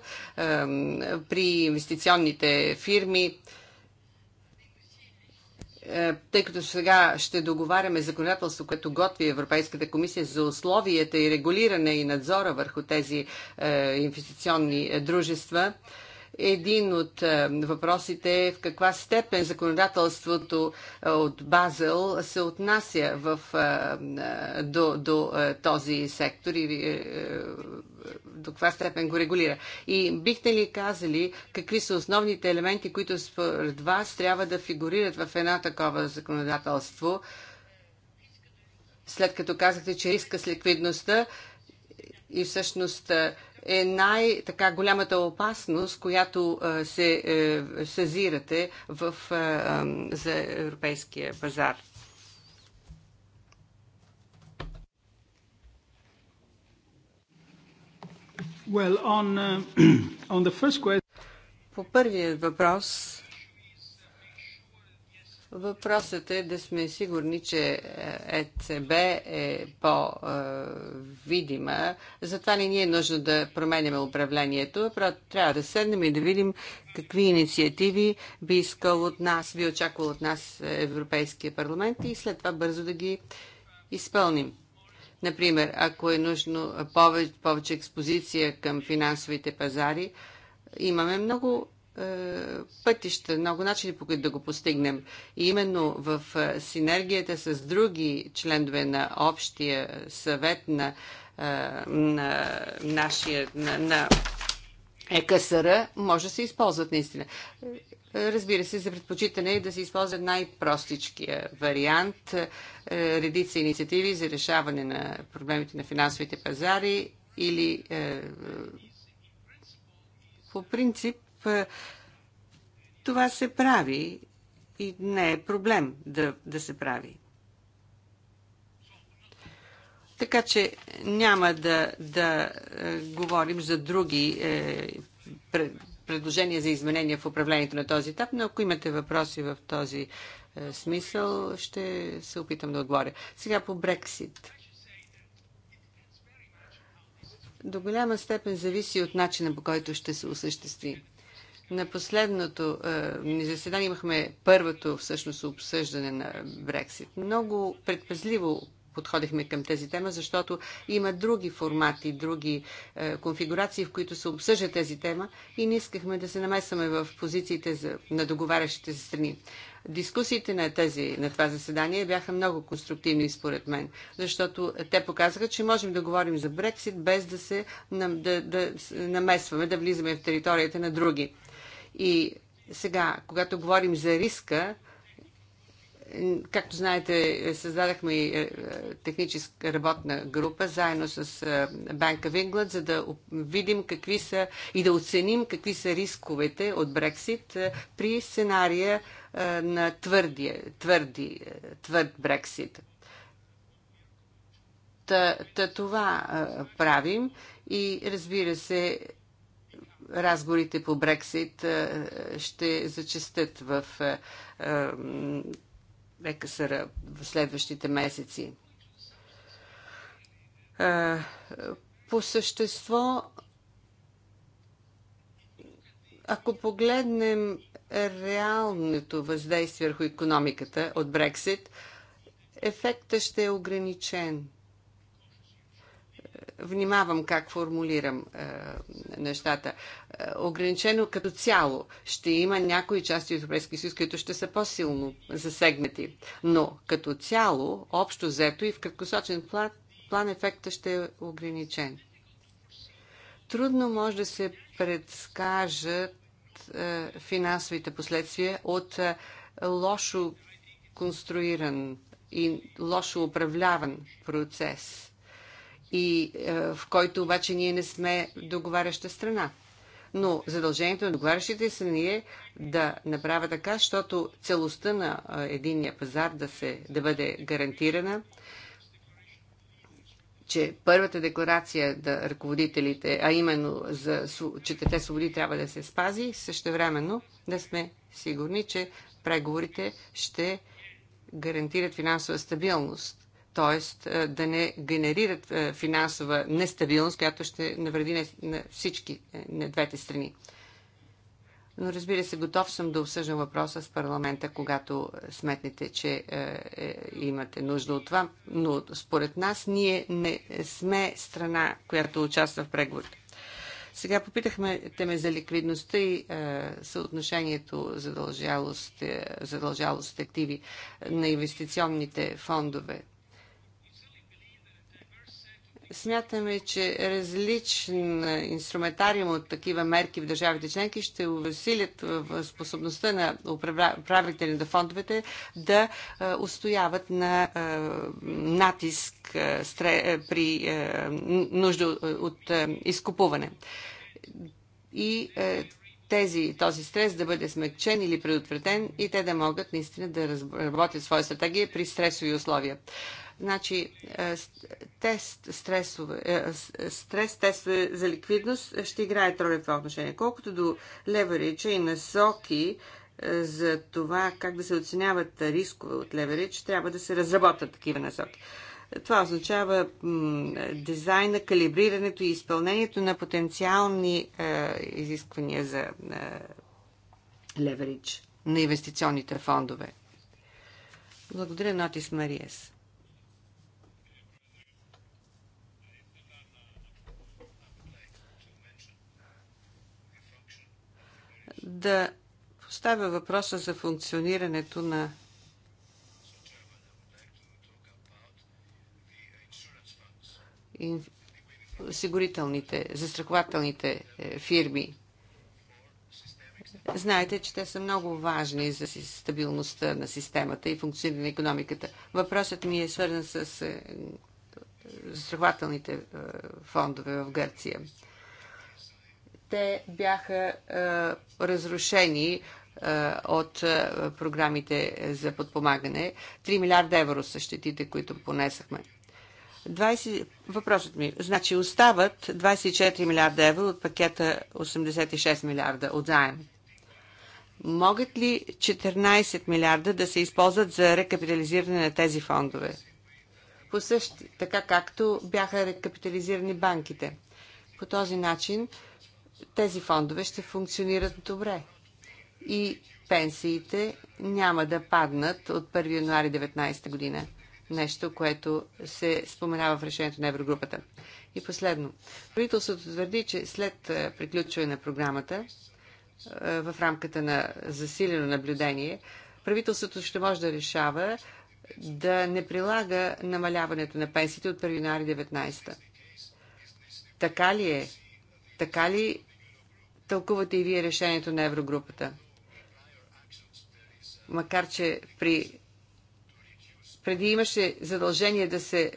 Speaker 3: при инвестиционните фирми. Е, тъй като сега ще договаряме законодателство, което готви Европейската комисия за условията и регулиране и надзора върху тези е, инвестиционни е, дружества, един от е, въпросите е в каква степен законодателството е, от Базел се отнася в, е, до, до този сектор и до каква степен го регулира. И бихте ли казали какви са основните елементи, които според вас трябва да фигурират в едно такова законодателство, след като казахте, че риска с ликвидността и всъщност е най-така голямата опасност, която се е, съзирате в, за европейския пазар? Well, on, uh, on По първият въпрос Въпросът е да сме сигурни, че е, ЕЦБ е по-видима. Затова не ни е нужно да променяме управлението. Трябва да седнем и да видим какви инициативи би искал от нас, би очаквал от нас Европейския парламент и след това бързо да ги изпълним. Например, ако е нужно повече, повече експозиция към финансовите пазари, имаме много е, пътища, много начини по които да го постигнем. И именно в е, синергията с други членове на общия съвет на, е, на нашия, на, на ЕКСР може да се използват наистина. Разбира се, за предпочитане е да се използва най-простичкия вариант, редица инициативи за решаване на проблемите на финансовите пазари или по принцип това се прави и не е проблем да, да се прави. Така че няма да, да е, говорим за други е, пред, предложения за изменения в управлението на този етап, но ако имате въпроси в този е, смисъл, ще се опитам да отговоря. Сега по Брексит. До голяма степен зависи от начина по който ще се осъществи. На последното е, ни е, заседание имахме първото всъщност обсъждане на Брексит. Много предпазливо подходихме към тези тема, защото има други формати, други е, конфигурации, в които се обсъжда тези тема и не искахме да се намесваме в позициите за, на договарящите се страни. Дискусиите на, тези, на това заседание бяха много конструктивни според мен, защото те показаха, че можем да говорим за Брексит без да се да, да, намесваме, да влизаме в територията на други и сега, когато говорим за риска, Както знаете, създадахме и е, е, техническа работна група заедно с е, Bank of England, за да видим какви са и да оценим какви са рисковете от Брексит при сценария на твърдия, твърди, твърд Брексит. Та, та това правим и разбира се, разговорите по Брексит е, ще зачестят в е, е, ЕКСР в следващите месеци. По същество, ако погледнем реалното въздействие върху економиката от Брексит, ефектът ще е ограничен – внимавам как формулирам е, нещата. Е, ограничено като цяло ще има някои части от Европейския съюз, които ще са по-силно засегнати. Но като цяло, общо взето и в краткосрочен план, план ефекта ще е ограничен. Трудно може да се предскажат е, финансовите последствия от е, лошо конструиран и лошо управляван процес и е, в който обаче ние не сме договаряща страна. Но задължението на договарящите са е да направя така, защото целостта на е, единния пазар да, се, да бъде гарантирана, че първата декларация да ръководителите, а именно за, че те свободи трябва да се спази, същевременно да сме сигурни, че преговорите ще гарантират финансова стабилност т.е. да не генерират е, финансова нестабилност, която ще навреди на всички, е, на двете страни. Но разбира се, готов съм да обсъждам въпроса с парламента, когато е, сметнете, че е, е, имате нужда от това. Но според нас ние не сме страна, която участва в преговорите. Сега попитахме теме за ликвидността и е, съотношението задължалост, е, задължалост активи на инвестиционните фондове. Смятаме, че различен инструментариум от такива мерки в държавите членки ще усилят в способността на управителите на фондовете да е, устояват на е, натиск е, при нужда от изкупуване. И тези, този стрес да бъде смекчен или предотвратен и те да могат наистина да работят своя стратегия при стресови условия. Значи, е, тест, е, стрес тестове за ликвидност ще играят роля в това отношение. Колкото до леверича и насоки е, за това как да се оценяват рискове от леверич, трябва да се разработят такива насоки. Това означава дизайна, калибрирането и изпълнението на потенциални е, изисквания за е, леверидж на инвестиционните фондове. Благодаря, Нотис Мариес. да поставя въпроса за функционирането на сигурителните, застрахователните е, фирми. Знаете, че те са много важни за стабилността на системата и функциониране на економиката. Въпросът ми е свързан с е, застрахователните е, фондове в Гърция те бяха а, е, разрушени а, е, от а, е, програмите за подпомагане. 3 милиарда евро са щетите, които понесахме. 20... Въпросът ми. Значи остават 24 милиарда евро от пакета 86 милиарда от заем. Могат ли 14 милиарда да се използват за рекапитализиране на тези фондове? По същи, така както бяха рекапитализирани банките. По този начин тези фондове ще функционират добре. И пенсиите няма да паднат от 1 януари 2019 година. Нещо, което се споменава в решението на Еврогрупата. И последно. Правителството твърди, че след приключване на програмата, в рамката на засилено наблюдение, правителството ще може да решава да не прилага намаляването на пенсиите от 1 януари 19. Така ли е? Така ли тълкувате и вие решението на Еврогрупата? Макар, че при преди имаше задължение да се...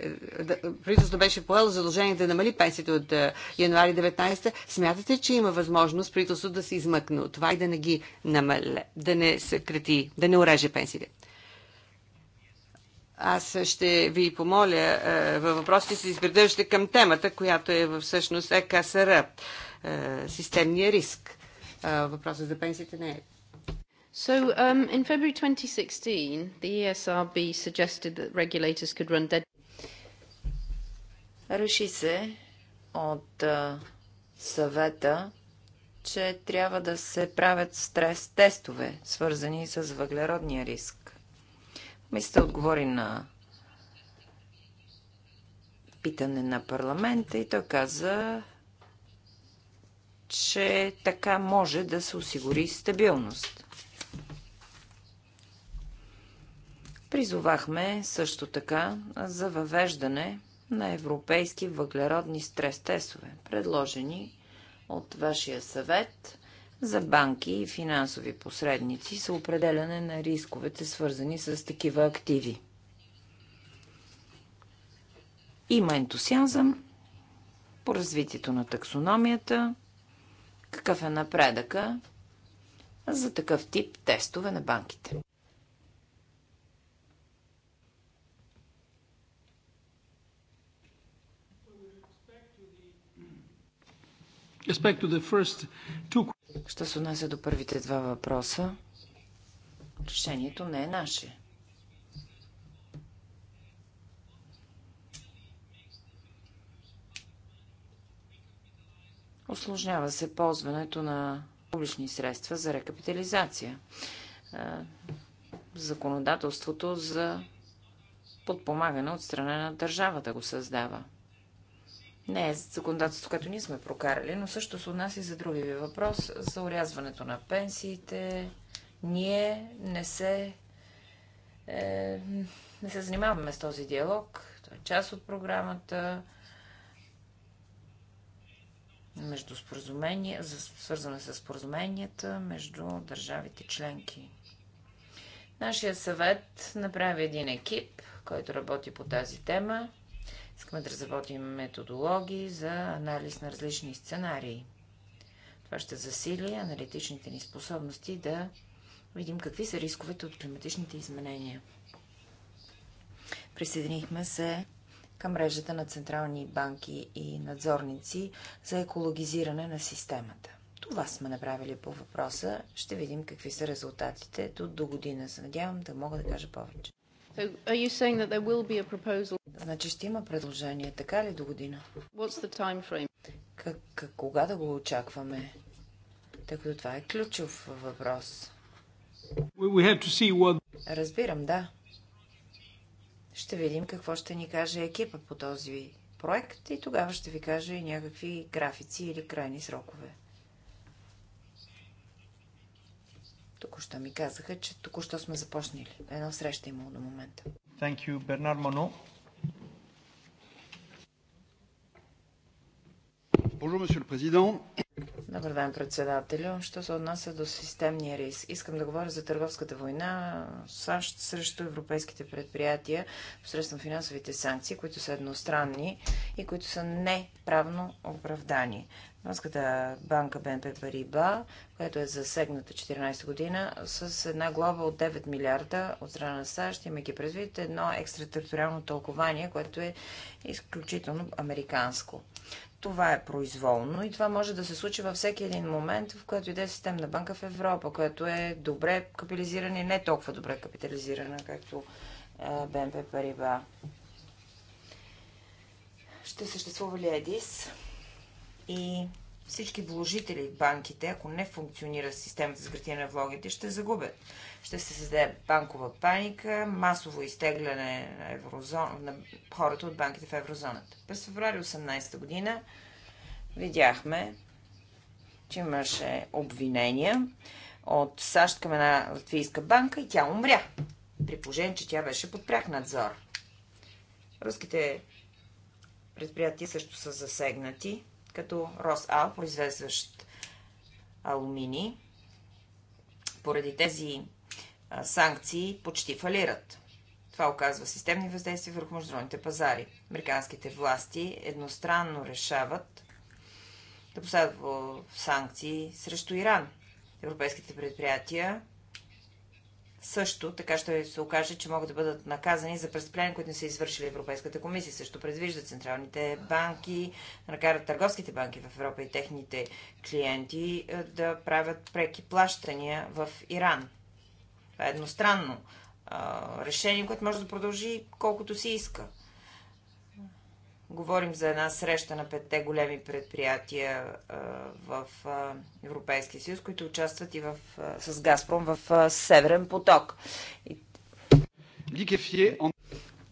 Speaker 3: Да, правителството беше поело задължение да намали пенсиите от януари 19 Смятате, че има възможност правителството да се измъкне от това и да не ги намале, да не съкрати, да не уреже пенсиите? Аз ще ви помоля е, във въпросите си изпредържате към темата, която е всъщност ЕКСР, е, системния риск. Е, въпросът за пенсиите не е So, um, in February 2016, the ESRB suggested that regulators could run dead.
Speaker 1: Реши се от uh, съвета, че трябва да се правят стрес тестове, свързани с въглеродния риск. Мисля да отговори на питане на парламента и той каза, че така може да се осигури стабилност. Призовахме също така за въвеждане на европейски въглеродни стрес-тестове, предложени от вашия съвет за банки и финансови посредници за определяне на рисковете, свързани с такива активи. Има ентусиазъм по развитието на таксономията, какъв е напредъка за такъв тип тестове на банките. respect to the first two Що се отнася до първите два въпроса, решението не е наше. Осложнява се ползването на публични средства за рекапитализация. Законодателството за подпомагане от страна на държавата го създава не е законодателство, което ние сме прокарали, но също се отнася и за други ви въпрос, за урязването на пенсиите. Ние не се, е, не се занимаваме с този диалог. Той е част от програмата между споразумения, свързана с споразуменията между държавите членки. Нашия съвет направи един екип, който работи по тази тема. Искаме да разработим методологии за анализ на различни сценарии. Това ще засили аналитичните ни способности да видим какви са рисковете от климатичните изменения. Присъединихме се към мрежата на централни банки и надзорници за екологизиране на системата. Това сме направили по въпроса. Ще видим какви са резултатите до до година. Се надявам да мога да кажа повече
Speaker 3: are you saying that there will be a proposal? Значи
Speaker 1: ще има предложение, така ли до година? What's the time frame? как, кога да го очакваме? Тъй като това е ключов въпрос. We have to see what... Разбирам, да. Ще видим какво ще ни каже екипа по този проект и тогава ще ви кажа и някакви графици или крайни срокове. Току-що ми казаха, че току-що сме започнали. Едно среща имало до момента.
Speaker 3: Thank you, Bernard Monod. Bonjour, monsieur le président.
Speaker 1: Добър ден, председателю. Що се отнася до системния риск? Искам да говоря за търговската война САЩ срещу европейските предприятия посредством финансовите санкции, които са едностранни и които са неправно оправдани. Франската банка БНП Париба, която е засегната 14 година, с една глоба от 9 милиарда от страна на САЩ, имайки предвид едно екстратериториално тълкование, което е изключително американско. Това е произволно и това може да се случи във всеки един момент, в който иде системна банка в Европа, която е добре капитализирана и не толкова добре капитализирана, както БНП Париба. Ще съществува ли ЕДИС? и всички вложители в банките, ако не функционира системата за гратиране на влогите, ще загубят. Ще се създаде банкова паника, масово изтегляне на, еврозон... на хората от банките в еврозоната. През феврари 18 година видяхме, че имаше обвинения от САЩ към една латвийска банка и тя умря. При положение, че тя беше под пряк надзор. Руските предприятия също са засегнати като Росал, произвеждащ алумини, поради тези санкции почти фалират. Това оказва системни въздействия върху международните пазари. Американските власти едностранно решават да поставят санкции срещу Иран. Европейските предприятия също така ще се окаже, че могат да бъдат наказани за престъпления, които не са извършили Европейската комисия. Също предвижда централните банки, накарат търговските банки в Европа и техните клиенти е, да правят преки плащания в Иран. Това е едностранно решение, което може да продължи колкото си иска. Говорим за една среща на петте големи предприятия в Европейския съюз, които участват и в, с Газпром в Северен поток.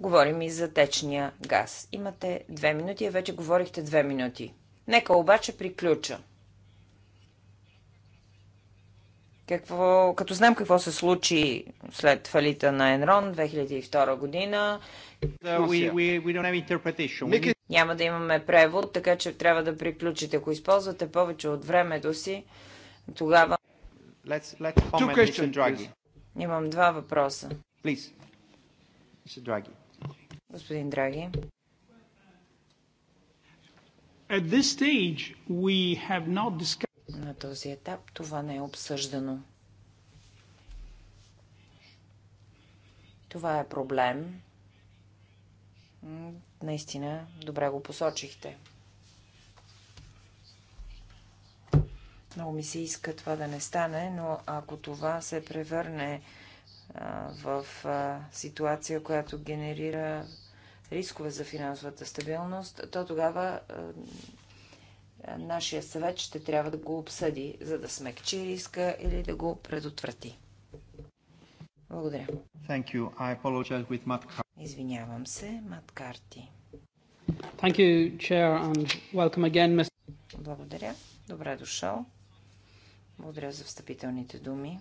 Speaker 1: Говорим и за течния газ. Имате две минути, а вече говорихте две минути. Нека обаче приключа. Какво, като знам какво се случи след фалита на Енрон 2002 година,
Speaker 3: we,
Speaker 1: we, we
Speaker 3: don't have
Speaker 1: няма да имаме превод, така че трябва да приключите. Ако използвате повече от времето си, тогава... Let's, let's comment, Имам два въпроса.
Speaker 3: Please. Драги.
Speaker 1: Господин Драги. At this stage, we have not на този етап. Това не е обсъждано. Това е проблем. Наистина, добре го посочихте. Много ми се иска това да не стане, но ако това се превърне а, в а, ситуация, която генерира рискове за финансовата стабилност, то тогава а, е, нашия съвет ще трябва да го обсъди, за да смекчи риска или да го предотврати. Благодаря. Thank you. I apologize with Matt Извинявам се, Мат Карти.
Speaker 3: Thank you, Chair, and welcome again, Благодаря. Добре
Speaker 1: дошъл. Благодаря за встъпителните думи.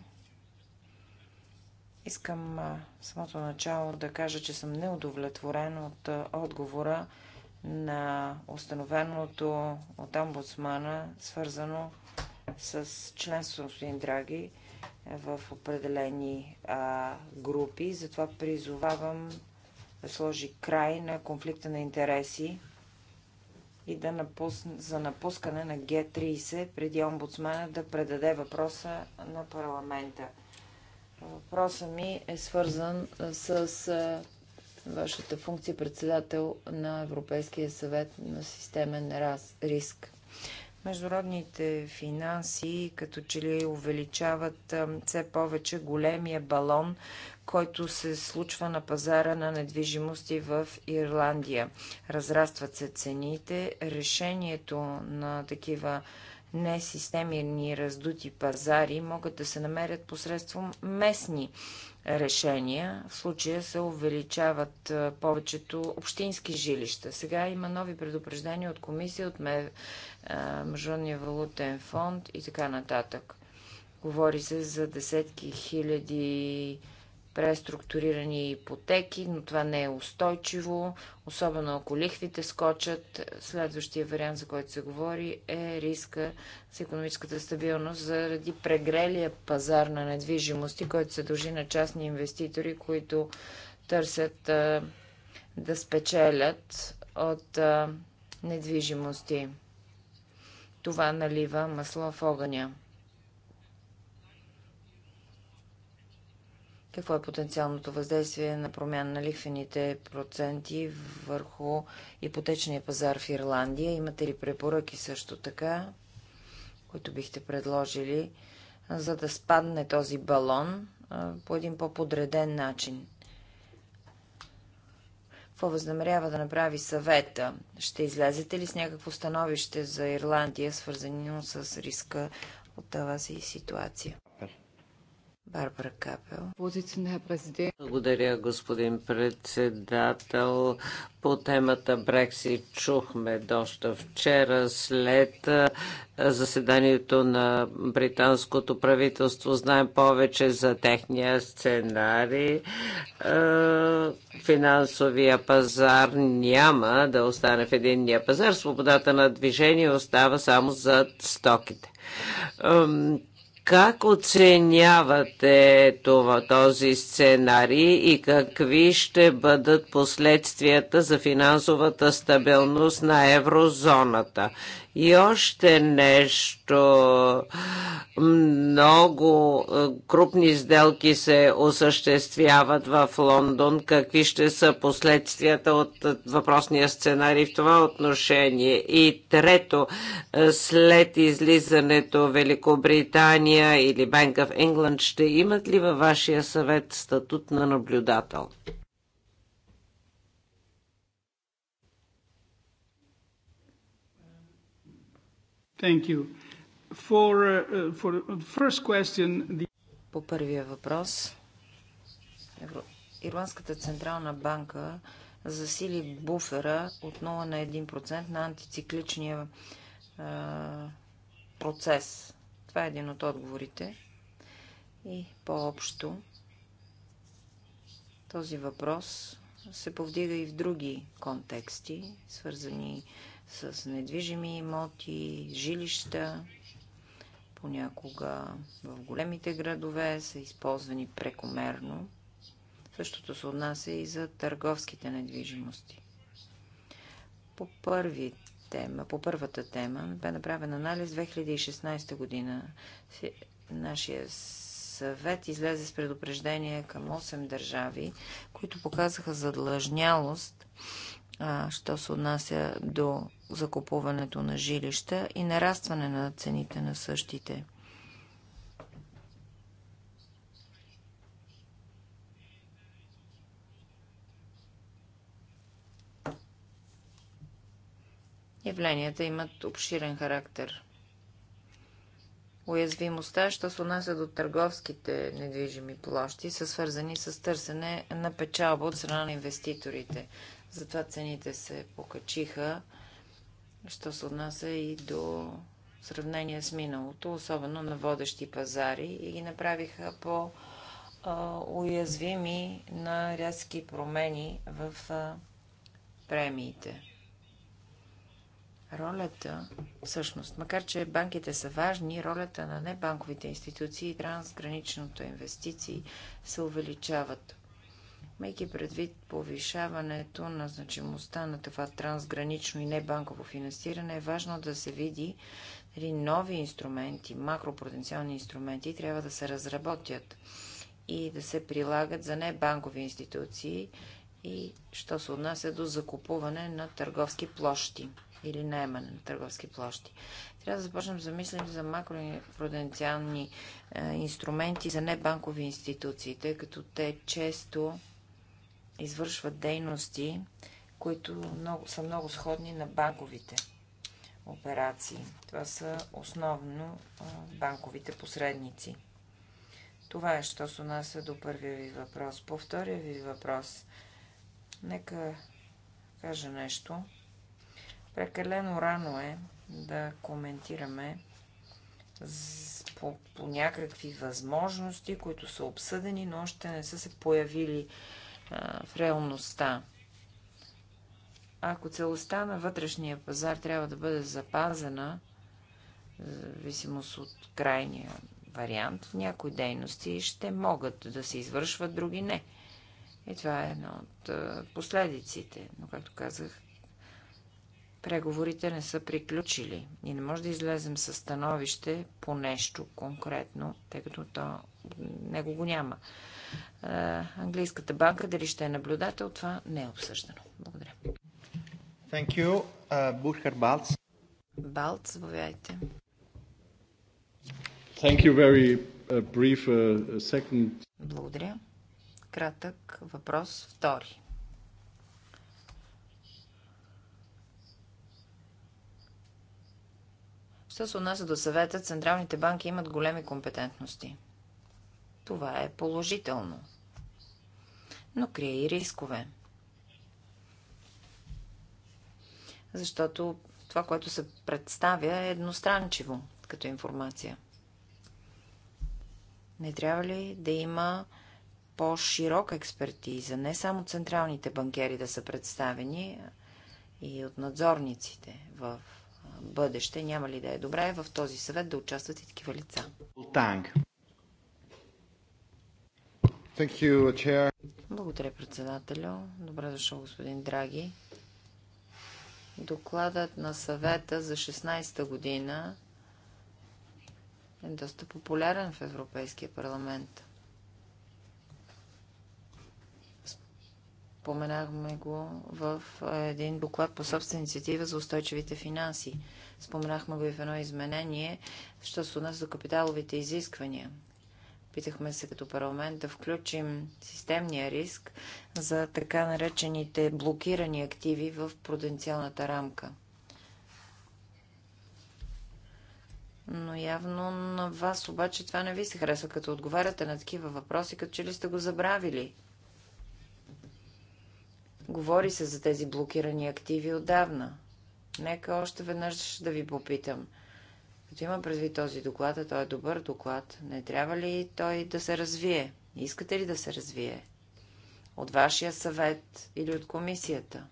Speaker 1: Искам в самото начало да кажа, че съм неудовлетворен от отговора на установеното от омбудсмана, свързано с членството на господин Драги е, в определени а, групи. Затова призовавам да сложи край на конфликта на интереси и да напус... за напускане на Г-30 преди омбудсмана да предаде въпроса на парламента. Въпросът ми е свързан с вашата функция председател на Европейския съвет на системен раз, риск. Международните финанси като че ли увеличават все повече големия балон, който се случва на пазара на недвижимости в Ирландия. Разрастват се цените. Решението на такива несистемирни раздути пазари могат да се намерят посредством местни решения. В случая се увеличават повечето общински жилища. Сега има нови предупреждения от комисия, от Международния валутен фонд и така нататък. Говори се за десетки хиляди преструктурирани ипотеки, но това не е устойчиво, особено ако лихвите скочат. Следващия вариант, за който се говори, е риска с економическата стабилност заради прегрелия пазар на недвижимости, който се дължи на частни инвеститори, които търсят а, да спечелят от а, недвижимости. Това налива масло в огъня. Какво е потенциалното въздействие на промяна на лихвените проценти върху ипотечния пазар в Ирландия? Имате ли препоръки също така, които бихте предложили, за да спадне този балон по един по-подреден начин? Какво възнамерява да направи съвета? Ще излезете ли с някакво становище за Ирландия, свързано с риска от тази ситуация? Барбара Капел.
Speaker 2: Благодаря, господин председател. По темата Брексит чухме доста вчера след заседанието на британското правителство. Знаем повече за техния сценарий. Финансовия пазар няма да остане в единния пазар. Свободата на движение остава само за стоките как оценявате това, този сценарий и какви ще бъдат последствията за финансовата стабилност на еврозоната? И още нещо. Много е, крупни сделки се осъществяват в Лондон. Какви ще са последствията от е, въпросния сценарий в това отношение? И трето, е, след излизането Великобритания или Bank of England, ще имат ли във вашия съвет статут на наблюдател?
Speaker 1: Thank you. For, uh, uh for the first question, the... По първия въпрос, Евро... Ирландската централна банка засили буфера от 0 на 1% на антицикличния а, процес. Това е един от отговорите. И по-общо този въпрос се повдига и в други контексти, свързани с с недвижими имоти, жилища. Понякога в големите градове са използвани прекомерно. Същото се отнася и за търговските недвижимости. По, първи тема, по първата тема бе направен анализ 2016 година. Нашия съвет излезе с предупреждение към 8 държави, които показаха задлъжнялост а, що се отнася до закупуването на жилища и нарастване на цените на същите. Явленията имат обширен характер. Уязвимостта, що се отнася до търговските недвижими площи, са свързани с търсене на печалба от страна на инвеститорите. Затова цените се покачиха, що се отнася и до сравнение с миналото, особено на водещи пазари и ги направиха по уязвими на рязки промени в премиите. Ролята, всъщност, макар че банките са важни, ролята на небанковите институции и трансграничното инвестиции се увеличават. Мейки предвид повишаването на значимостта на това трансгранично и небанково финансиране, е важно да се види дали нови инструменти, макропотенциални инструменти трябва да се разработят и да се прилагат за небанкови институции и що се отнася до закупуване на търговски площи или наемане на търговски площи. Трябва да започнем да мислим за макропруденциални е, инструменти за небанкови институции, тъй като те често извършват дейности, които много, са много сходни на банковите операции. Това са основно банковите посредници. Това е, що се е до първия ви въпрос. По втория ви въпрос, нека кажа нещо. Прекалено рано е да коментираме по, по някакви възможности, които са обсъдени, но още не са се появили в реалността. Ако целостта на вътрешния пазар трябва да бъде запазена, в зависимост от крайния вариант, някои дейности ще могат да се извършват, други не. И това е една от последиците. Но, както казах, преговорите не са приключили и не може да излезем със становище по нещо конкретно, тъй като то, него го няма. Е, английската банка, дали ще е наблюдател, това не е обсъждано. Благодаря. Thank you. Uh, Burkhard Balz. Балц, заповядайте.
Speaker 2: Thank you very uh, brief uh, second.
Speaker 1: Благодаря. Кратък въпрос втори. Що се отнася до съвета, централните банки имат големи компетентности. Това е положително. Но крие и рискове. Защото това, което се представя, е едностранчиво като информация. Не трябва ли да има по-широка експертиза, не само централните банкери да са представени и от надзорниците в бъдеще? Няма ли да е добре в този съвет да участват и такива лица? You, Благодаря, председателю. Добре дошъл, господин Драги. Докладът на съвета за 16-та година е доста популярен в Европейския парламент. Споменахме го в един доклад по собствена инициатива за устойчивите финанси. Споменахме го и в едно изменение, що се отнася до капиталовите изисквания – Питахме се като парламент да включим системния риск за така наречените блокирани активи в пруденциалната рамка. Но явно на вас обаче това не ви се харесва, като отговаряте на такива въпроси, като че ли сте го забравили. Говори се за тези блокирани активи отдавна. Нека още веднъж да ви попитам – като има предвид този доклад, а той е добър доклад, не трябва ли той да се развие? Искате ли да се развие? От вашия съвет или от комисията?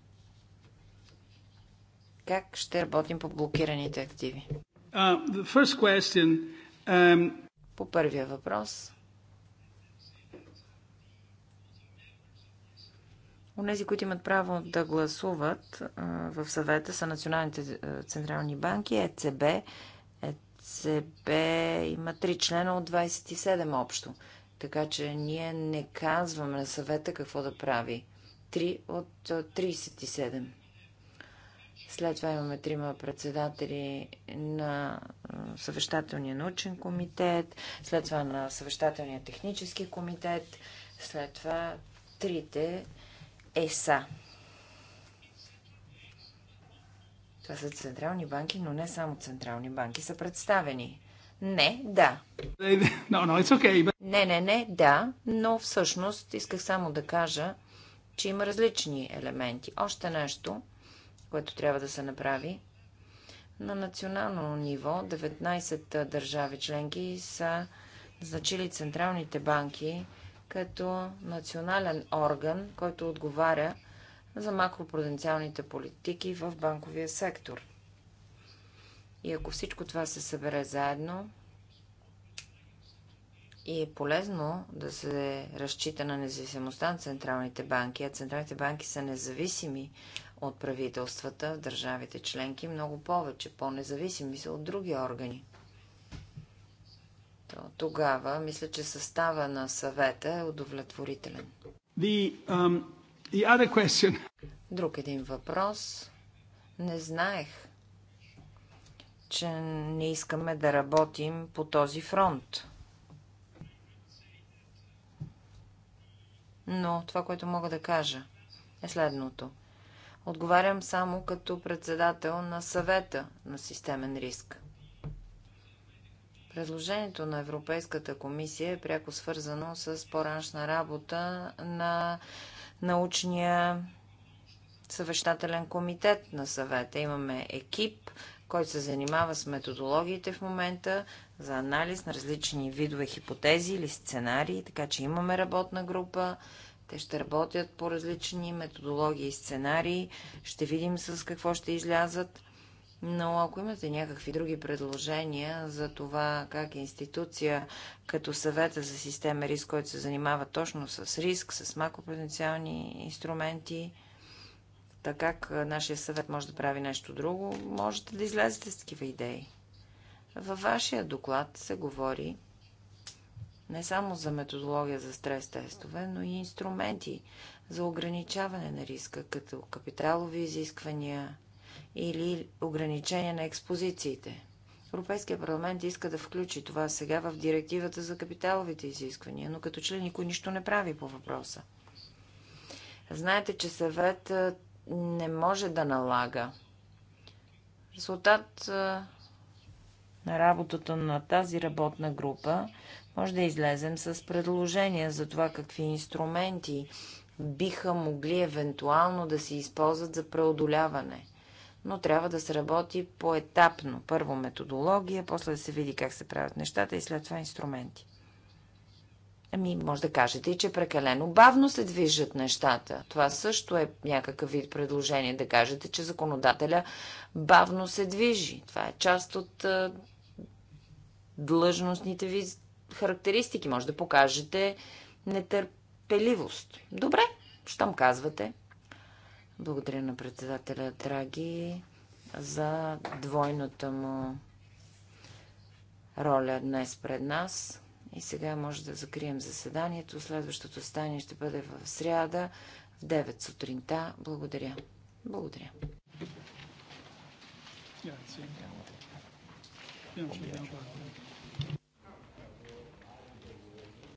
Speaker 1: Как ще работим по блокираните активи? Uh, question, um... По първия въпрос. Онези, които имат право да гласуват в съвета са националните централни банки, ЕЦБ ЕЦБ има три члена от 27 общо. Така че ние не казваме на съвета какво да прави. Три от 37. След това имаме трима председатели на съвещателния научен комитет, след това на съвещателния технически комитет, след това трите ЕСА. Това са централни банки, но не само централни банки са представени. Не, да. No, no, it's okay, but... Не, не, не, да, но всъщност исках само да кажа, че има различни елементи. Още нещо, което трябва да се направи. На национално ниво 19 държави членки са значили централните банки като национален орган, който отговаря за макропруденциалните политики в банковия сектор. И ако всичко това се събере заедно и е полезно да се разчита на независимостта на централните банки, а централните банки са независими от правителствата в държавите членки, много повече, по-независими са от други органи. То тогава мисля, че състава на съвета е удовлетворителен. The, um... Друг един въпрос. Не знаех, че не искаме да работим по този фронт. Но това, което мога да кажа, е следното. Отговарям само като председател на съвета на системен риск. Предложението на Европейската комисия е пряко свързано с по-раншна работа на научния съвещателен комитет на съвета. Имаме екип, който се занимава с методологиите в момента за анализ на различни видове хипотези или сценарии, така че имаме работна група. Те ще работят по различни методологии и сценарии. Ще видим с какво ще излязат. Но ако имате някакви други предложения за това как институция като съвета за система риск, който се занимава точно с риск, с макропотенциални инструменти, така как нашия съвет може да прави нещо друго, можете да излезете с такива идеи. Във вашия доклад се говори не само за методология за стрес тестове, но и инструменти за ограничаване на риска, като капиталови изисквания, или ограничение на експозициите. Европейския парламент иска да включи това сега в директивата за капиталовите изисквания, но като член никой нищо не прави по въпроса. Знаете, че съвет не може да налага. Резултат на работата на тази работна група може да излезем с предложения за това какви инструменти биха могли евентуално да се използват за преодоляване – но трябва да се работи по-етапно. Първо методология, после да се види как се правят нещата и след това инструменти. Ами, може да кажете и, че прекалено бавно се движат нещата. Това също е някакъв вид предложение. Да кажете, че законодателя бавно се движи. Това е част от а, длъжностните ви характеристики. Може да покажете нетърпеливост. Добре, щом казвате. Благодаря на председателя Драги за двойната му роля днес пред нас. И сега може да закрием заседанието. Следващото стане ще бъде в сряда в 9 сутринта. Благодаря. Благодаря. Yeah,